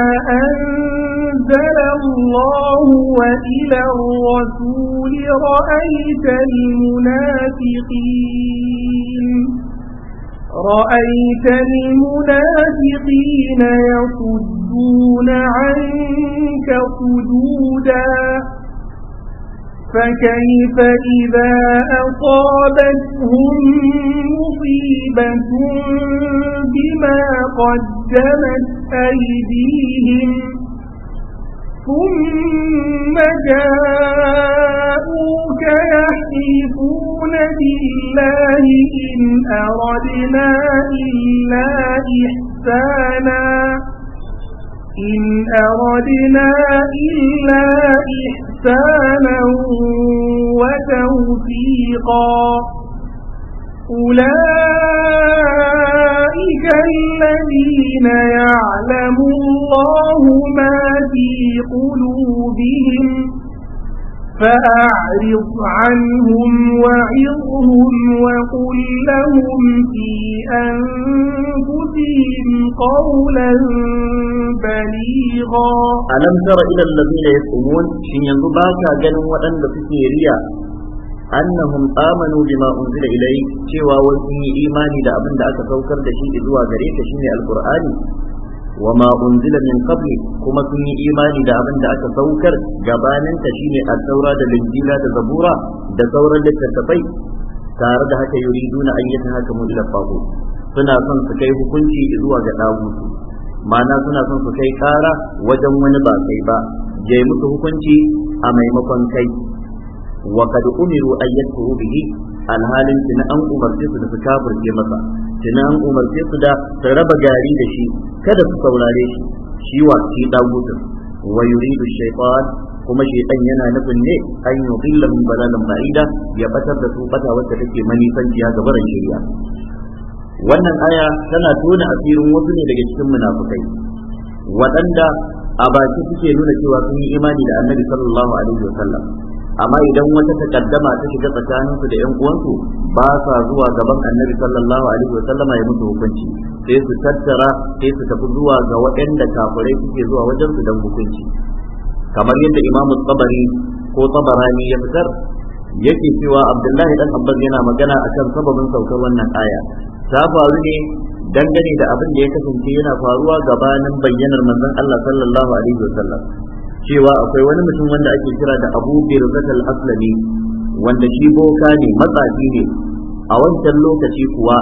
أنزل الله وإلى الرسول رأيت المنافقين رأيت المنافقين يصدون عنك صدودا فكيف إذا أصابتهم مصيبة بما قدمت أيديهم ثم جاءوك يحلفون بالله إن أردنا إلا إحسانا إن أردنا إلا إحسانا وتوفيقا أولئك الذين يعلم الله ما في قلوبهم فأعرض عنهم وعظهم وقل لهم في أنفسهم قولا بليغا ألم تر إلى الذين يسمون إن ينظباك ودن في سيريا annahum amanu bima unzila ilai cewa wasu yi imani da abin da aka saukar da shi zuwa gare ka shine alqur'ani wa ma unzila min qabli kuma sun yi imani da abin da aka saukar gabanin ka shine at-taura da linjila da zabura da sauran littattafai tare da haka yuriduna an yatahakamu ila faqu suna son su kai hukunci zuwa ga dagutu ma'ana suna son su kai kara wajen wani ba ba jai musu hukunci a maimakon kai wa umiru an yakfuru bihi alhalin tina an umarce su da su kafirce masa tina an umarce su da su raba gari da shi kada su saurare shi shi wa shi dagutun wa yuridu shaytan kuma shaytan yana nufin ne an yudillahum balalan ba'ida ya batar da su bata wacce take manisanciya ga barin shari'a wannan aya tana tona asirin wasu ne daga cikin munafukai waɗanda a baki suke nuna cewa sun yi imani da annabi sallallahu alaihi wa amma idan wata takaddama ta shiga tsakanin su da yan uwansu ba sa zuwa gaban annabi sallallahu alaihi wa sallama ya musu hukunci sai su tattara sai su tafi zuwa ga waɗanda kafirai suke zuwa wajen su dan hukunci kamar yadda imamu tabari ko tabarani ya fitar yake cewa abdullahi dan abbas yana magana akan sababin saukar wannan aya ta faru ne dangane da abin da ya kasance yana faruwa gabanin bayyanar manzon Allah sallallahu alaihi wa sallam. cewa akwai wani mutum wanda ake kira da abu birzat al-aslami wanda shi boka ne matsafi ne a wancan lokaci kuwa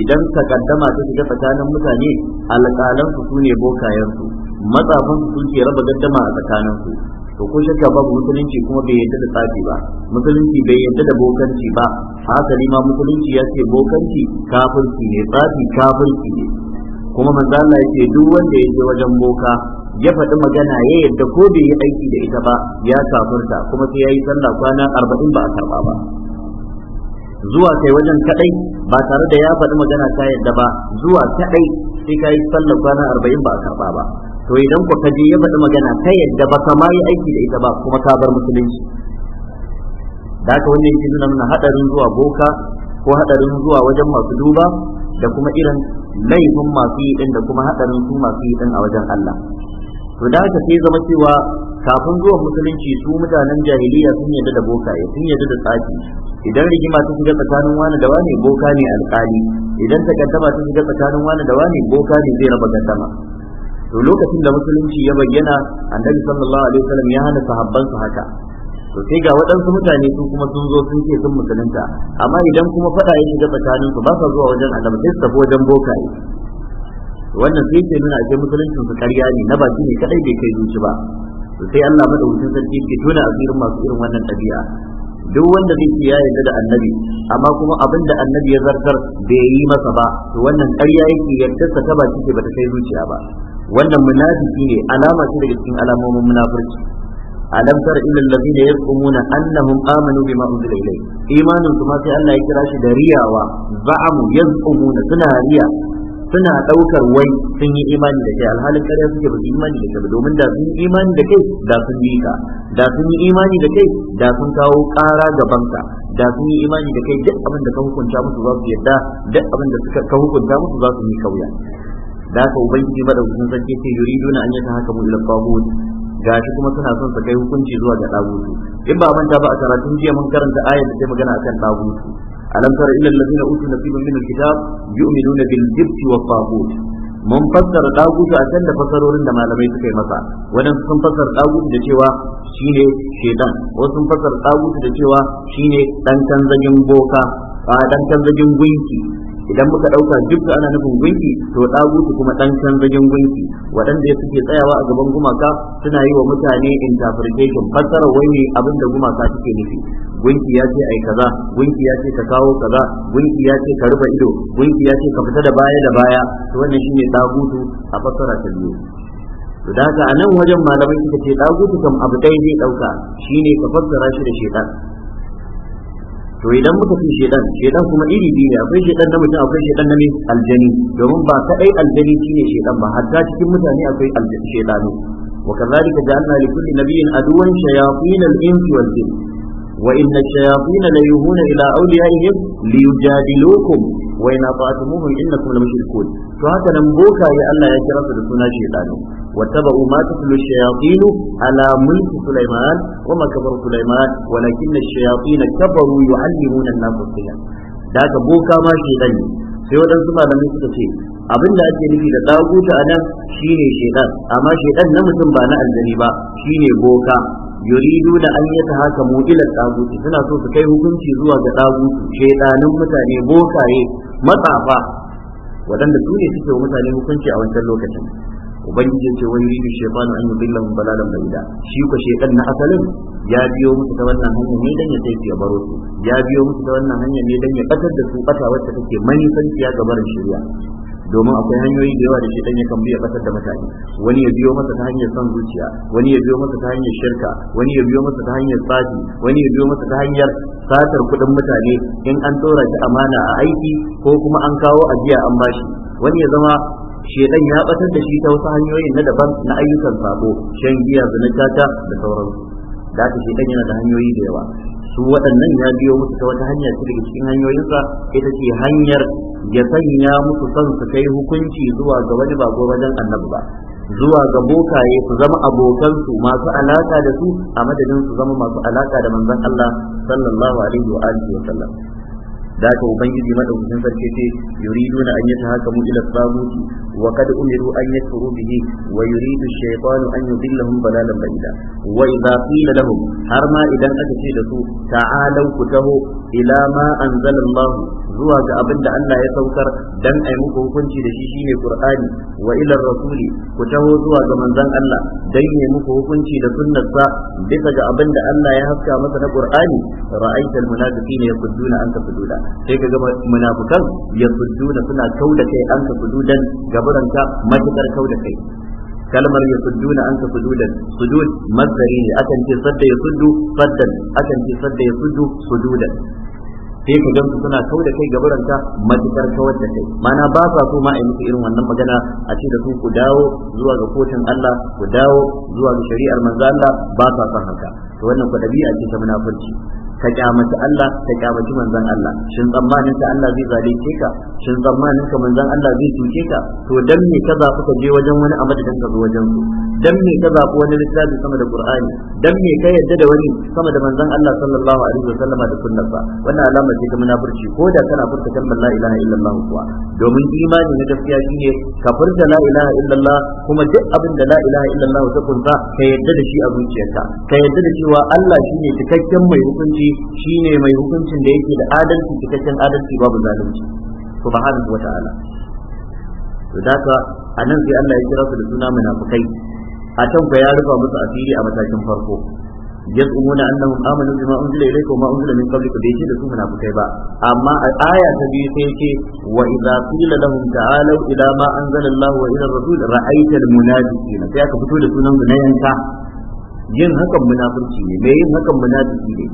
idan ka kaddama ta shiga tsakanin mutane alƙalan su sune bokayen su matsafin su ke raba gaddama a tsakanin su to ko shakka babu musulunci kuma bai yadda da tsafi ba musulunci bai yadda da bokanci ba haka ma musulunci ya ce bokanci kafirci ne tsafi kafirci ne kuma manzo Allah yake duk wanda ya je wajen boka ya faɗi magana ya yadda ko bai yi aiki da ita ba ya kafurta kuma sai ya yi sallah kwana arba'in ba a karɓa ba zuwa kai wajen kaɗai ba tare da ya faɗi magana ta yadda ba zuwa kaɗai sai ka yi sallah kwana arba'in ba a karɓa ba to idan ku kaje ya faɗi magana ta yadda ba ka ma yi aiki da ita ba kuma ka bar musulunci da haka wannan yake nuna mana haɗarin zuwa boka ko haɗarin zuwa wajen masu duba da kuma irin laifin masu yi ɗin da kuma haɗarin su masu yi ɗin a wajen Allah to da haka sai zama cewa kafin zuwan musulunci su mutanen jahiliya sun yadda da bokaye sun yadda da tsaki, idan rigima ta shiga tsakanin wani da wani boka ne alƙali, idan takaddama ta shiga tsakanin wani da wani boka ne zai raba gaddama to lokacin da musulunci ya bayyana annabi sallallahu alaihi wasallam ya hana sahabban su haka to sai ga waɗansu mutane su kuma sun zo sun ce sun musulunta amma idan kuma faɗa ya shiga tsakanin su ba sa zuwa wajen annabi sai su tafi wajen bokaye wannan sai ke nuna ake musuluncin su karya ne na baki ne kadai bai kai zuci ba sai Allah madaukakin sarki ke tona asirin masu irin wannan ɗabi'a duk wanda zai ci ya yarda da annabi amma kuma abin da annabi ya zartar bai yi masa ba to wannan ƙarya yake yardarsa ta baki ce bata kai zuciya ba wannan munafiki ne alama ce daga cikin alamomin munafurci alam tara ila allazina yaqumuna annahum amanu bima unzila ilayhi imanin su ma sai Allah ya kira shi da riyawa za'amu yaqumuna suna riya suna daukar wai sun yi imani da kai alhalin kare suke ba imani da kai domin da sun yi imani da kai da sun yi ka da sun yi imani da kai da sun kawo ƙara gaban ka da sun yi imani da kai duk abin da ka hukunta musu za su yadda duk abin da suka ka hukunta musu za su yi kauya da haka ubangiji madaukakin sarki ce yuriduna an ta haka mu ila gashi kuma suna son su kai hukunci zuwa ga dagutu in ba manta ba a karatun jiya mun karanta ayar da ta magana akan dagutu alam tara illa allazina utu nasiban min alkitab yu'minuna bil jibti wa tagut mun fassara dagutu a can da fasarorin da malamai suka yi masa wadan sun fassara dagutu da cewa shine shedan wasu sun fassara dagutu da cewa shine dan kanzagin boka a dan kanzagin gunki idan muka dauka jibtu ana nufin gunki to su kuma dan canzagin gunki waɗanda suke tsayawa a gaban gumaka suna yi wa mutane interpretation fassara wai ne abin da gumaka suke nufi gunki ya ce ai kaza gunki ya ce ka kawo kaza gunki ya ce ka rufe ido gunki ya ce ka fita da baya da baya to wannan shine su a fassara ta biyu to da haka a nan wajen malamai suka ce su kam abu ɗaya ne ɗauka shine ka fassara shi da shaitan to idan muka fi shedan shedan kuma iri biyu ne akwai shedan na mutum akwai shedan na mai aljani domin ba kadai aljani shine shedan ba hatta cikin mutane akwai aljani shedanu وكذلك جعلنا لكل نبي عدوا شياطين الانس والجن وإن الشياطين ليوهون إلى أوليائهم ليجادلوكم وإن أطعتموهم إنكم لمشركون فهذا نمبوكا يا الله يا شرف لسنا شيطان واتبعوا ما تتلو الشياطين على ملك سليمان وما كفر سليمان ولكن الشياطين كفروا يعلمون الناس السحر ذاك بوكا ما شيطان sai waɗansu malamai suka ce abin da ake nufi da ɗaguta a nan shine shaidan amma shaidan na mutum ba na aljani ba shine boka yuridu da an yi haka ila taguti suna so su kai hukunci zuwa ga taguti shedanin mutane bokaye matsafa waɗanda su ne suke wa mutane hukunci a wancan lokacin ubangiji ce wani yuridu shaytanu an yudilla hum balalan ba'ida shi ku shaytan na asalin ya biyo musu ta wannan hanya ne dan ya tafi ya baro su ya biyo musu ta wannan hanya ne dan ya ɓatar da su ƙasa wacce take manisanciya ga barin shari'a domin akwai hanyoyi da yawa da shi dan kan biya fatar da mutane wani ya biyo masa ta hanyar son zuciya wani ya biyo masa ta hanyar shirka wani ya biyo masa ta hanyar tsafi wani ya biyo masa ta hanyar satar kuɗin mutane in an tsora shi amana a aiki ko kuma an kawo ajiya an bashi wani ya zama shedan ya batar da shi ta wasu hanyoyin na daban na ayyukan sabo shan giya zina da sauransu da ta shi yana da hanyoyi da yawa su waɗannan ya biyo musu ta wata hanya ce daga cikin hanyoyinsa ita ce hanyar ya sanya musu son su kai hukunci zuwa ga wani ba bako wajen annabi ba zuwa ga bokaye su zama abokansu masu alaka da su a madadin su zama masu alaka da manzon Allah sallallahu alaihi wa alihi wa sallam da ka ubangiji madaukakin sarki ce yuriduna an mu ila taguti wa kad umiru an yakfuru bihi wa yuridu ash-shaytanu an yudillahum dalalan ba'ida wa idza qila lahum har ma idan aka ce da su ta'alau ku taho ila ma anzalallahu zuwa ga abin da Allah ya saukar dan a yi muku hukunci da shi shine Qur'ani wa ila rasuli ku taho zuwa ga manzon Allah dan ya muku hukunci da sunnarsa bisa ga abin da Allah ya haska masa na Qur'ani ra'aital munafiqina yasudduna anka sududa sai ka ga munafikan yasudduna suna kauda kai anka sududan gabaranka matakar kauda kai kalmar ya sudduna an ka sududan sudud masdari ne akan ce sadda ya suddu saddan akan ce sadda ya suddu sududan sai ku gansu suna kau da kai gabaranta matukar kawar da kai mana ba sa so ma a yi musu irin wannan magana a ce da su ku dawo zuwa ga kotun Allah ku dawo zuwa ga shari'ar manzo Allah ba sa son haka to wannan ku dabi'a ce ta munafurci ka kyamaci Allah ka kyamaci manzon Allah shin tsammanin ka Allah zai zalunce ka shin tsammanin ka manzon Allah zai cuce ka to dan me ka zafi ka je wajen wani a madadin ka zo wajen su dan me ka zafi wani littafi sama da Qur'ani dan me ka yadda da wani sama da manzon Allah sallallahu alaihi wasallama da sunnarsa wannan alama ce ta munafurci ko da kana furta kalmar la ilaha illallah kuwa domin imani na gaskiya shine ka furta la ilaha illallah kuma duk abin da la ilaha illallah ta kunta ka yadda da shi a zuciyarka ka yadda da cewa Allah shine cikakken mai hukunci shine mai hukuncin da yake da adalci cikakken adalci babu zalunci subhanahu wata'ala to a nan sai Allah ya kira su da suna munafikai a can fa ya rufa musu asiri a matakin farko yaz'umuna annahum amanu bima unzila ilayka wa ma unzila min qablik bai ce da su munafikai ba amma a aya ta biyu sai ce wa idza qila lahum ta'alu ila ma anzala Allah wa ila rasul ra'aita almunafiqina sai aka fito da sunan su na yanka yin hakan munafurci ne me yin hakan munafiki ne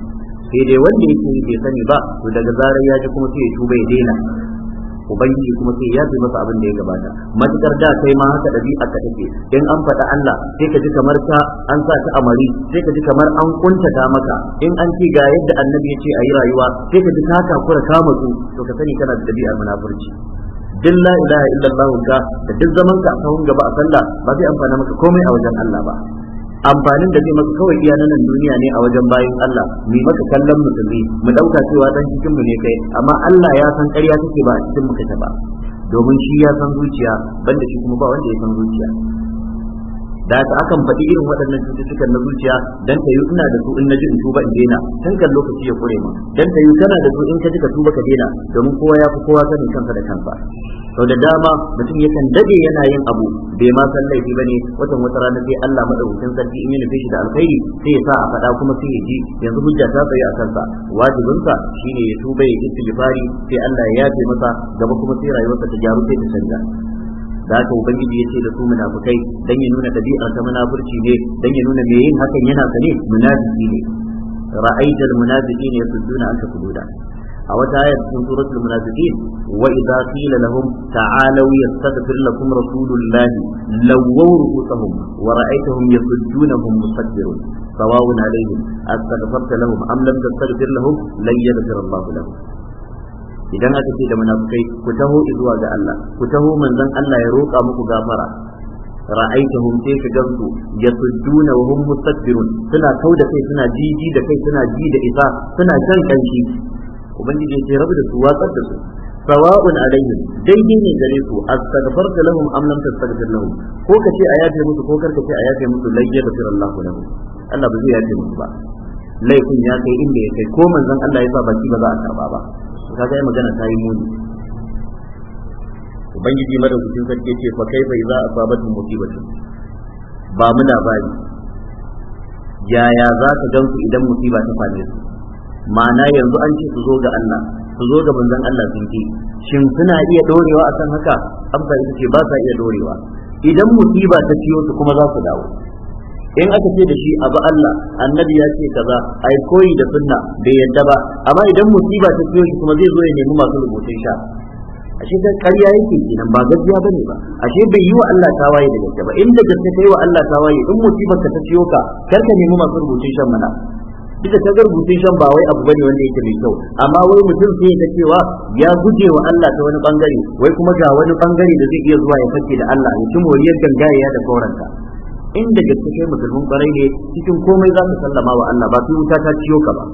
sai dai wanda yake yi bai sani ba to daga zarar ya ji kuma sai ya tuba ya daina ubangiji kuma sai ya ji masa abin da ya gabata matukar da kai ma haka dabi'a ka take in an faɗa Allah sai ka ji kamar ka an sa ta amari sai ka ji kamar an kuntata maka in an ci ga yadda annabi ya ce a yi rayuwa sai ka ji ka takura ka matsu to ka sani kana da dabi'ar munafurci din la ilaha illallah ga da duk zaman ka a kawun gaba a sallah ba zai amfana maka komai a wajen Allah ba amfanin da zai maka kawai iya nan duniya ne a wajen bayin Allah mai maka kallon musulmi mu ɗauka cewa dan cikin mu ne kai amma Allah ya san ƙarya take ba a cikin mu kace ba domin shi ya san zuciya banda shi kuma ba wanda ya san zuciya da akan faɗi irin waɗannan cututtukan na zuciya dan tayu ina da su in naji in tuba in daina tun kan lokaci ya kure ma dan tayu kana da su in ka ji ka tuba ka daina domin kowa ya fi kowa sanin kansa da kansa sau da dama mutum yakan dade yana yin abu bai ma san laifi ne watan wata rana sai Allah madaukakin sarki in ya nufe shi da alkhairi sai ya sa a faɗa kuma sai ya ji yanzu hujja ta tsaye a kansa wajibinsa shine ya tuba ya istighfari sai Allah ya yafe masa gaba kuma sai rayuwarsa ta gyaru sai ta canja da haka ubangiji ya ce da su munafukai dan ya nuna dabi'ar ta munafurci ne dan ya nuna me yin hakan yana sane munafiki ne ra'aytal munafiqina yasudduna anka sududa a wata ayat cikin suratul munafiqin wa idza qila lahum ta'alu yastaghfir lakum rasulullahi lawwaw ru'usahum wa ra'aytahum yasudduna hum musaddirun sawa'un alayhim astaghfarta lahum am lam tastaghfir lahum lan yaghfir Allahu lahum idan aka ce da munafukai ku taho zuwa ga Allah ku taho manzon Allah ya roƙa muku gafara ra'aitahum sai ka gamsu yasudduna wa hum mustakbirun suna tau da kai suna jiji da kai suna ji da isa suna shan kanshi ubangiji ce rabu da su watsar da su sawa'un alaihim daidai ne gare su astaghfarta lahum am lam tastaghfir lahum ko ka ce a yafe musu ko karka ce a yafe musu lai ya tafira Allahu lahum Allah ba zai yafe musu ba laifin ya kai inda ya kai ko manzon Allah ya sa baki ba za a karba ba kaga ya magana ta yi muni ubangiji madaukakin sarki ce fa kai fa za a sabatu musibatu ba muna labari yaya za ka gan su idan musiba ta fane su ma'ana yanzu an ce su zo ga Allah su zo ga manzon Allah sun ki shin suna iya dorewa akan haka amsa ita ce ba sa iya dorewa idan musiba ta ciyo su kuma za su dawo in aka ce da shi abu Allah annabi ya ce kaza ai koyi da sunna bai yadda ba amma idan musiba ta ciyo shi kuma zai zo ya nemi masu rubutun sha ashe ka ƙarya yake kenan ba gaskiya bane ba ashe bai yi wa Allah tawaye da gaske ba inda gaske kai wa Allah tawaye in musiba ka ta ciyo ka kar ka nemi masu rubutun shan mana ita ta rubutun shan ba wai abu bane wanda yake mai kyau amma wai mutum sai ya cewa ya guje wa Allah ta wani bangare wai kuma ga wani bangare da zai iya zuwa ya fake da Allah ya ci moriyar gangariya da sauranta Inda da gaske kai musulmin kwarai ne cikin komai za ka sallama wa Allah ba sai wuta ta ciyo ka ba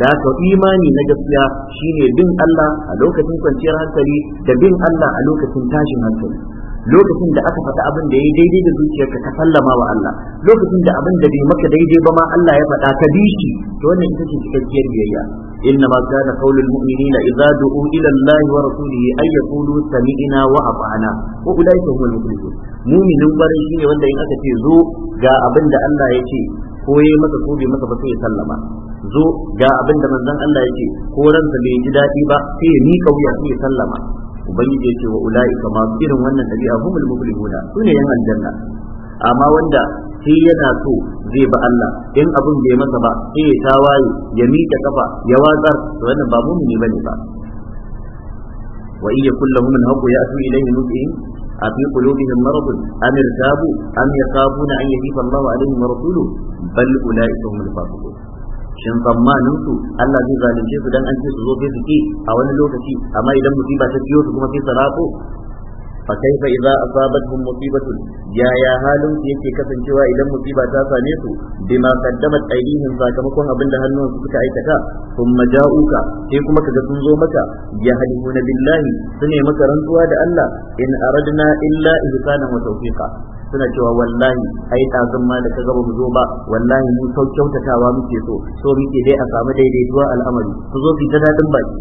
da ka imani na gaskiya shine bin Allah a lokacin kwanciyar hankali da bin Allah a lokacin tashin hankali lokacin da aka faɗa abin da ya daidai da zuciyarka ka sallama wa Allah lokacin da abin da bai maka daidai ba ma Allah ya faɗa ka bi shi to wannan ita ce cikakkiyar biyayya inna ma kana qaulul mu'minina idza du'u ila Allah wa rasulihi ay yaqulu sami'na wa ata'na wa ulaika humul muflihun muminin kwarai shine wanda in aka ce zo ga abin da Allah ya ce ko yi masa ko bai masa ba sai ya sallama zo ga abin da manzon Allah ya ce ko ransa bai ji daɗi ba sai ya mika wuya sai ya sallama ubangiji ya ce wa ulaika ma irin wannan dabi'a humul muflihuna sune yan aljanna amma wanda sai yana so zai ba Allah in abin bai masa ba sai ya tawaye ya miƙa kafa ya watsar to wannan ba mumini bane ba wa iya kullahu min haqu ya'tu ilayhi mud'in أفي قلوبهم مرض أم ارتابوا أم يخافون أن يهيب الله عليهم ورسوله بل أولئك هم الفاسقون shin tsammanin su Allah zai zalunce su dan an ce su zo sai su a wani lokaci amma idan musiba ta biyo su kuma sai su فكيف إذا أصابتهم مصيبة يا يا حالهم يكي كسن شوى إلى مصيبة تاسا نيسو بما قدمت أيديهم ساكمكوها بند هنون سكك أيتكا ثم جاءوك سيكما كجسن زومك يهلهون بالله سنة مكرن سواد ألا إن أردنا إلا إحسانا وتوفيقا suna cewa wallahi ai ɗazun ma da ka gaba mu zo ba wallahi mu sau kyautatawa muke so so muke dai a samu daidaituwa al'amari ku zo fi ta daɗin baki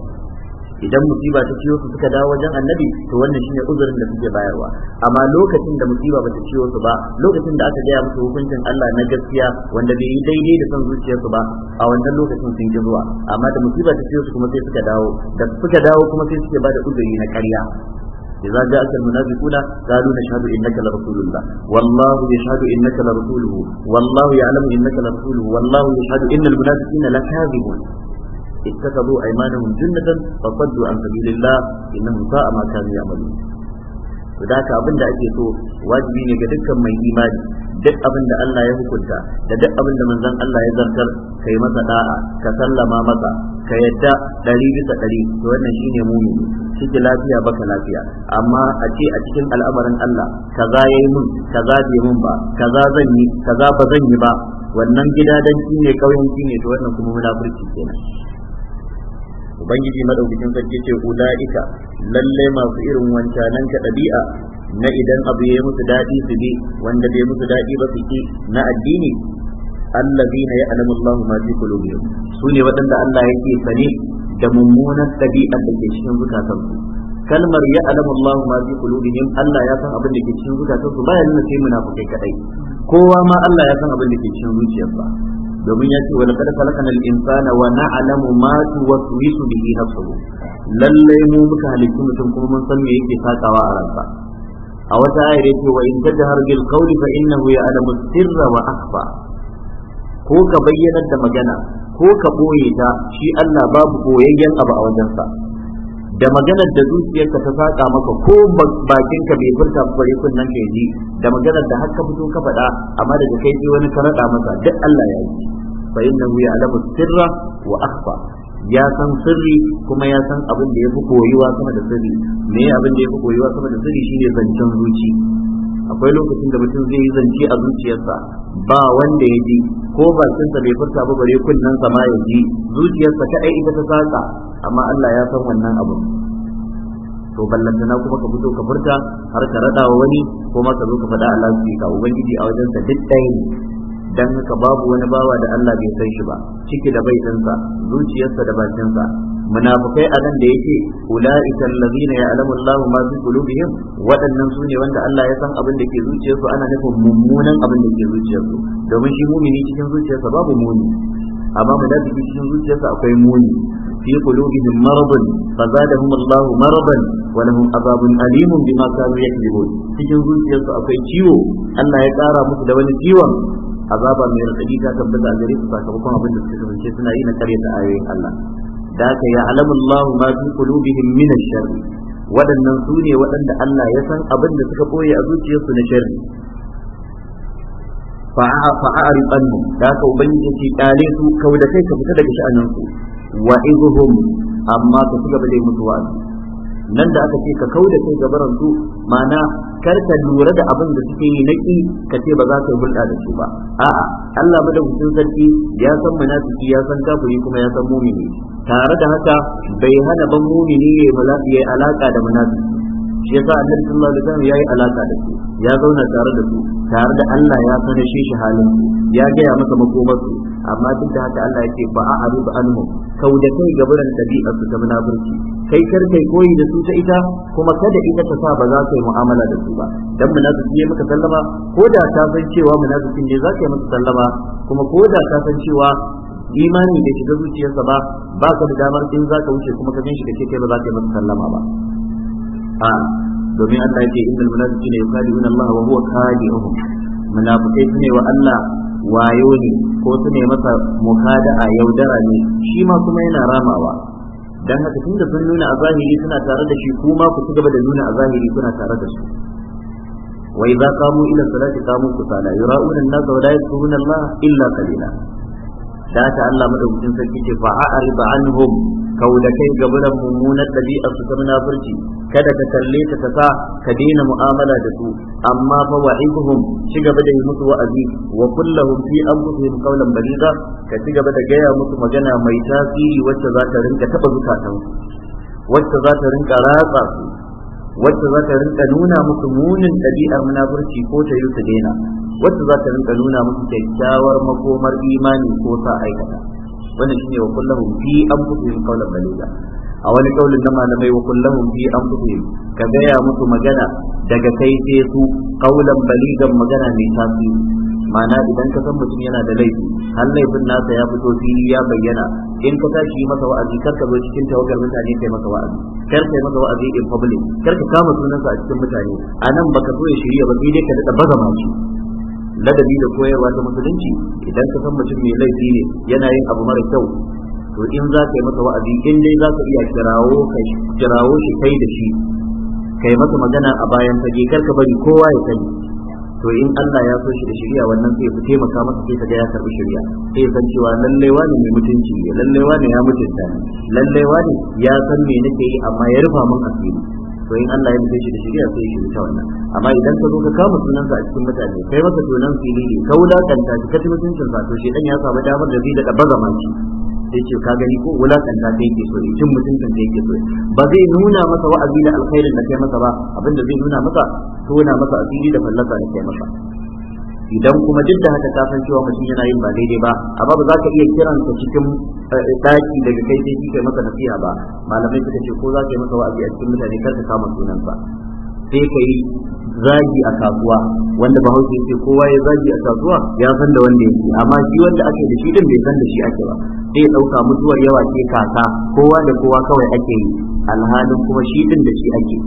idan musiba ta ciyo su suka dawo wajen annabi to wannan shine uzurin da suke bayarwa amma lokacin da musiba ta ciyo su ba lokacin da aka gaya musu hukuncin Allah na gaskiya wanda bai yi daidai da son zuciyarsu ba a wannan lokacin sun ji zuwa amma da musiba ta ciyo su kuma sai suka dawo da suka dawo kuma sai suke bada uzuri na ƙarya إذا جاءك المنافقون قالوا نشهد إنك لرسول الله والله يشهد إنك لرسوله والله يعلم إنك لرسوله والله يشهد إن المنافقين لكاذبون اتخذوا أيمانهم جنة فصدوا عن سبيل الله إنهم ساء ما كانوا يعملون da haka abin da ake so wajibi ne ga dukkan mai imani duk abin da Allah ya hukunta da duk abin da manzon Allah ya zartar ka yi masa da'a ka sallama masa ka yadda ɗari bisa ɗari to wannan shine mumini ciki lafiya baka lafiya amma a ce a cikin al'amarin Allah kaza yayi mun kaza bai mun ba kaza zan yi kaza ba zan yi ba wannan gida gidadanci ne kauyanci ne to wannan kuma munafurci kenan ubangiji madaukakin sarki ce ulaika lalle masu irin wancanan ka dabi'a na idan abu ya musu daɗi su bi wanda bai musu daɗi ba su ki na addini allazina ya'lamu Allahu ma fi qulubihim su ne waɗanda Allah yake sane da mummunan ɗabi'ar da ke cikin zukatansu kalmar ya'lamu Allahu ma fi qulubihim Allah ya san abin da ke cikin zukatansu ba ya nuna sai munafikai kadai kowa ma Allah ya san abin da ke cikin zuciyarsa domin ya ce wa laqad khalaqana al-insana wa na'lamu ma tuwaswisu bihi nafsuhu lallai mu muka halittu mutum kuma mun san me yake sakawa a ransa a wata ayar ce wa in tajhar bil qawli fa innahu ya'lamu sirra wa akhfa ko ka bayyana da magana ko ka boye ta shi Allah babu boyayyen abu a wajensa da maganar da zuciyarka ta saka maka ko bakinka bai furta bare kunnan ka ji da maganar da haka fito ka faɗa amma daga kai ji wani karada masa duk Allah ya yi fa innahu ya'lamu sirra wa akhfa ya san sirri kuma ya san abin da ya fi koyuwa sama da sirri me abin da ya fi koyuwa sama da sirri shine zancen zuci akwai lokacin da mutum zai yi zance a zuciyarsa ba wanda ya ji ko bakinsa bai furta ba bare kunnen sa ma ya ji zuciyarsa ta aiki ita ta saka amma Allah ya san wannan abu to ballantana kuma ka fito ka furta har ka rada wa wani ko ma ka zo ka faɗa Allah su ka ubangiji a wajen sa duk ɗaya ne dan haka babu wani bawa da Allah bai san shi ba ciki da bai sa zuciyarsa da bakinsa munafikai a nan da yake ulaika allazina ya'lamu Allah ma fi qulubihim waɗannan su ne wanda Allah ya san abin da ke zuciyarsu ana nufin mummunan abin da ke zuciyarsu domin shi mumini cikin zuciyarsa babu muni amma da cikin zuciyarsa akwai muni في قلوبهم مرض فزادهم الله مرضا ولهم عذاب أليم بما كانوا يكذبون cikin zuciyarsu akwai ciwo Allah ya ƙara musu da wani ciwon azaba mai raɗaɗi ta tabbata a gare su sakamakon abin da suka kasance suna yi na karya ta ayoyin Allah da ka ya ma fi qulubihim min ash waɗannan su waɗanda Allah ya san abin da suka boye a zuciyarsu na sharri fa'a fa'a ribannu da ka kai ka fita daga sha'anin su wa izhum amma ka ci gaba da musu wa'azi nan da aka ce ka kau da kai gabaran su mana kar ka lura da abin da suke yi naki ka ce ba za ka yi hulɗa da su ba a'a Allah madaukakin sarki ya san munafiki ya san kafiri kuma ya san mumini tare da haka bai hana ban mumini ya yi alaka da munafiki shi yasa annabi sallallahu alaihi wasallam yayi alaka da su ya zauna tare da su tare da Allah ya sanashe shi halin su ya gaya masa makomar su amma duk da haka Allah yake ba a arib anhu kauda da kai gaburan dabi'a su ta munafurci kai kar kai koyi da su ta ita kuma kada ita ta sa ba za ka yi mu'amala da su ba dan munafiki ya maka sallama ko da ta san cewa munafikin ne za ta yi masa sallama kuma ko da ta san cewa imani da shiga zuciyarsa ba ba ka da damar in za ka wuce kuma ka gan shi da kai ba za ta yi masa sallama ba a domin Allah yake innal munafiqina yuqalibuna Allah wa huwa khadi'uhum munafiqai ne wa Allah wayo ne ko su ne masa a yaudara ne shi ma kuma yana ramawa dan haka tunda sun nuna a zahiri suna tare da shi kuma ku ci gaba da nuna a zahiri kuna tare da su wa idza qamu ila salati qamu kusala yura'una an-nasa wa la yadhkuruna Allah illa qalila da ta Allah madaukakin sarki ce fa a'rib anhum kaulakai gaburan mummunar ɗabi'ar su ta munafurci kada ka kalle ta ka sa ka daina mu'amala da su amma fa wa'iduhum ci gaba da yi musu wa'azi wa kullahum fi anfusihim qawlan bariza? ka ci gaba da gaya musu magana mai tasiri wacce za ta rinka taba zukatan wacce za ta rinka ratsa su wacce za ta rinka nuna musu munin ɗabi'ar munafurci ko ta yi su daina wacce za ta rinka nuna musu kyakkyawar makomar imani ko sa aikata wannan shine wa kullahum fi anfusihim qawlan baliga a wani kaulin na malamai wa kullahum fi anfusihim ka gaya musu magana daga kai sai su qawlan baligan magana mai tasiri ma'ana idan ka san mutum yana da laifi har laifin nasa ya fito fili ya bayyana in ka tashi yi masa wa'azi kar ka zo cikin tawagar mutane kai masa wa'azi kar kai masa wa'azi in public kar ka kama sunansa a cikin mutane a nan baka so ya shirya ba sai dai ka daɗa baza mashi ladabi da koyarwa ta musulunci idan ka san mutum mai laifi ne yana yin abu mara kyau to in za ka yi masa wa'azi in dai za ka iya kirawo ka kirawo shi kai da shi kai masa magana a bayan fage kar ka bari kowa ya sani to in Allah ya so shi da shari'a wannan sai ku taimaka masa sai ka ga ya karbi shari'a sai san cewa lallai wani mai mutunci ne lallai wani ya mutunta lallai wani ya san me nake yi amma ya rufa min asiri to in Allah ya so shi da shari'a sai shi ta wannan amma idan ka zo ka kama sunan a cikin mutane kai masa sunan fili ne ka wulakanta shi ka ci mutuncin sa to shi dan ya samu damar da zai da baza maki sai ce ka gani ko wulakanta kai yake so cin mutuncin kai yake so ba zai nuna masa wa'azi da alkhairin da kai masa ba abinda zai nuna masa tona masa asiri da fallasa da kai masa idan kuma duk da haka kafin cewa mutum yana yin ba daidai ba amma ba za ka iya kiran ta cikin eh, daki daga kai sai shi kai masa nasiha ba malamai suka ce ko za ka yi masa wa'azi a cikin mutane kar ka kama sunansa sai ka yi zagi a kasuwa wanda ba hausa yake kowa ya zagi a kasuwa ya san da wanda yake amma shi wanda ake da shi din bai san da shi ake ba sai dauka mutuwar yawa ce kaka kowa da kowa kawai ake yi alhalin kuma shi din da shi ake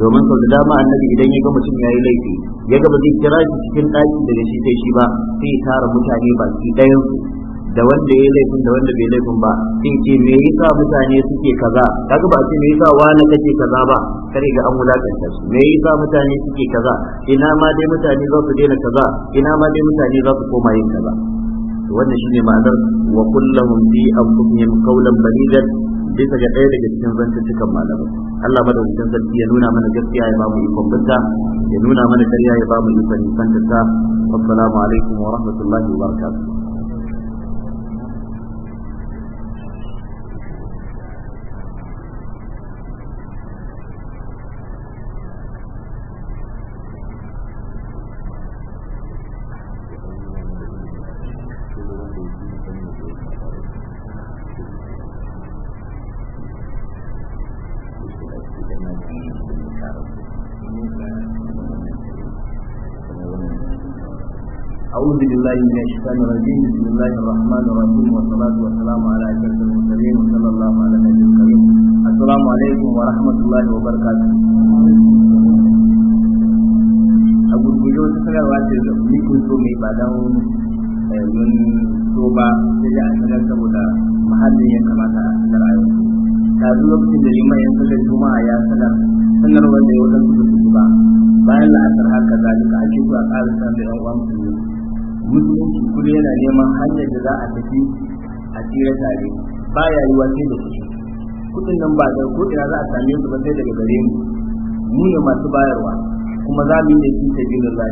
domin sau da dama annabi idan ya ga mutum ya yi laifi ya ga ba zai kira shi cikin ɗaki daga shi sai shi ba sai tara mutane ba su ɗayan su da wanda ya laifin da wanda bai laifin ba sun ce me yasa mutane suke kaza kaga ba ce me yasa wani kake kaza ba kare ga an wulakanta su me yasa mutane suke kaza ina ma dai mutane za su daina kaza ina ma dai mutane za su koma yin kaza to wannan shine ma'anar wa kullahum fi anfusihim qawlan balidan bisa ga ɗaya daga cikin zantuttukan malamai Allah madaukakin sarki ya nuna mana gaskiya ya bamu ikon binta ya nuna mana ƙarya ya bamu ikon nisan ta assalamu alaikum wa rahmatullahi wa barakatuh بالله من الشيطان الرجيم بسم الله الرحمن الرحيم والصلاة والسلام على أشرف المرسلين وصلى الله على الكريم السلام عليكم ورحمة الله وبركاته da ni kun so mai ba dan mun so ba sai da sanar saboda mahallin ya kamata na rayuwa ta zuwa lokacin da liman ya sanar juma'a ya sanar sanarwar ba bayan la'asar haka a musulunci kullum yana neman hanyar da za a tafi a tsira tare ba ya yi sai da kuɗi Kudin nan ba da ko ina za a same su ba sai daga gare mu mu ne masu bayarwa kuma za mu yi da shi ta biyu da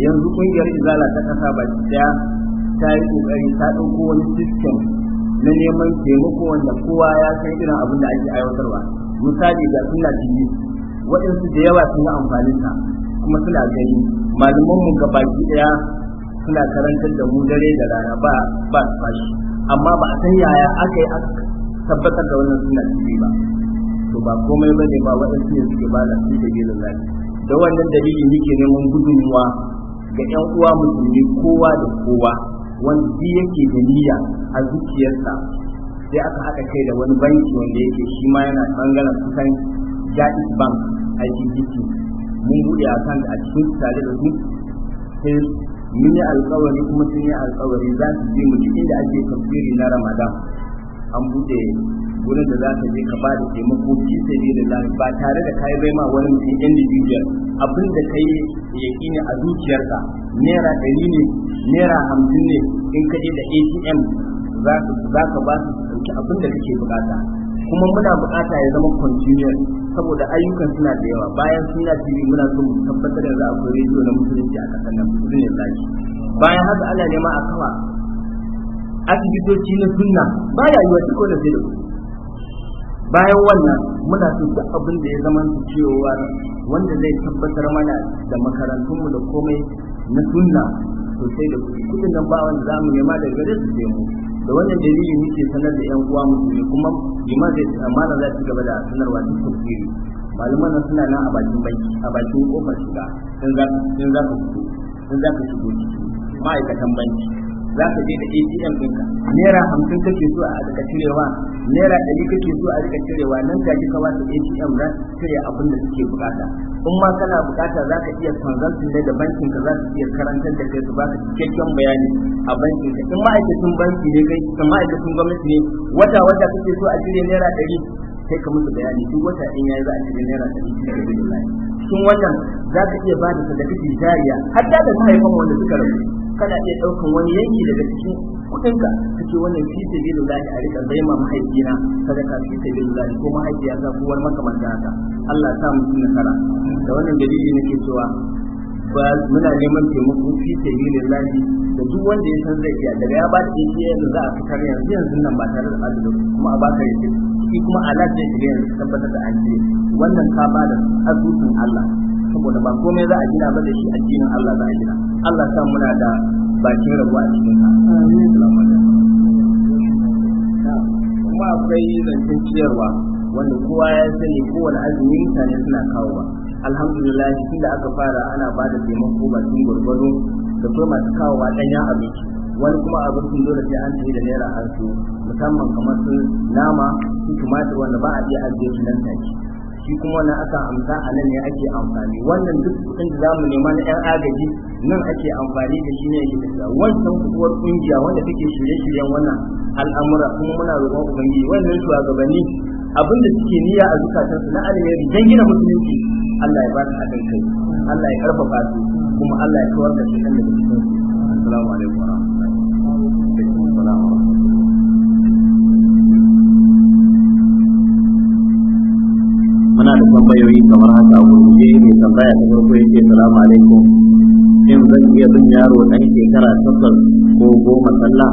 yanzu ƙungiyar izala ta kasa ba ɗaya ta yi ƙoƙari ta ɗauko wani sistem na neman taimako wanda kowa ya san irin abin da ake aiwatarwa misali ga suna biyu waɗansu da yawa sun yi amfanin ta kuma suna gani malaman mu baki ɗaya suna karantar da mu dare da rana ba ba fashi amma ba a san yaya aka yi tabbatar da wannan suna cikin ba to ba komai bane ba waɗansu ne suke ba da su da gidan lafi da wannan dalili muke neman gudunmuwa ga ƴan uwa musulmi kowa da kowa wanda yake da niyya a zuciyarsa sai aka haɗa kai da wani banki wanda yake shi ma yana bangaren kusan jaɗi Bank a cikin mun buɗe account a cikin tare da su sai mun yi alkawari kuma sun yi alkawari za su je mu cikin da ake tafsiri na ramadan an bude wurin da za ka je ka ba da taimako da sabilillah ba tare da kai bai ma wani mutum individual abin da kai yakini a zuciyarka naira ɗari ne naira hamsin ne in ka je da atm za ka ba su abin da kake bukata kuma muna bukata ya zama continuous saboda ayyukan suna da yawa bayan suna TV muna so mu tabbatar da akwai rediyo na musulunci a kasar nan musulunci ya zaki bayan haka ana nema a kawa asibitoci na sunna ba ya yi wata kone sai da bayan wannan muna so duk abin da ya zama su cewa wanda zai tabbatar mana da makarantunmu da komai na sunna sosai da kuɗin nan ba wanda za mu nema daga gare su mu da wannan dalili muke sanar da yan uwa musulmi kuma liman zai amana za su gaba da sanarwa da tafsiri malaman nan suna nan a bakin banki a bakin kofar shiga sun za ka fito sun za su shigo ciki ma'aikatan banki za ka je da ATM ɗinka naira hamsin kake so a rika cirewa naira ɗari kake so a rika cirewa nan ka ji ka wata ATM za su cire abin da suke bukata in ma kana bukata za ka iya consulting da bankin ka za su iya karantar da kai su ka cikakken bayani a bankin ka in ma'aikacin banki ne kai in ma'aikacin gwamnati ne wata wata kake so a cire naira ɗari sai ka musu bayani duk wata in yayi za a cire naira ɗari cikin billahi cikin wannan za ka iya ba da sadaka jariya hatta da mahaifan wanda suka rabu kana iya ɗaukan wani yanki daga cikin kuɗinka ka wannan fi sabilillahi a rika zai ma mahaifina sadaka fi sabilillahi ko mahaifiya ta ko wani makamanta haka Allah sa mu nasara da wannan dalili nake cewa ba muna neman taimako fi sabilillahi da duk wanda ya san zai iya daga ya ba da yake yanzu za a fitar yanzu yanzu nan ba tare da adalci kuma a baka yake shi kuma alat zai shiga yanzu tabbatar da an wannan ka ba da asusun Allah saboda ba komai za a gina ba da shi addinin Allah za a gina Allah sa muna da bakin rabu a cikin ka kuma akwai zancen ciyarwa wanda kowa ya sani kowane azumi mutane suna kawo ba alhamdulillah da aka fara ana ba da taimako ba sun gwargwado da kuma masu kawowa ɗanyen abinci wani kuma abincin dole sai an tafi da naira an musamman kamar su nama su tumatir wanda ba a iya ajiye su nan take shi kuma wannan aka amsa a nan ne ake amfani wannan duk kudin da zamu nema na 'yan agaji nan ake amfani da shi ne yake tafiya wannan kuwar kungiya wanda take shirye-shiryen wannan al'amura kuma muna roƙon ubangiji wannan shugabanni abinda suke niyya a zukatansu na alheri dan gina musulunci Allah ya ba su kai Allah ya karfafa su kuma Allah ya kawar da shi kan daga cikin assalamu alaikum tambayoyi kamar haka ke ne tambaya ta farko yake, salamu alaikum shin zan iya bin yaro ɗan shekara takwas ko goma sallah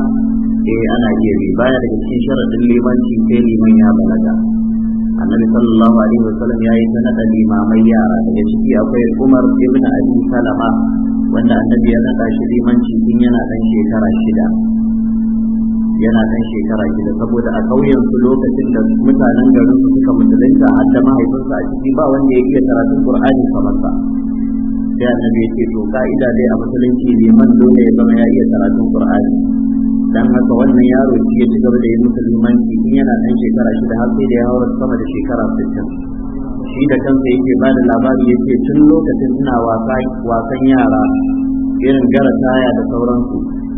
eh ana iya bi baya daga cikin sharaɗin limanci sai liman ya balaga annabi sallallahu alaihi wasallam ya yi sanada limamai yara daga ciki akwai umar ibn abi salama wanda annabi ya naɗa shi limanci tun yana ɗan shekara shida yana ɗan shekara gida, saboda a ƙauyen su lokacin da mutanen garin su suka musulunta har da mahaifinsa a ciki ba wanda ya iya karatun Qur'ani kamar sa sai annabi ya ce to ka'ida dai a musulunci man dole ya zama ya iya karatun Qur'ani dan haka wannan yaro shi ya ci gaba da yin musulmanci in yana ɗan shekara shida har sai da ya haura sama da shekara sittin shi da kansa yake ba da labari yake tun lokacin ina wasan yara irin gara taya da sauransu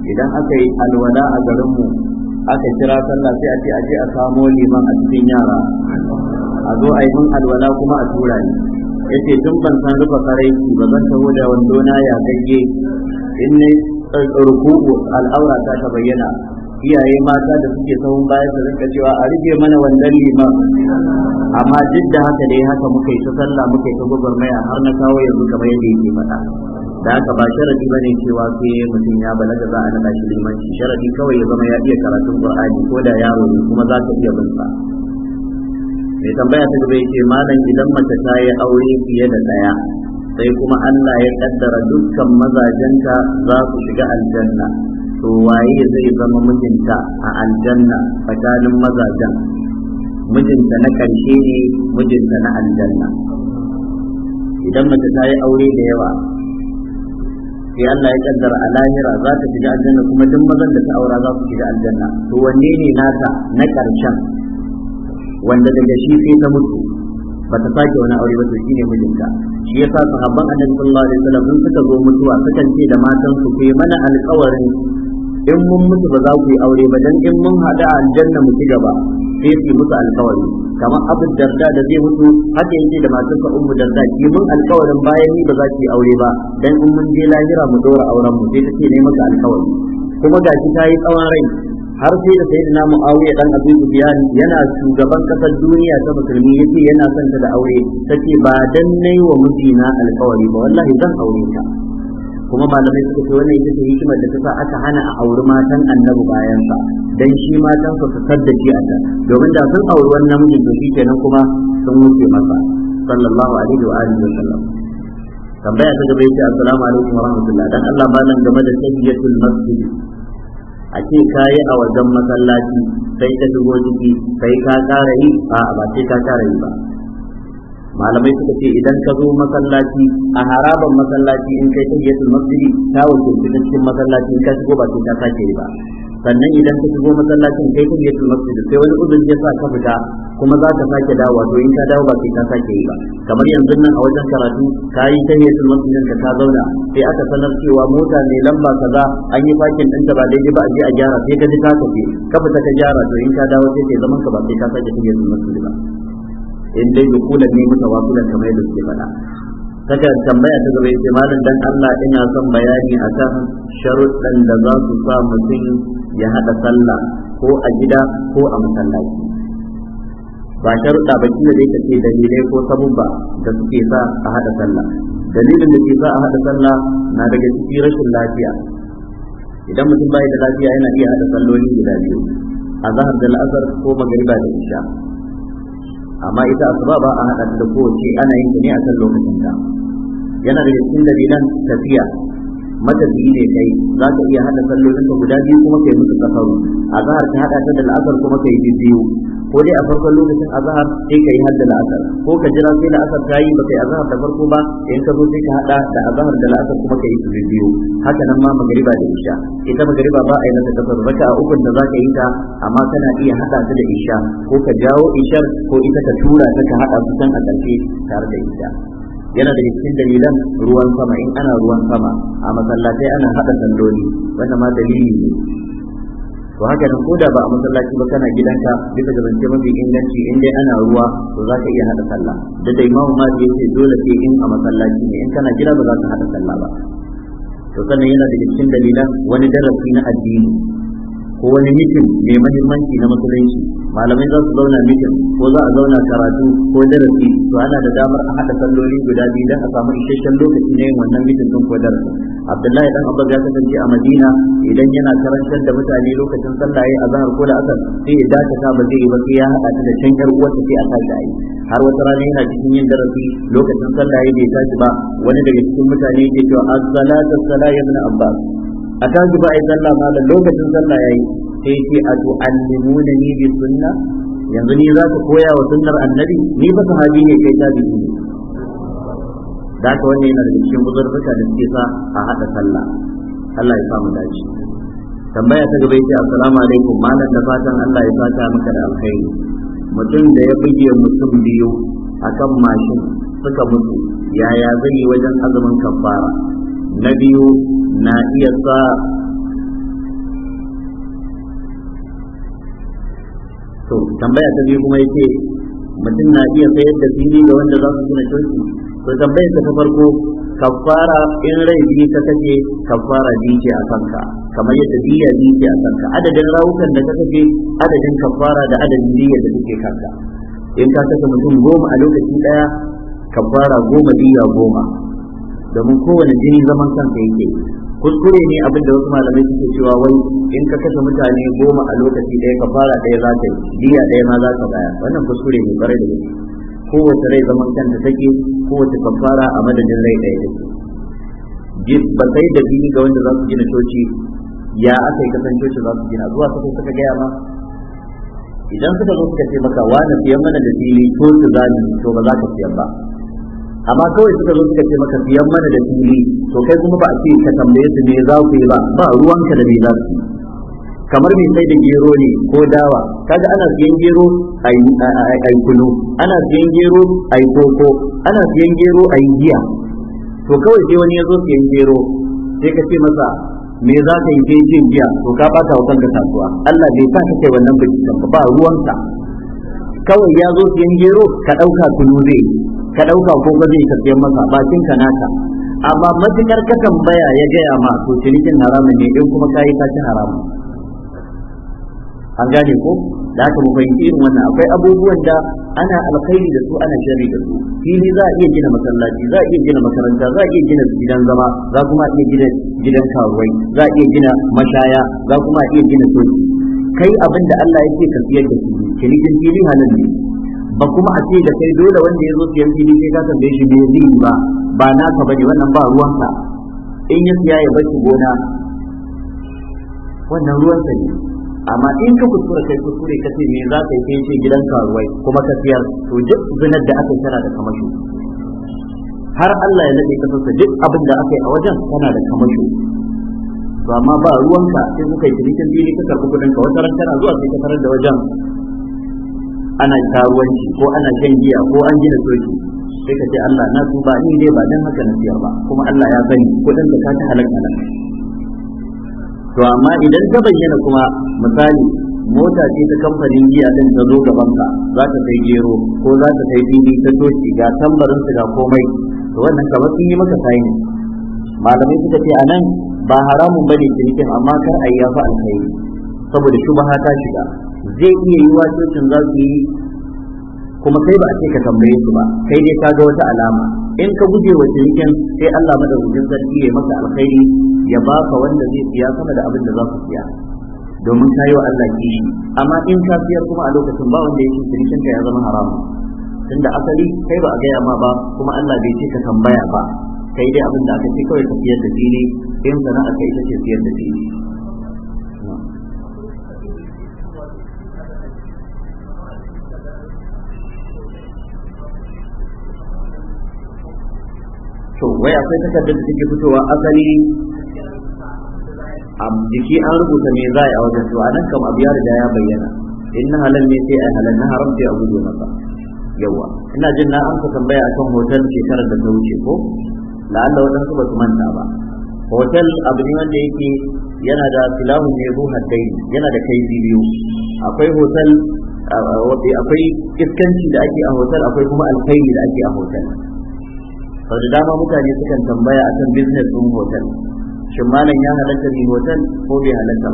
idan aka yi alwada a garinmu aka kira sallah sai a ce aje a samo liman a cikin yara a zo a yi min alwala kuma a tura ni yace tun ban san rufa karaiki ba zan taho da wando na ya gayye. in ne eh, ruku'u al'aura ta ta bayyana iyaye mata da suke sahun baya su rinka cewa a rufe mana wandon liman amma duk da haka dai haka muka yi ta sallah muka yi ta gwagwarmaya har na kawo yanzu kamar yadda yake faɗa da haka ba sharadi ne cewa sai mutum ya balaga za a naɗa shi limanci sharadi kawai ya zama ya iya karatun qur'ani ko da yaro ne kuma za ka iya bin mai tambaya ta gaba yake malam idan mace ta yi aure fiye da daya sai kuma Allah ya kaddara dukkan mazajenta za su shiga aljanna to waye zai zama mijinta a aljanna tsakanin mazajen mijinta na karshe ne mijinta na aljanna idan mace ta yi aure da yawa sai Allah ya kaddara a lahira za ta shiga aljanna kuma duk mazan da ta aura za su shiga aljanna to wanne ne nata na karshen wanda daga shi sai ta mutu ba ta sake wani aure ba to shine mijinta shi yasa sahabban annabi sallallahu alaihi wasallam in suka zo mutuwa sukan ce da matan su mana alƙawarin in mun mutu ba za ku yi aure ba dan in mun hada aljanna mu ci gaba sai su musu alkawari kamar abu darda da zai mutu haka yake da masu matarsa mu darda ki mun alkawarin bayan ni ba za ki aure ba dan in mun je lahira mu dora auren mu sai take nayi maka alkawari kuma gashi ta yi tsawon rai har sai da sai na mu'awiya dan abu sufyan yana shugaban kasar duniya ta musulmi yace yana son ta da aure tace ba dan nayi wa mijina alkawari ba wallahi zan aure ta kuma malamai suka ce wannan ita ce hikimar da ta sa aka hana a auri matan annabi bayan sa dan shi matan su su sadda shi a domin da sun auri wannan namijin to shikenan kuma sun wuce masa sallallahu alaihi wa alihi wasallam tambaya ta gaba yace assalamu alaikum wa rahmatullah dan Allah malam game da tahiyatul masjid a ce ka yi a wajen masallaci sai ka dubo ciki sai ka ƙara yi a ba sai ka ƙara yi ba malamai suka ce idan ka zo masallaci a haraban masallaci in kai tahiyatul masjidi ta wuce ta cikin masallaci in ka shigo ba sai ka sake ba sannan idan ka shigo masallacin kai tahiyatul masjidi sai wani uzuri ya sa ka fita kuma za ka sake dawowa to in ka dawo ba sai ka sake yi ba kamar yanzu nan a wajen karatu ka yi tahiyatul masjidin ka ka zauna sai aka sanar cewa mota ne lamba kaza an yi fakin din ta ba daidai ba a je a gyara sai ka ji ka tafi ka fita ka gyara to in ka dawo sai kai zaman ka ba sai ka sake tahiyatul masjidi ba in dai dukulan ne mutawasilan kamar yadda suke faɗa kaga tambaya ta gaba yace malam dan Allah ina son bayani akan sharuɗan da za su sa mutum ya hada sallah ko a gida ko a masallaci ba sharuɗa ba kina da yake dalilai ko sabubba da suke sa a hada sallah dalilin da ke sa a hada sallah na daga ciki rashin lafiya idan mutum bai da lafiya yana iya hada salloli guda biyu a zahar da la'azar ko magariba da isha amma ita asuba ba a hada da kowace ana yin ta ne a kan lokacin ta yana da cikin dalilan tafiya matafiyi ne kai za ka iya hada sallolin ka guda biyu kuma kai musu kasaru a zahar ka hada ta da al'asar kuma kai biyu ko dai a farkon lokacin azhar sai ka yi hadda la'asar ko ka jira sai la'asar ta yi baka yi azhar da farko ba in ka zo sai ka hada da azahar da la'asar kuma ka yi su biyu haka nan ma magariba da isha ita magariba ba a yi mata kafar raka a ukun da zaka yi ta amma kana iya hada ta da isha ko ka jawo ishar ko ita ka tura ta ka hada su kan a ƙarshe tare da isha yana da cikin dalilan ruwan sama in ana ruwan sama a masallatai ana hada salloli wannan ma dalili ne to haka nan ko da ba a masallaci ba kana gidanka bisa ga zance mafi inganci in dai ana ruwa to za ka iya hada sallah da dai imamu ma ya ce dole sai in a masallaci ne in kana gida ba za ka hada sallah ba to sannan yana da cikin dalilan wani darasi na addini ko wani mitin mai mahimmanci na musulunci malamai za su zauna mitin ko za a zauna karatu ko darasi to ana da damar a haɗa salloli guda biyu don a samu isasshen lokaci na yin wannan mitin ɗin ko darasin abdullahi dan abbas ya kasance a madina idan yana karantar da mutane lokacin sallah yayi azhar ko asar, sai ya dakata ba zai yi ba sai ya hada da can yar uwarsa sai a tashi ayi har wata rana yana cikin yin darasi lokacin sallah yayi bai tashi ba wani daga cikin mutane yake cewa as-salatu as-salam ibn abbas a tashi ba ai sallah ma da lokacin sallah yayi sai ce a to tu'allimuna ni bi sunna yanzu ni za ka koya wa sunnar annabi ni ba sahabi ne kai tabi'i ne da haka wannan yana da cikin uzurruka da suke sa a haɗa sallah Allah ya samu daji. dace tambaya ta gaba yake assalamu alaikum malam da fatan Allah ya saka maka da alkhairi mutum da ya bige mutum biyu akan mashin suka mutu yaya zai yi wajen azumin kafara na biyu na iya sa to tambaya ta biyu kuma yake mutum na iya sayar da fili ga wanda za su gina coci to tambayar ta farko kafara in rai biyu ka kace kafara biyu ce a kanka kamar yadda diya biyu ce a kanka adadin rawukan da ka kace adadin kafara da adadin diya da kake kanka in ka kace mutum goma a lokaci daya kafara goma diya goma domin kowane jini zaman kanka yake kuskure ne abin da wasu malamai suke cewa wai in ka kashe mutane goma a lokaci ɗaya ka fara ɗaya za ka yi diya ɗaya ma za ka bayar wannan kuskure ne ƙwarai da gaske kowace rai zaman kanta take kowace kafara a madadin rai ɗaya take ba sai da biyu ga wanda za su gina coci ya aka yi kasan coci za su gina zuwa suka suka gaya ma idan suka zo suka ce maka wani siyan mana da fili coci su ni to ba za ka siyan ba amma kawai suka zo suka ce maka siyan mana da fili to kai kuma ba a ce ka tambaye su me za ku yi ba ba ruwanka da me za su yi kamar mai sai da gero ne ko dawa kaga ana siyan gero yi kunu ana siyan gero yi koko ana siyan gero yi giya to kawai sai wani ya zo siyan gero sai ka ce masa me za ka yi kai jin giya to ka bata wa kanka kasuwa Allah bai sa ka kai wannan bikin ba ba ruwanka kawai ya zo siyan gero ka dauka kunu zai ka dauka koko zai ka siyan masa bakin ka naka amma matukar ka tambaya ya gaya ma to cinikin haramun ne in kuma kai ka ci haramun an gane ko da haka mu fahimci irin wannan akwai abubuwan da ana alkhairi da su ana sharri da su fili za a iya gina masallaci za a iya gina makaranta za a iya gina gidan zama za kuma a iya gina gidan karuwai za a iya gina mashaya za kuma a iya gina soki kai abin da Allah yake ka siyar da ke cinikin fili halin ne ba kuma a ce da kai dole wanda ya zo siyan fili sai ka tambaye shi bai zai ba ba naka bane wannan ba ruwanka in ya siya ya bar shi gona wannan ruwansa ne amma in ka kuskura kai kuskure ka ce me za ka yi kai gidan karuwai kuma ka siyar to duk zinar da aka tana da kamasho har Allah ya nade kasarsa duk abin da aka yi a wajen tana da kamasho to amma ba ruwanka sai kuka yi cikin fili ka karɓi kuɗin ka wata tana zuwa sai ka tarar da wajen ana karuwanci ko ana shan giya ko an gina soki sai ka ce Allah na tuba ni dai ba dan haka na siyar ba kuma Allah ya sani kuɗin da ka ta halaka to amma idan ta bayyana kuma misali mota ce ta kamfanin giya din ta zo gaban ka za ta kai gero ko za ta kai bibi ta toshi ga tambarin su ga komai to wannan kamar sun yi maka sayin malamai suka ce a nan ba haramun bane cinikin amma kar a yi yafa alkhairi saboda shubha ta shiga zai iya yi cocin za su yi kuma sai ba a ce ka tambaye su ba kai dai ka ga wata alama in ka guje wa cinikin sai Allah madaukakin sarki ya maka alkhairi ya baka wanda zai siya sama da abin da za ku siya domin ka yi wa Allah kishi amma in ka siyar kuma a lokacin ba wanda yake cinikin ka ya zama haramu tunda asali kai ba a gaya ma ba kuma Allah bai ce ka tambaya ba kai dai abin da aka ce kawai ka siyar da ne, in sana'a kai ita ce siyar da ne. to waya akwai takardar da take fitowa asali a jiki an rubuta me za a yi a wajen to anan kam abu ya riga ya bayyana in na halal ne sai a halal na haram sai a guje masa yawa ina jin na amsa tambaya akan hotel shekarar da ta wuce ko la'alla waɗansu ba su manta ba hotel abu ne wanda yake yana da filahun ne ruhar dai yana da kai biyu akwai hotel akwai iskanci da ake a hotel akwai kuma alkhairi da ake a hotel sau da dama mutane sukan tambaya akan business ɗin hotel shin malam ya halatta ne hotel ko bai halatta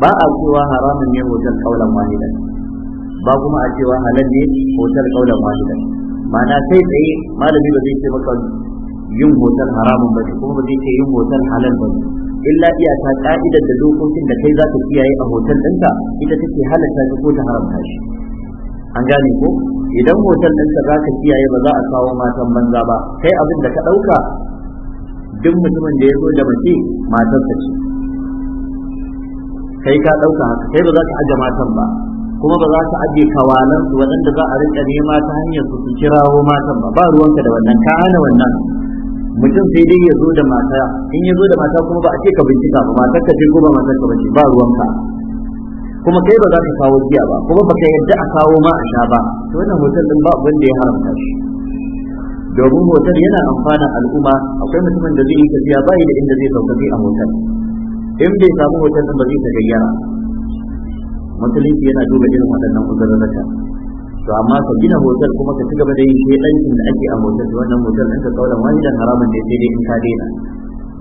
ba ba a cewa haramun ne hotel kaulan wahidan ba kuma a cewa halal ne hotel kaulan wahidan ma'ana sai tsaye malami ba zai ce maka yin hotel haramun ba kuma ba zai ce yin hotel halal ba illa iyaka ka'idar da dokokin da kai za ka kiyaye a hotel ɗinka ita take halatta ta ko ta haramta shi an gane ko idan hotel ɗinka za ka kiyaye ba za a kawo matan banza ba kai abin da ka ɗauka duk mutumin da ya zo da mace matarsa ce kai ka ɗauka haka kai ba za ka aje matan ba kuma ba za ka aje su waɗanda za a rinka nema ta hanyar su su kirawo matan ba ba ruwanka da wannan ka hana wannan mutum sai dai ya zo da mata in ya zo da mata kuma ba a ce ka bincika ba matar ka ce ko ba matar ka ba ce ba ruwanka kuma kai ba za ka kawo giya ba kuma baka yadda a kawo ma a sha ba to wannan hotel din ba abin da ya haramta shi domin hotel yana amfana al'umma akwai mutumin da zai yi tafiya bai da inda zai sauka a hotel in bai samu hotel din ba zai ta gayyara musulunci yana duba irin waɗannan uzurrata to amma ka gina hotel kuma ka ci gaba da yin shedancin da ake a hotel wannan hotel in ka kaulan wahidan haramun da sai dai in ka daina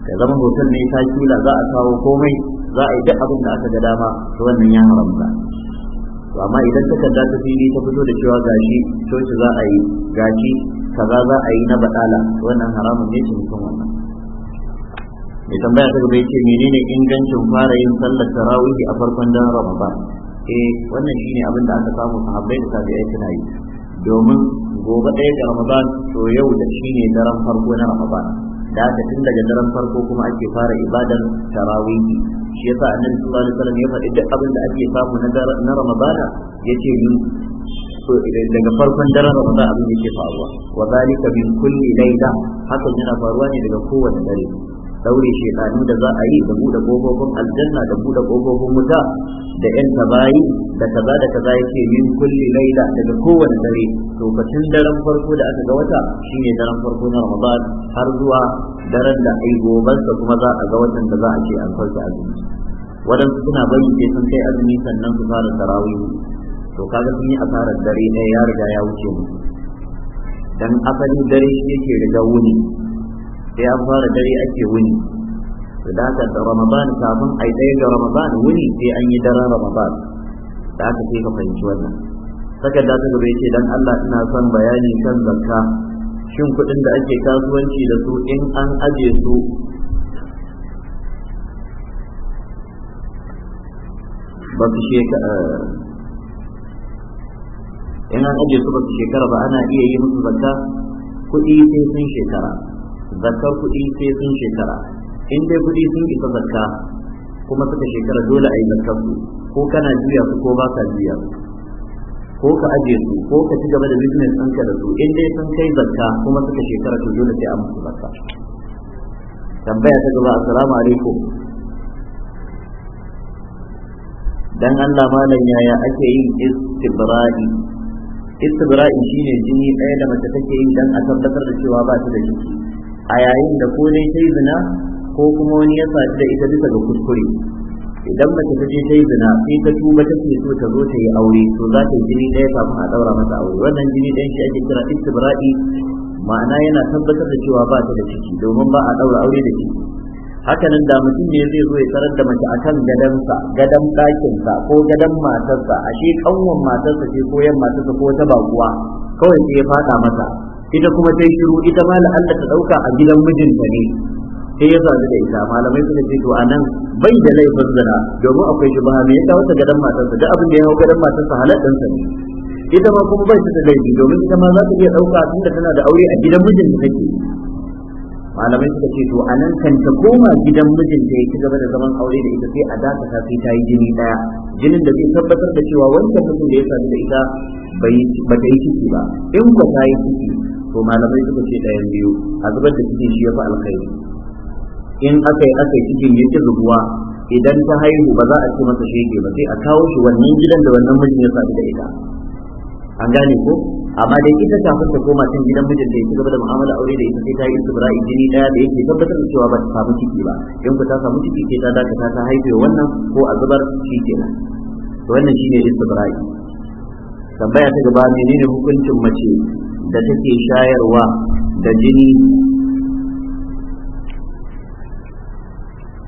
ka zama hotel ne ta kila za a kawo komai za a yi duk abin da aka ga dama to wannan ya haramta to amma idan takarda ta fili ta fito da cewa gashi coci za a yi gashi kaza za a yi na badala wannan haramun ne shi mutum wannan mai tambaya ta gaba yace menene ingancin fara yin sallar tarawih a farkon dan Ramadan eh wannan shine abin da aka samu sahabbai da tabi'ai suna yi domin gobe ɗaya ga Ramadan to yau da shine daren farko na Ramadan da haka tun daga daren farko kuma ake fara ibadar tarawihi shi yasa annabi sallallahu alaihi wasallam ya faɗi duk abin da ake samu na ramadana ce min daga farkon daren ramadan abin da yake faruwa wa zalika min kulli layla haka yana faruwa ne daga kowane dare daure shekaru da za a yi da buɗe ƙofofin aljanna da buɗe ƙofofin wuta da yan tabayi da kaza da kaza yake min kulli laila daga kowane dare to daren farko da aka ga wata shine daren farko na ramadan har zuwa daren da ai sa kuma za a ga watan da za a ce an farka azumi waɗansu suna bari sai sun kai azumi sannan su fara tarawih to kaga sun yi asarar dare ɗaya ya riga ya wuce mu dan asali dare shi yake riga wuni sai an fara dare ake wuni da haka da ramadan kafin ai ɗaya ga ramadan wuni sai an yi daren ramadan da haka sai ka fahimci wannan da ta gaba ce dan Allah ina son bayani kan zakka shin kuɗin da ake kasuwanci da su in an aje su ba su eh, in an aje su ba su shekara ba ana iya yi musu zakka kuɗi sai sun shekara zakar kuɗi sai sun shekara in dai kuɗi sun isa zakka kuma suka shekara dole a yi zakar su ko kana juya su ko ba ka juya su ko ka aje su ko ka ci gaba da business ɗinka da su in dai sun kai zakka kuma suka shekara to dole sai an musu zakka tambaya ta gaba assalamu alaikum dan Allah malam yaya ake yin istibra'i istibra'i shine jini ɗaya da mace take yin, dan a tabbatar da cewa ba ta da ciki a yayin da ko dai ta zina ko kuma wani ya sa da ita bisa ga kuskure idan mace ta je ta zina sai ta tuba ta ce so ta zo ta yi aure to za ta yi jini ɗaya kafin a ɗaura mata aure wannan jini ɗayan shi ake kira istibra'i ma'ana yana tabbatar da cewa ba ta da ciki domin ba a ɗaura aure da ciki hakanan da mutum ne zai zo ya tsarar da mace akan gadansa gadan ɗakinsa ko gadan matarsa ashe kanwan matarsa ce ko yan matarsa ko ta baguwa kawai sai ya faɗa mata ita kuma ta yi shiru ita ma la'alla ta ɗauka a gidan mijinta ne sai ya zazu da ita malamai suka ce to anan bai da laifin zina domin akwai shi ba me ya kawo ta gadon matarsa da abin da ya hau gadon matarsa halaɗin sa ne ita ma kuma bai da laifi domin ita ma za ta iya ɗauka tunda tana da aure a gidan mijin da take malamai suka ce to anan kan ta koma gidan mijinta ya ci gaba da zaman aure da ita sai a ta sai ta yi jini daya jinin da zai tabbatar da cewa wancan mutum da ya sadu da ita ba ta yi ciki ba in ba ta yi ciki to malamai suka ce ɗayan biyu a zubar da cikin shi ya fi alkhairi in aka yi aka cikin ya ci zubuwa idan ta haihu ba za a ce masa shege ba sai a kawo shi wannan gidan da wannan mijin ya sami da ita an gane ko amma dai ita ta ta koma can gidan mijin da ya ci gaba da mu'amala aure da ita sai ta yi istibra'i jini ɗaya da yake tabbatar da cewa ba ta samu ciki ba in ku ta samu ciki sai ta dakata ta haife wannan ko a zubar shi kenan wannan shi shine tsibira tambaya ta gaba menene hukuncin mace da take shayarwa da jini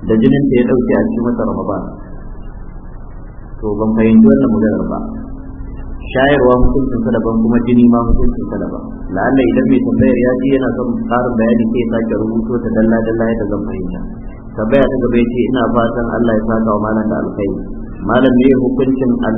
da jinin da ya dauke a cikin wata ramadan to ban fahimci wannan maganar ba shayarwa hukuncin sa daban kuma jini ma hukuncin sa daban la'alla idan mai tambayar ya ji yana son karin bayani sai ya sake rubuto ta dalla dalla ya zan fahimta tambaya ta gaba ce ina fatan Allah ya saka wa malam da alkhairi malam ne hukuncin